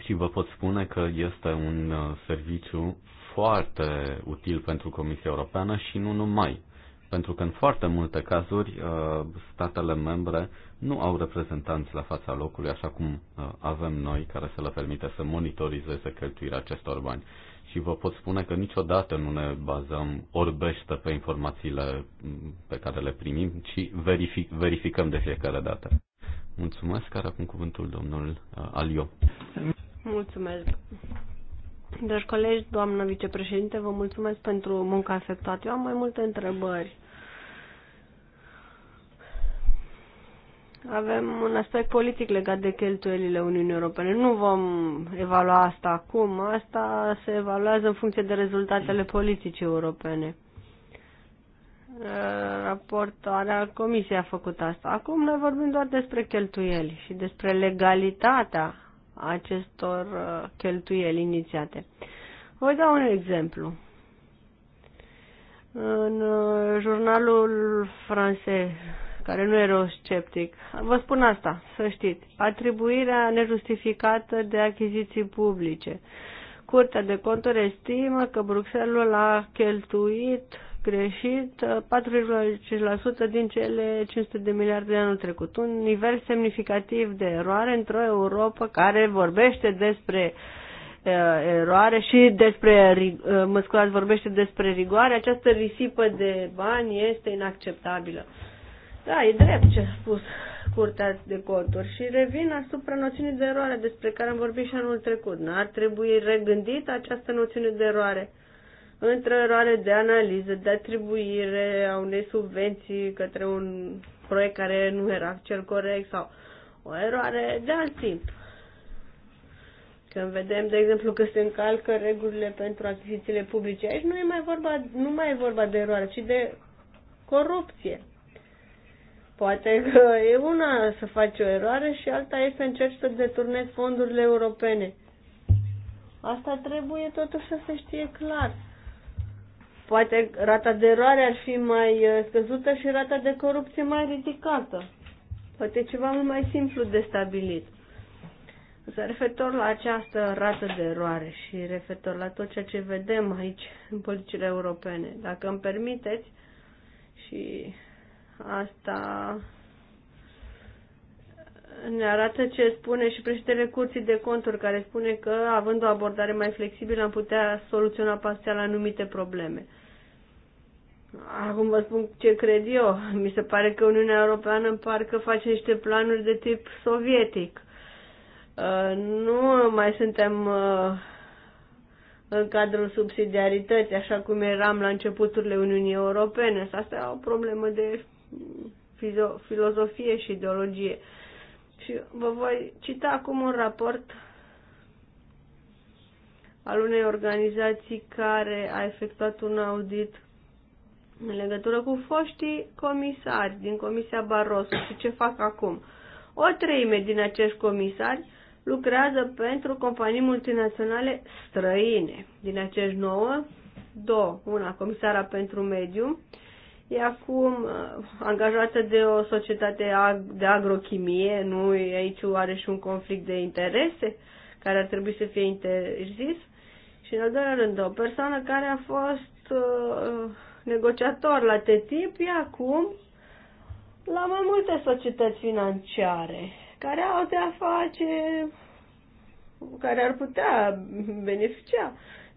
Și vă pot spune că este un uh, serviciu foarte util pentru Comisia Europeană și nu numai. Pentru că în foarte multe cazuri uh, statele membre nu au reprezentanți la fața locului așa cum avem noi care să le permite să monitorizeze cheltuirea acestor bani și vă pot spune că niciodată nu ne bazăm orbește pe informațiile pe care le primim, ci verific, verificăm de fiecare dată. Mulțumesc, care acum cuvântul domnul uh, Alio. Mulțumesc. Dragi colegi, doamnă vicepreședinte, vă mulțumesc pentru munca efectuată. Eu am mai multe întrebări Avem un aspect politic legat de cheltuielile Uniunii Europene. Nu vom evalua asta acum. Asta se evaluează în funcție de rezultatele politicii europene. Uh, Raportarea Comisiei a făcut asta. Acum noi vorbim doar despre cheltuieli și despre legalitatea acestor uh, cheltuieli inițiate. Voi da un exemplu. În uh, jurnalul francez care nu e sceptic. Vă spun asta, să știți. Atribuirea nejustificată de achiziții publice. Curtea de conturi estimă că Bruxelles a cheltuit greșit 4,5% din cele 500 de miliarde de anul trecut. Un nivel semnificativ de eroare într-o Europa care vorbește despre uh, eroare și despre, uh, mă scuzați, vorbește despre rigoare. Această risipă de bani este inacceptabilă. Da, e drept ce a spus Curtea de Conturi și revin asupra noțiunii de eroare despre care am vorbit și anul trecut. N-ar trebui regândit această noțiune de eroare într-o eroare de analiză, de atribuire a unei subvenții către un proiect care nu era cel corect sau o eroare de alt tip. Când vedem, de exemplu, că se încalcă regulile pentru achizițiile publice, aici nu, e mai vorba, nu mai e vorba de eroare, ci de corupție. Poate că e una să faci o eroare și alta e să încerci să deturnezi fondurile europene. Asta trebuie totuși să se știe clar. Poate rata de eroare ar fi mai uh, scăzută și rata de corupție mai ridicată. Poate ceva mult mai simplu de stabilit. Însă referitor la această rată de eroare și referitor la tot ceea ce vedem aici în politicile europene, dacă îmi permiteți, și Asta ne arată ce spune și președintele Curții de Conturi, care spune că, având o abordare mai flexibilă, am putea soluționa parțial anumite probleme. Acum vă spun ce cred eu. Mi se pare că Uniunea Europeană parcă face niște planuri de tip sovietic. Uh, nu mai suntem uh, în cadrul subsidiarității, așa cum eram la începuturile Uniunii Europene. Asta e o problemă de filozofie și ideologie. Și vă voi cita acum un raport al unei organizații care a efectuat un audit în legătură cu foștii comisari din Comisia Barroso și ce fac acum. O treime din acești comisari lucrează pentru companii multinaționale străine. Din acești nouă, două, una comisara pentru mediu e acum uh, angajată de o societate de agrochimie, nu aici are și un conflict de interese care ar trebui să fie interzis. Și în al doilea rând, o persoană care a fost uh, negociator la TTIP e acum la mai multe societăți financiare care au de a face, care ar putea beneficia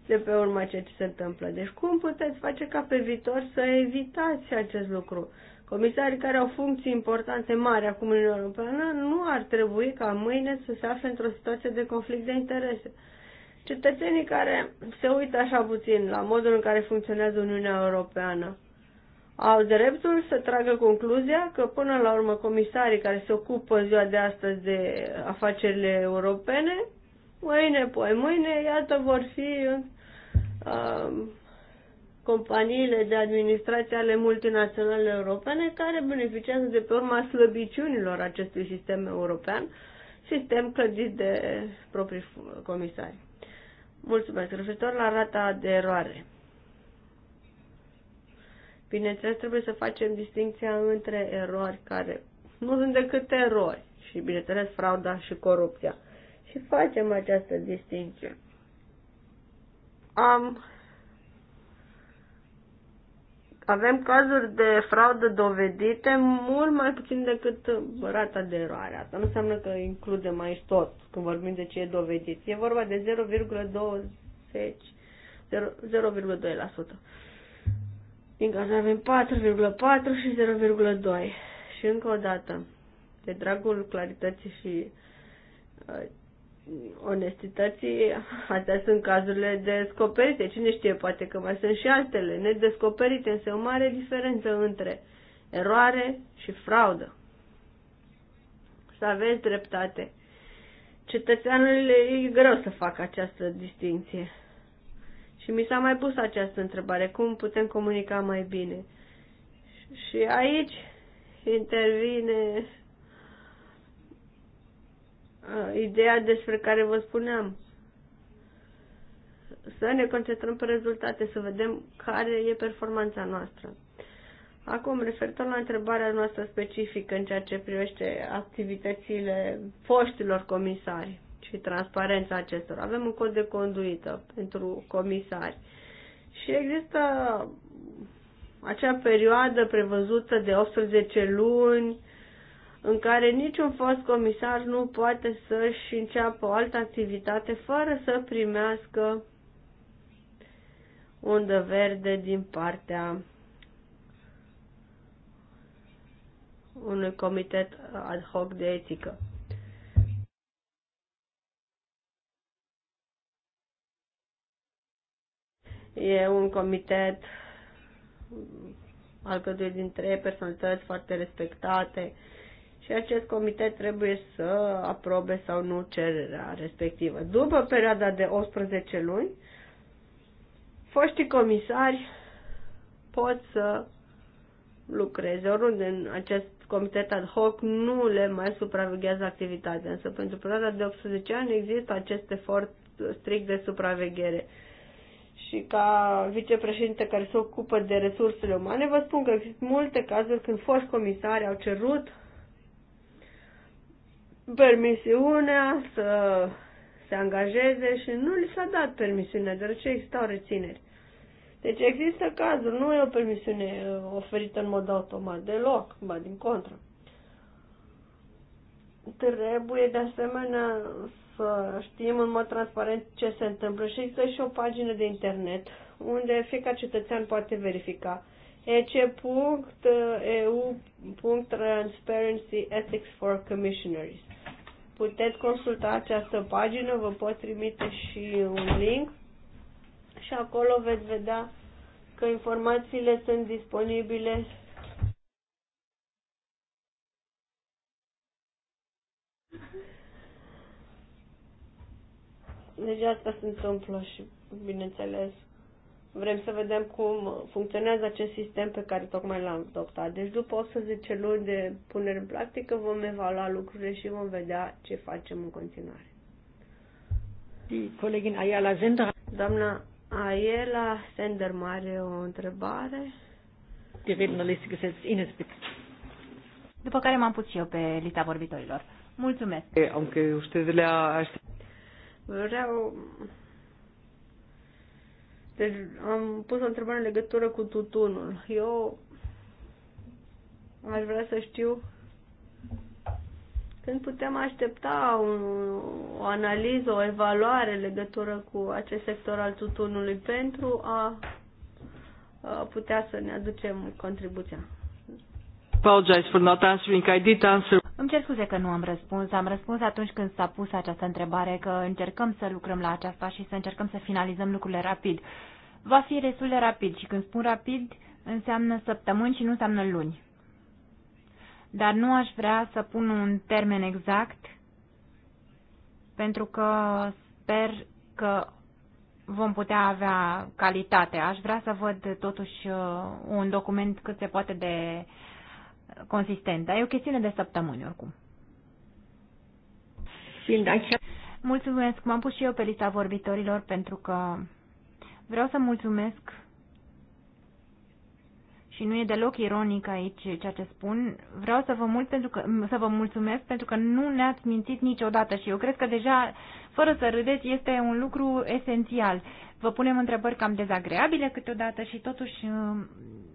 de pe urmă ceea ce se întâmplă. Deci cum puteți face ca pe viitor să evitați acest lucru? Comisarii care au funcții importante mari acum în Uniunea Europeană nu ar trebui ca mâine să se afle într-o situație de conflict de interese. Cetățenii care se uită așa puțin la modul în care funcționează Uniunea Europeană au dreptul să tragă concluzia că până la urmă comisarii care se ocupă ziua de astăzi de afacerile europene, mâine, poi mâine, iată, vor fi um, companiile de administrație ale multinaționale europene care beneficiază de pe urma slăbiciunilor acestui sistem european, sistem clădit de proprii comisari. Mulțumesc. Referitor la rata de eroare. Bineînțeles, trebuie să facem distinția între erori care nu sunt decât erori și, bineînțeles, frauda și corupția. Și facem această distinție am avem cazuri de fraudă dovedite mult mai puțin decât rata de eroare. Asta nu înseamnă că includem aici tot când vorbim de ce e dovedit. E vorba de 0,20 0,2%. Din cazul avem 4,4 și 0,2. Și încă o dată, de dragul clarității și uh, onestității, astea sunt cazurile descoperite. Cine știe, poate că mai sunt și altele nedescoperite, însă o mare diferență între eroare și fraudă. Să aveți dreptate. Cetățeanul e greu să facă această distinție. Și mi s-a mai pus această întrebare, cum putem comunica mai bine? Și aici intervine ideea despre care vă spuneam. Să ne concentrăm pe rezultate, să vedem care e performanța noastră. Acum, referitor la întrebarea noastră specifică în ceea ce privește activitățile foștilor comisari și transparența acestora. Avem un cod de conduită pentru comisari și există acea perioadă prevăzută de 18 luni în care niciun fost comisar nu poate să-și înceapă o altă activitate fără să primească undă verde din partea unui comitet ad hoc de etică. E un comitet alcătuit din trei personalități foarte respectate, și acest comitet trebuie să aprobe sau nu cererea respectivă. După perioada de 18 luni, foștii comisari pot să lucreze oriunde în acest comitet ad hoc nu le mai supraveghează activitatea, însă pentru perioada de 18 ani există acest efort strict de supraveghere. Și ca vicepreședinte care se ocupă de resursele umane, vă spun că există multe cazuri când foști comisari au cerut permisiunea să se angajeze și nu li s-a dat permisiunea, deoarece existau rețineri. Deci există cazuri, nu e o permisiune oferită în mod automat, deloc, ba din contră. Trebuie de asemenea să știm în mod transparent ce se întâmplă și există și o pagină de internet unde fiecare cetățean poate verifica ec.eu.transparency Puteți consulta această pagină, vă pot trimite și un link și acolo veți vedea că informațiile sunt disponibile Deci asta se întâmplă și, bineînțeles, Vrem să vedem cum funcționează acest sistem pe care tocmai l-am adoptat. Deci după 110 luni de punere în practică vom evalua lucrurile și vom vedea ce facem în continuare. Colegin Ayala Zender. Doamna Ayala Sender are o întrebare. După care m-am pus și eu pe lista vorbitorilor. Mulțumesc. Vreau deci am pus o întrebare în legătură cu tutunul. Eu aș vrea să știu când putem aștepta o, o analiză, o evaluare în legătură cu acest sector al tutunului pentru a, a putea să ne aducem contribuția. Apologize for not answering. I did answer. Îmi cer scuze că nu am răspuns. Am răspuns atunci când s-a pus această întrebare că încercăm să lucrăm la aceasta și să încercăm să finalizăm lucrurile rapid. Va fi destul de rapid și când spun rapid înseamnă săptămâni și nu înseamnă luni. Dar nu aș vrea să pun un termen exact pentru că sper că vom putea avea calitate. Aș vrea să văd totuși uh, un document cât se poate de uh, consistent, dar e o chestiune de săptămâni oricum. Mulțumesc, m-am pus și eu pe lista vorbitorilor pentru că vreau să mulțumesc și nu e deloc ironic aici ceea ce spun, vreau să vă, mult pentru că, să vă mulțumesc pentru că nu ne-ați mințit niciodată și eu cred că deja, fără să râdeți, este un lucru esențial. Vă punem întrebări cam dezagreabile câteodată și totuși um,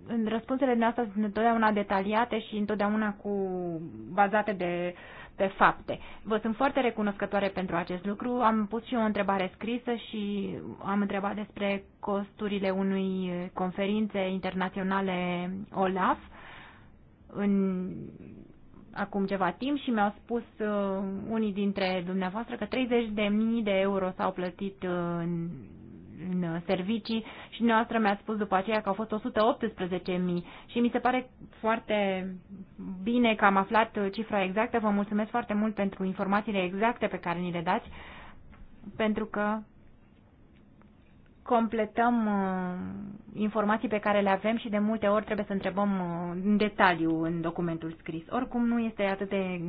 în răspunsele noastre sunt întotdeauna detaliate și întotdeauna cu bazate de uh, pe fapte. Vă sunt foarte recunoscătoare pentru acest lucru. Am pus și o întrebare scrisă și am întrebat despre costurile unui conferințe internaționale OLAF în acum ceva timp și mi-au spus uh, unii dintre dumneavoastră că 30.000 de mii de euro s-au plătit uh, în uh, servicii și noastră mi a spus după aceea că au fost 118.000 și mi se pare foarte bine că am aflat uh, cifra exactă. Vă mulțumesc foarte mult pentru informațiile exacte pe care ni le dați, pentru că completăm uh, informații pe care le avem și de multe ori trebuie să întrebăm în detaliu în documentul scris. Oricum nu este atât de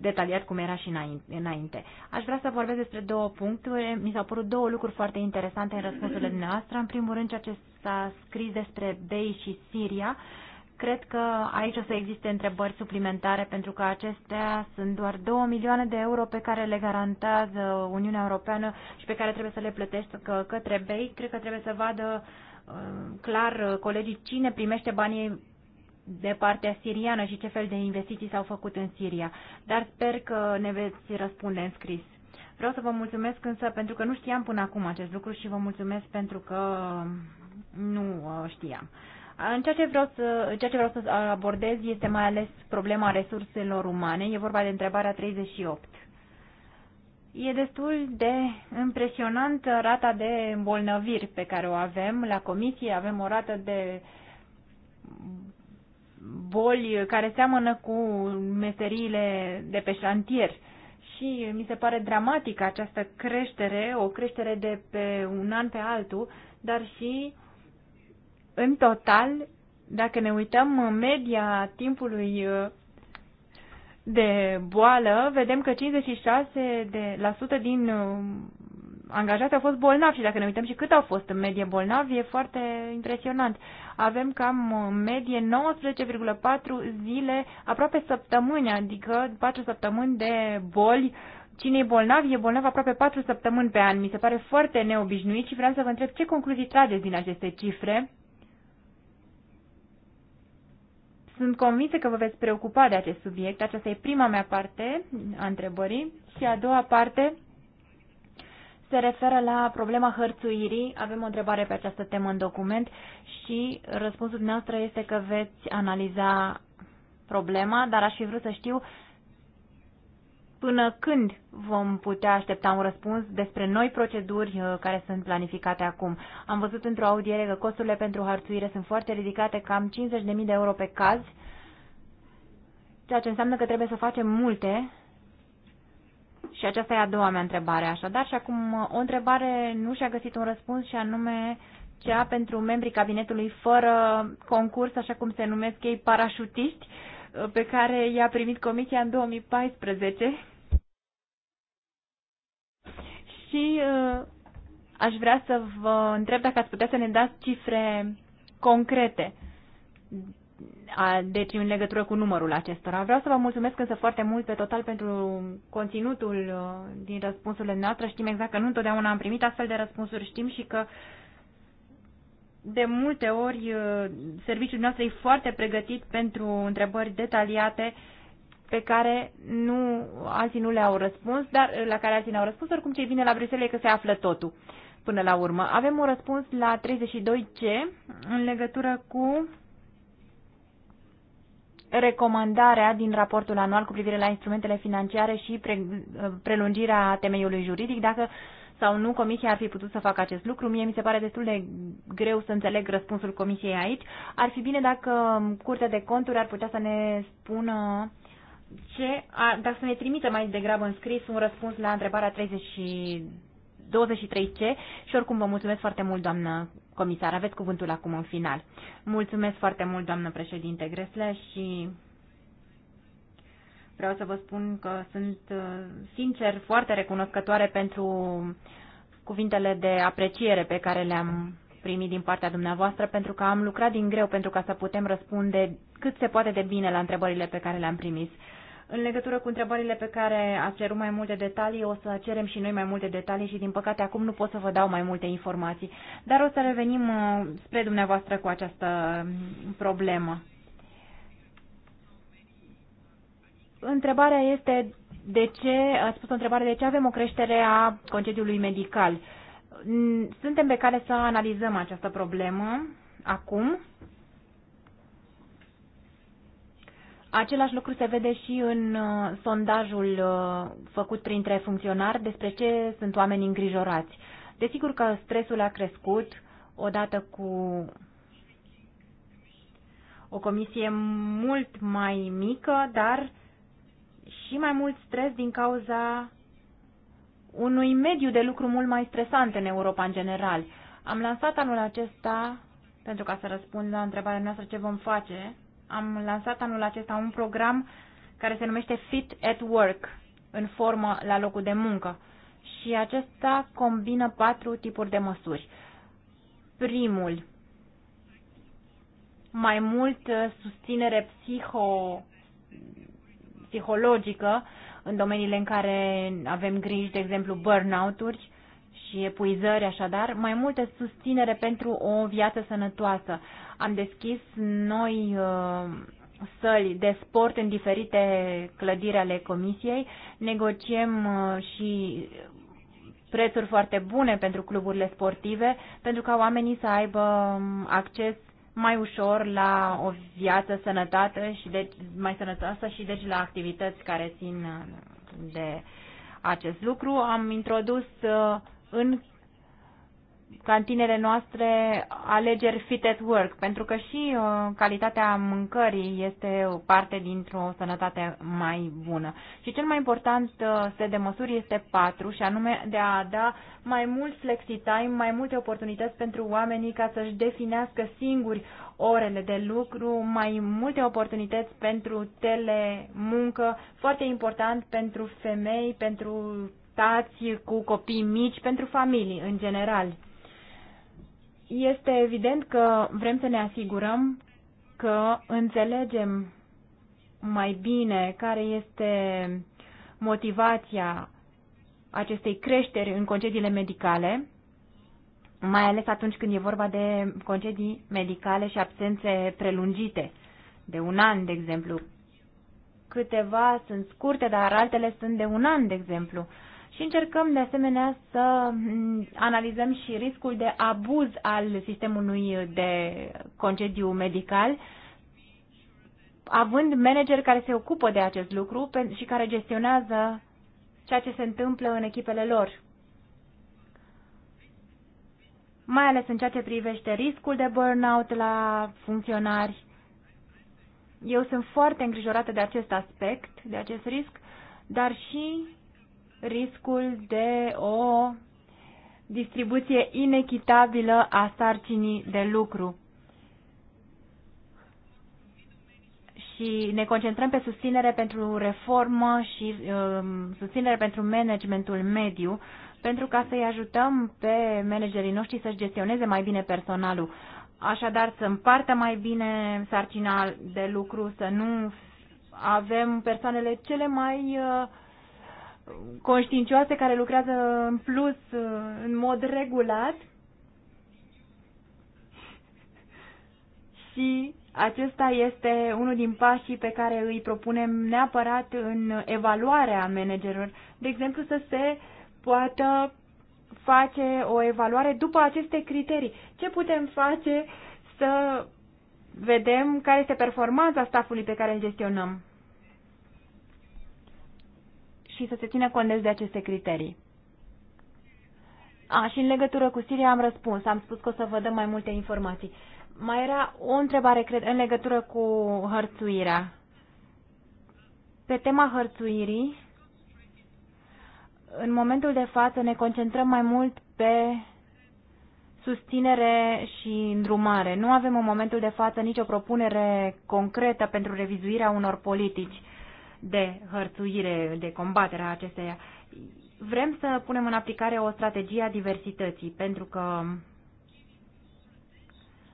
detaliat cum era și înainte. Aș vrea să vorbesc despre două puncte. Mi s-au părut două lucruri foarte interesante în răspunsurile dumneavoastră. În primul rând, ceea ce s-a scris despre Bei și Siria. Cred că aici o să existe întrebări suplimentare pentru că acestea sunt doar 2 milioane de euro pe care le garantează Uniunea Europeană și pe care trebuie să le plătești că, către BEI. Cred că trebuie să vadă uh, clar colegii cine primește banii de partea siriană și ce fel de investiții s-au făcut în Siria, dar sper că ne veți răspunde în scris. Vreau să vă mulțumesc însă pentru că nu știam până acum acest lucru și vă mulțumesc pentru că nu uh, știam. În ceea ce vreau să, ceea ce vreau să abordez este mai ales problema resurselor umane. E vorba de întrebarea 38. E destul de impresionant rata de îmbolnăviri pe care o avem la comisie. Avem o rată de boli care seamănă cu meseriile de pe șantier. Și mi se pare dramatică această creștere, o creștere de pe un an pe altul, dar și în total, dacă ne uităm media timpului uh, de boală, vedem că 56% de, la sută din uh, angajați au fost bolnavi și dacă ne uităm și cât au fost în medie bolnavi, e foarte impresionant. Avem cam în medie 19,4 zile, aproape săptămâni, adică 4 săptămâni de boli. Cine e bolnav, e bolnav aproape 4 săptămâni pe an. Mi se pare foarte neobișnuit și vreau să vă întreb ce concluzii trageți din aceste cifre. Sunt convinsă că vă veți preocupa de acest subiect. Aceasta e prima mea parte a întrebării. Și a doua parte, se referă la problema hărțuirii. Avem o întrebare pe această temă în document și răspunsul dumneavoastră este că veți analiza problema, dar aș fi vrut să știu până când vom putea aștepta un răspuns despre noi proceduri uh, care sunt planificate acum. Am văzut într-o audiere că costurile pentru hărțuire sunt foarte ridicate, cam 50.000 de euro pe caz, ceea ce înseamnă că trebuie să facem multe și aceasta e a doua mea întrebare, așadar. Și acum o întrebare nu și-a găsit un răspuns și anume cea pentru membrii cabinetului fără concurs, așa cum se numesc ei, parașutiști, pe care i-a primit comisia în 2014. Și uh, aș vrea să vă întreb dacă ați putea să ne dați cifre concrete deci în legătură cu numărul acestora. Vreau să vă mulțumesc însă foarte mult pe total pentru conținutul uh, din răspunsurile noastre. Știm exact că nu întotdeauna am primit astfel de răspunsuri. Știm și că de multe ori uh, serviciul nostru e foarte pregătit pentru întrebări detaliate pe care nu, alții nu le-au răspuns, dar uh, la care alții n-au răspuns, oricum ce vine la Bruxelles e că se află totul până la urmă. Avem un răspuns la 32C în legătură cu recomandarea din raportul anual cu privire la instrumentele financiare și pre, prelungirea temeiului juridic, dacă sau nu comisia ar fi putut să facă acest lucru. Mie mi se pare destul de greu să înțeleg răspunsul comisiei aici. Ar fi bine dacă Curtea de Conturi ar putea să ne spună ce, dacă să ne trimită mai degrabă în scris un răspuns la întrebarea 32 23C și oricum vă mulțumesc foarte mult, doamnă comisar. Aveți cuvântul acum în final. Mulțumesc foarte mult, doamnă președinte Greslea și vreau să vă spun că sunt uh, sincer foarte recunoscătoare pentru cuvintele de apreciere pe care le-am primit din partea dumneavoastră pentru că am lucrat din greu pentru ca să putem răspunde cât se poate de bine la întrebările pe care le-am primit. În legătură cu întrebările pe care ați cerut mai multe detalii, o să cerem și noi mai multe detalii și, din păcate, acum nu pot să vă dau mai multe informații. Dar o să revenim uh, spre dumneavoastră cu această um, problemă. Întrebarea este de ce, ați spus o întrebare, de ce avem o creștere a concediului medical? Suntem pe care să analizăm această problemă acum Același lucru se vede și în uh, sondajul uh, făcut printre funcționari despre ce sunt oamenii îngrijorați. Desigur că stresul a crescut odată cu o comisie mult mai mică, dar și mai mult stres din cauza unui mediu de lucru mult mai stresant în Europa în general. Am lansat anul acesta, pentru ca să răspund la întrebarea noastră ce vom face, am lansat anul acesta un program care se numește Fit at Work, în formă la locul de muncă. Și acesta combină patru tipuri de măsuri. Primul, mai mult uh, susținere psiho, psihologică în domeniile în care avem griji, de exemplu, burnout-uri, și epuizări, așadar, mai multă susținere pentru o viață sănătoasă. Am deschis noi uh, săli de sport în diferite clădiri ale comisiei, negociem uh, și prețuri foarte bune pentru cluburile sportive, pentru ca oamenii să aibă um, acces mai ușor la o viață sănătate și deci mai sănătoasă și deci la activități care țin uh, de acest lucru. Am introdus în cantinele noastre alegeri fit at work, pentru că și uh, calitatea mâncării este o parte dintr-o sănătate mai bună. Și cel mai important uh, set de măsuri este patru, și anume de a da mai mult flexi-time, mai multe oportunități pentru oamenii ca să-și definească singuri orele de lucru, mai multe oportunități pentru telemuncă, foarte important pentru femei, pentru tați cu copii mici pentru familii în general. Este evident că vrem să ne asigurăm că înțelegem mai bine care este motivația acestei creșteri în concediile medicale, mai ales atunci când e vorba de concedii medicale și absențe prelungite, de un an, de exemplu. Câteva sunt scurte, dar altele sunt de un an, de exemplu și încercăm de asemenea să analizăm și riscul de abuz al sistemului de concediu medical, având manageri care se ocupă de acest lucru și care gestionează ceea ce se întâmplă în echipele lor. Mai ales în ceea ce privește riscul de burnout la funcționari. Eu sunt foarte îngrijorată de acest aspect, de acest risc, dar și riscul de o distribuție inechitabilă a sarcinii de lucru. Și ne concentrăm pe susținere pentru reformă și um, susținere pentru managementul mediu, pentru ca să-i ajutăm pe managerii noștri să-și gestioneze mai bine personalul. Așadar, să împartă mai bine sarcina de lucru, să nu avem persoanele cele mai uh, conștiincioase care lucrează în plus în mod regulat și acesta este unul din pașii pe care îi propunem neapărat în evaluarea managerilor. De exemplu, să se poată face o evaluare după aceste criterii. Ce putem face să vedem care este performanța staffului pe care îl gestionăm? și să se țină cont de aceste criterii. A, și în legătură cu Siria am răspuns, am spus că o să vă dăm mai multe informații. Mai era o întrebare, cred, în legătură cu hărțuirea. Pe tema hărțuirii, în momentul de față ne concentrăm mai mult pe susținere și îndrumare. Nu avem în momentul de față nicio propunere concretă pentru revizuirea unor politici de hărțuire, de combaterea acesteia. Vrem să punem în aplicare o strategie a diversității, pentru că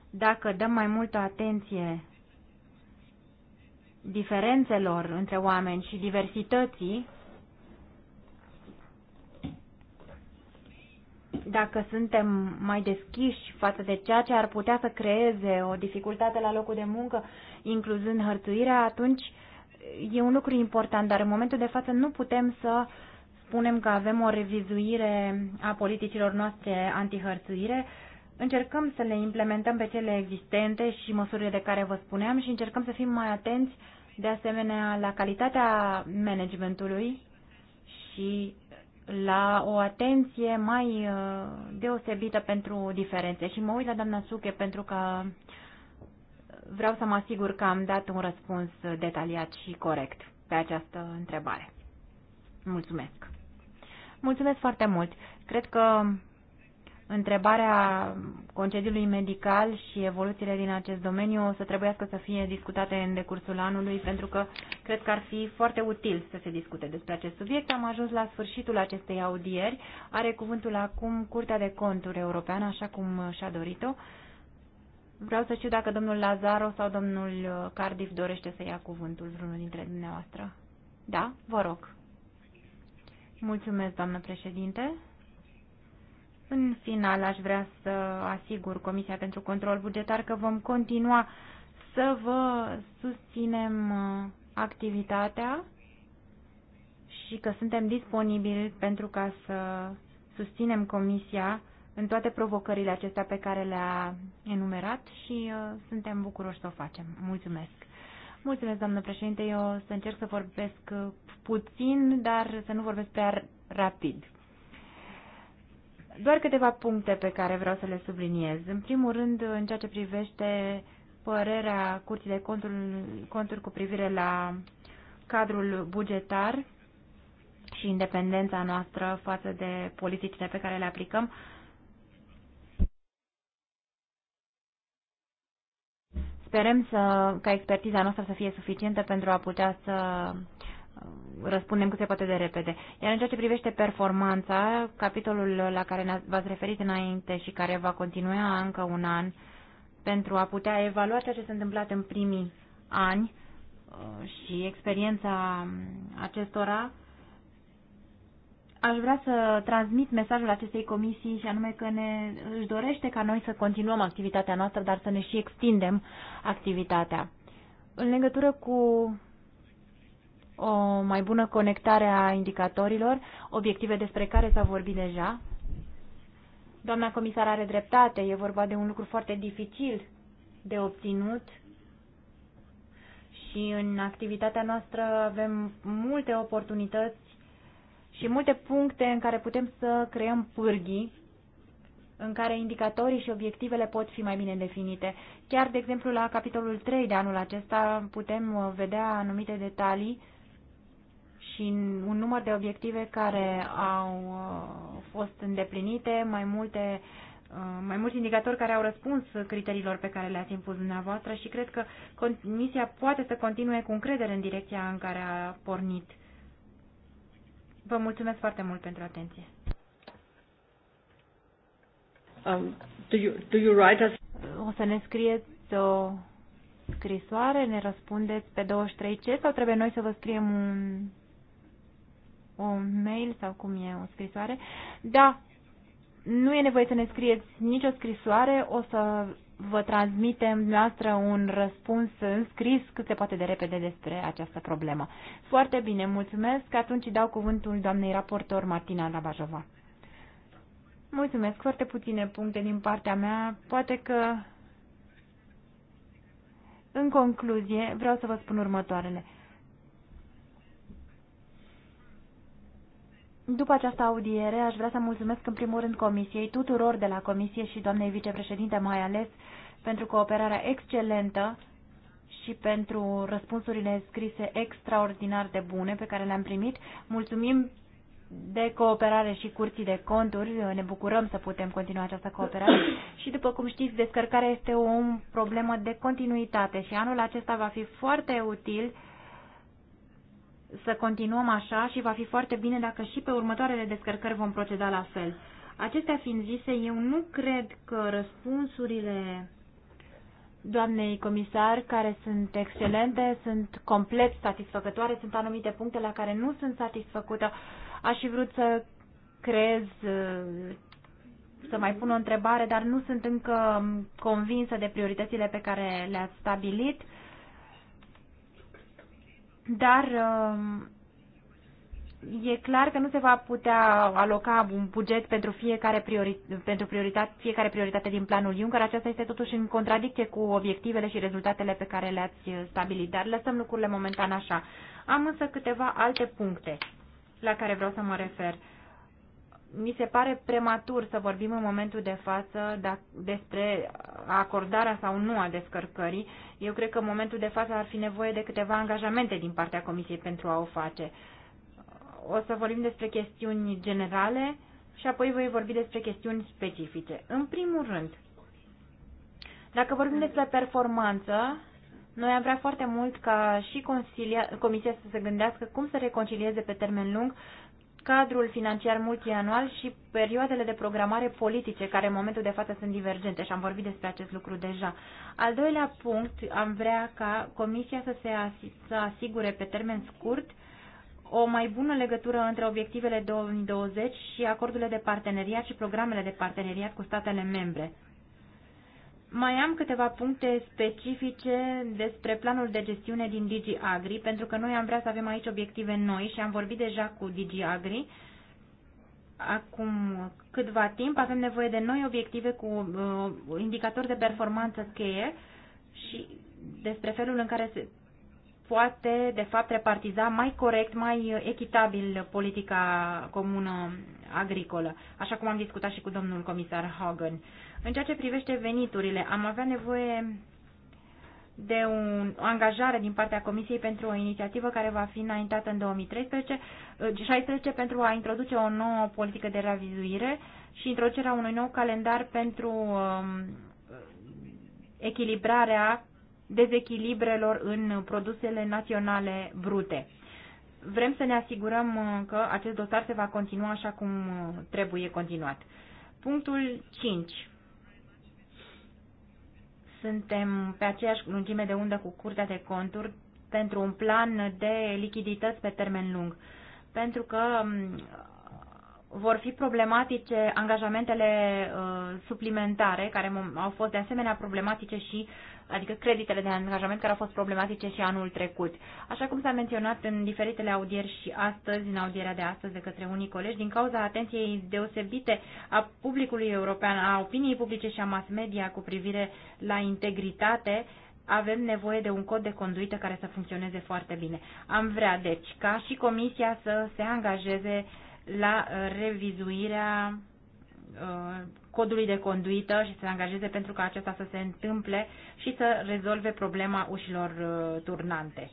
dacă dăm mai multă atenție diferențelor între oameni și diversității, dacă suntem mai deschiși față de ceea ce ar putea să creeze o dificultate la locul de muncă, incluzând hărțuirea, atunci uh, e un lucru important, dar în momentul de față nu putem să spunem că avem o revizuire a politicilor noastre antihărțuire. Încercăm să le implementăm pe cele existente și măsurile de care vă spuneam și încercăm să fim mai atenți de asemenea la calitatea managementului și la o atenție mai uh, deosebită pentru diferențe. Și mă uit la doamna Suche pentru că vreau să mă asigur că am dat un răspuns detaliat și corect pe această întrebare. Mulțumesc. Mulțumesc foarte mult. Cred că întrebarea concediului medical și evoluțiile din acest domeniu o să trebuiască să fie discutate în decursul anului, pentru că cred că ar fi foarte util să se discute despre acest subiect. Am ajuns la sfârșitul acestei audieri. Are cuvântul acum Curtea de Conturi Europeană, așa cum și-a dorit-o. Vreau să știu dacă domnul Lazaro sau domnul uh, Cardiff dorește să ia cuvântul vreunul dintre dumneavoastră. Da? Vă rog. Mulțumesc, doamnă președinte. În final, aș vrea să asigur Comisia pentru Control Bugetar că vom continua să vă susținem uh, activitatea și că suntem disponibili pentru ca să susținem Comisia în toate provocările acestea pe care le-a enumerat și uh, suntem bucuroși să o facem. Mulțumesc! Mulțumesc, doamnă președinte. Eu să încerc să vorbesc uh, puțin, dar să nu vorbesc prea rapid. Doar câteva puncte pe care vreau să le subliniez. În primul rând, în ceea ce privește părerea Curții de conturi, conturi cu privire la cadrul bugetar și independența noastră față de politicile pe care le aplicăm, Sperăm să, ca expertiza noastră să fie suficientă pentru a putea să uh, răspundem cât se poate de repede. Iar în ceea ce privește performanța, capitolul la care v-ați referit înainte și care va continua încă un an pentru a putea evalua ceea ce s-a întâmplat în primii ani uh, și experiența um, acestora, Aș vrea să transmit mesajul acestei comisii și anume că ne își dorește ca noi să continuăm activitatea noastră, dar să ne și extindem activitatea. În legătură cu o mai bună conectare a indicatorilor, obiective despre care s-a vorbit deja, doamna comisar are dreptate, e vorba de un lucru foarte dificil de obținut și în activitatea noastră avem multe oportunități și multe puncte în care putem să creăm pârghii în care indicatorii și obiectivele pot fi mai bine definite. Chiar, de exemplu, la capitolul 3 de anul acesta putem uh, vedea anumite detalii și un număr de obiective care au uh, fost îndeplinite, mai multe uh, mai mulți indicatori care au răspuns criteriilor pe care le-ați impus dumneavoastră și cred că Comisia poate să continue cu încredere în direcția în care a pornit Vă mulțumesc foarte mult pentru atenție. Um, do you, do you write us? O să ne scrieți o scrisoare, ne răspundeți pe 23C sau trebuie noi să vă scriem un, un mail sau cum e o scrisoare? Da, nu e nevoie să ne scrieți nicio scrisoare, o să vă transmitem noastră un răspuns înscris cât se poate de repede despre această problemă. Foarte bine, mulțumesc. Atunci dau cuvântul doamnei raportor Martina Labajova. Mulțumesc. Foarte puține puncte din partea mea. Poate că, în concluzie, vreau să vă spun următoarele. După această audiere, aș vrea să mulțumesc în primul rând Comisiei, tuturor de la Comisie și doamnei vicepreședinte mai ales, pentru cooperarea excelentă și pentru răspunsurile scrise extraordinar de bune pe care le-am primit. Mulțumim de cooperare și curții de conturi. Ne bucurăm să putem continua această cooperare și, după cum știți, descărcarea este o problemă de continuitate și anul acesta va fi foarte util să continuăm așa și va fi foarte bine dacă și pe următoarele descărcări vom proceda la fel. Acestea fiind zise, eu nu cred că răspunsurile doamnei comisar, care sunt excelente, sunt complet satisfăcătoare, sunt anumite puncte la care nu sunt satisfăcută. Aș fi vrut să crez, să mai pun o întrebare, dar nu sunt încă convinsă de prioritățile pe care le-ați stabilit. Dar um, e clar că nu se va putea aloca un buget pentru fiecare, priori, pentru prioritate, fiecare prioritate din planul Juncker. Aceasta este totuși în contradicție cu obiectivele și rezultatele pe care le-ați stabilit. Dar lăsăm lucrurile momentan așa. Am însă câteva alte puncte la care vreau să mă refer mi se pare prematur să vorbim în momentul de față da, despre acordarea sau nu a descărcării. Eu cred că în momentul de față ar fi nevoie de câteva angajamente din partea Comisiei pentru a o face. O să vorbim despre chestiuni generale și apoi voi vorbi despre chestiuni specifice. În primul rând, dacă vorbim despre performanță, noi am vrea foarte mult ca și Comisia să se gândească cum să reconcilieze pe termen lung uh, cadrul financiar multianual și perioadele de programare politice, care în momentul de față sunt divergente și am vorbit despre acest lucru deja. Al doilea punct, am vrea ca Comisia să se să asigure pe termen scurt o mai bună legătură între obiectivele 2020 și acordurile de parteneriat și programele de parteneriat cu statele membre. Mai am câteva puncte specifice despre planul de gestiune din Digi Agri, pentru că noi am vrea să avem aici obiective noi și am vorbit deja cu Digi Agri acum câtva timp. Avem nevoie de noi obiective cu uh, indicatori de performanță cheie și despre felul în care se poate, de fapt, repartiza mai corect, mai echitabil politica comună agricolă, așa cum am discutat și cu domnul comisar Hogan. În ceea ce privește veniturile, am avea nevoie de un, o angajare din partea Comisiei pentru o inițiativă care va fi înaintată în 2013, 16 uh, pentru a introduce o nouă politică de revizuire și introducerea unui nou calendar pentru um, echilibrarea dezechilibrelor în produsele naționale brute vrem să ne asigurăm uh, că acest dosar se va continua așa cum uh, trebuie continuat. Punctul 5. Suntem pe aceeași lungime de undă cu Curtea de Conturi pentru un plan de lichidități pe termen lung. Pentru că um, vor fi problematice angajamentele uh, suplimentare, care au fost de asemenea problematice și, adică creditele de angajament care au fost problematice și anul trecut. Așa cum s-a menționat în diferitele audieri și astăzi, în audierea de astăzi de către unii colegi, din cauza atenției deosebite a publicului european, a opiniei publice și a mass media cu privire la integritate, avem nevoie de un cod de conduită care să funcționeze foarte bine. Am vrea, deci, ca și Comisia să se angajeze uh, la uh, revizuirea uh, codului de conduită și să se angajeze pentru ca acesta să se întâmple și să rezolve problema ușilor uh, turnante.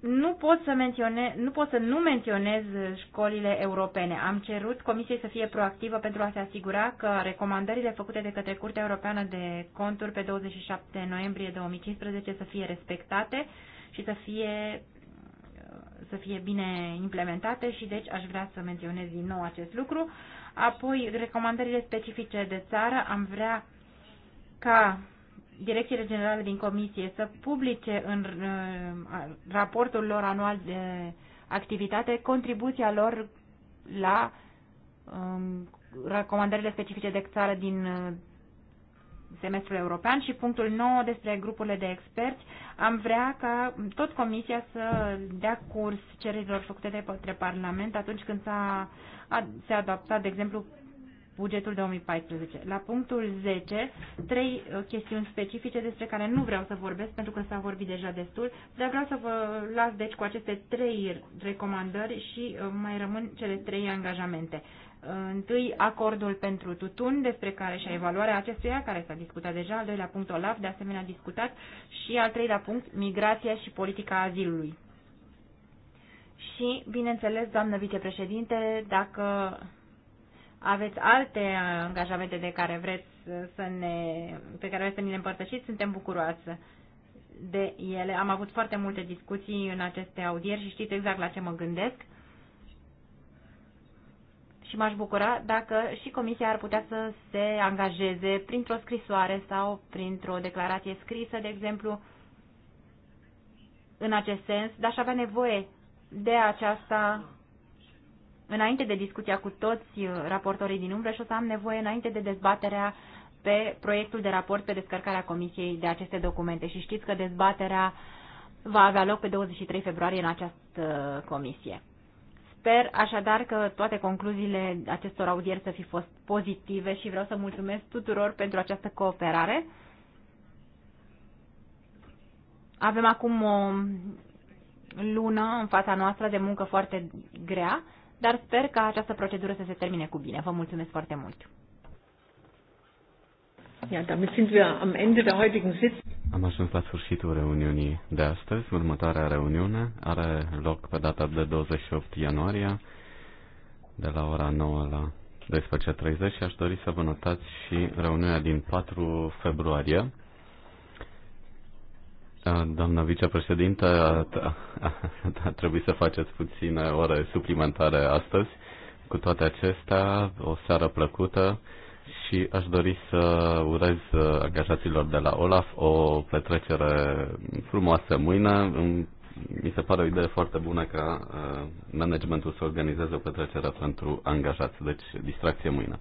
Nu pot, să menționez, nu pot să nu menționez școlile europene. Am cerut Comisiei să fie proactivă pentru a se asigura că recomandările făcute de către Curtea Europeană de Conturi pe 27 noiembrie 2015 să fie respectate și să fie să fie bine implementate și deci aș vrea să menționez din nou acest lucru. Apoi, recomandările specifice de țară, am vrea ca direcțiile generale din comisie să publice în uh, raportul lor anual de activitate contribuția lor la um, recomandările specifice de țară din uh, semestrul european și punctul 9 despre grupurile de experți. Am vrea ca tot Comisia să dea curs cererilor făcute de către Parlament atunci când s-a, se adoptat, de exemplu, bugetul 2014. La punctul 10, trei uh, chestiuni specifice despre care nu vreau să vorbesc pentru că s-a vorbit deja destul, dar vreau să vă las deci cu aceste trei recomandări și uh, mai rămân cele trei angajamente. Întâi, acordul pentru tutun, despre care și evaluarea acestuia, care s-a discutat deja, al doilea punct OLAF, de asemenea discutat, și al treilea punct, migrația și politica azilului. Și, bineînțeles, doamnă vicepreședinte, dacă aveți alte angajamente de care vreți să ne, pe care vreți să ni le împărtășiți, suntem bucuroase de ele. Am avut foarte multe discuții în aceste audieri și știți exact la ce mă gândesc și m-aș bucura dacă și Comisia ar putea să se angajeze printr-o scrisoare sau printr-o declarație scrisă, de exemplu, în acest sens, dar și avea nevoie de aceasta înainte de discuția cu toți uh, raportorii din umbră și o să am nevoie înainte de dezbaterea pe proiectul de raport pe descărcarea Comisiei de aceste documente. Și știți că dezbaterea va avea loc pe 23 februarie în această uh, comisie. Sper așadar că toate concluziile acestor audieri să fi fost pozitive și vreau să mulțumesc tuturor pentru această cooperare. Avem acum o lună în fața noastră de muncă foarte grea, dar sper că această procedură să se termine cu bine. Vă mulțumesc foarte mult! Ja, damit sind wir am Ende der heutigen Sitz. Am ajuns la sfârșitul reuniunii de astăzi. Următoarea reuniune are loc pe data de 28 ianuarie de la ora 9 la 12.30 și aș dori să vă notați și reuniunea din 4 februarie. Doamna a, a, a, a trebuit să faceți puține ore suplimentare astăzi. Cu toate acestea, o seară plăcută și aș dori să urez uh, angajaților de la Olaf o petrecere frumoasă mâine. Mi se pare o idee foarte bună ca uh, managementul să organizeze o petrecere pentru angajați, deci distracție mâine.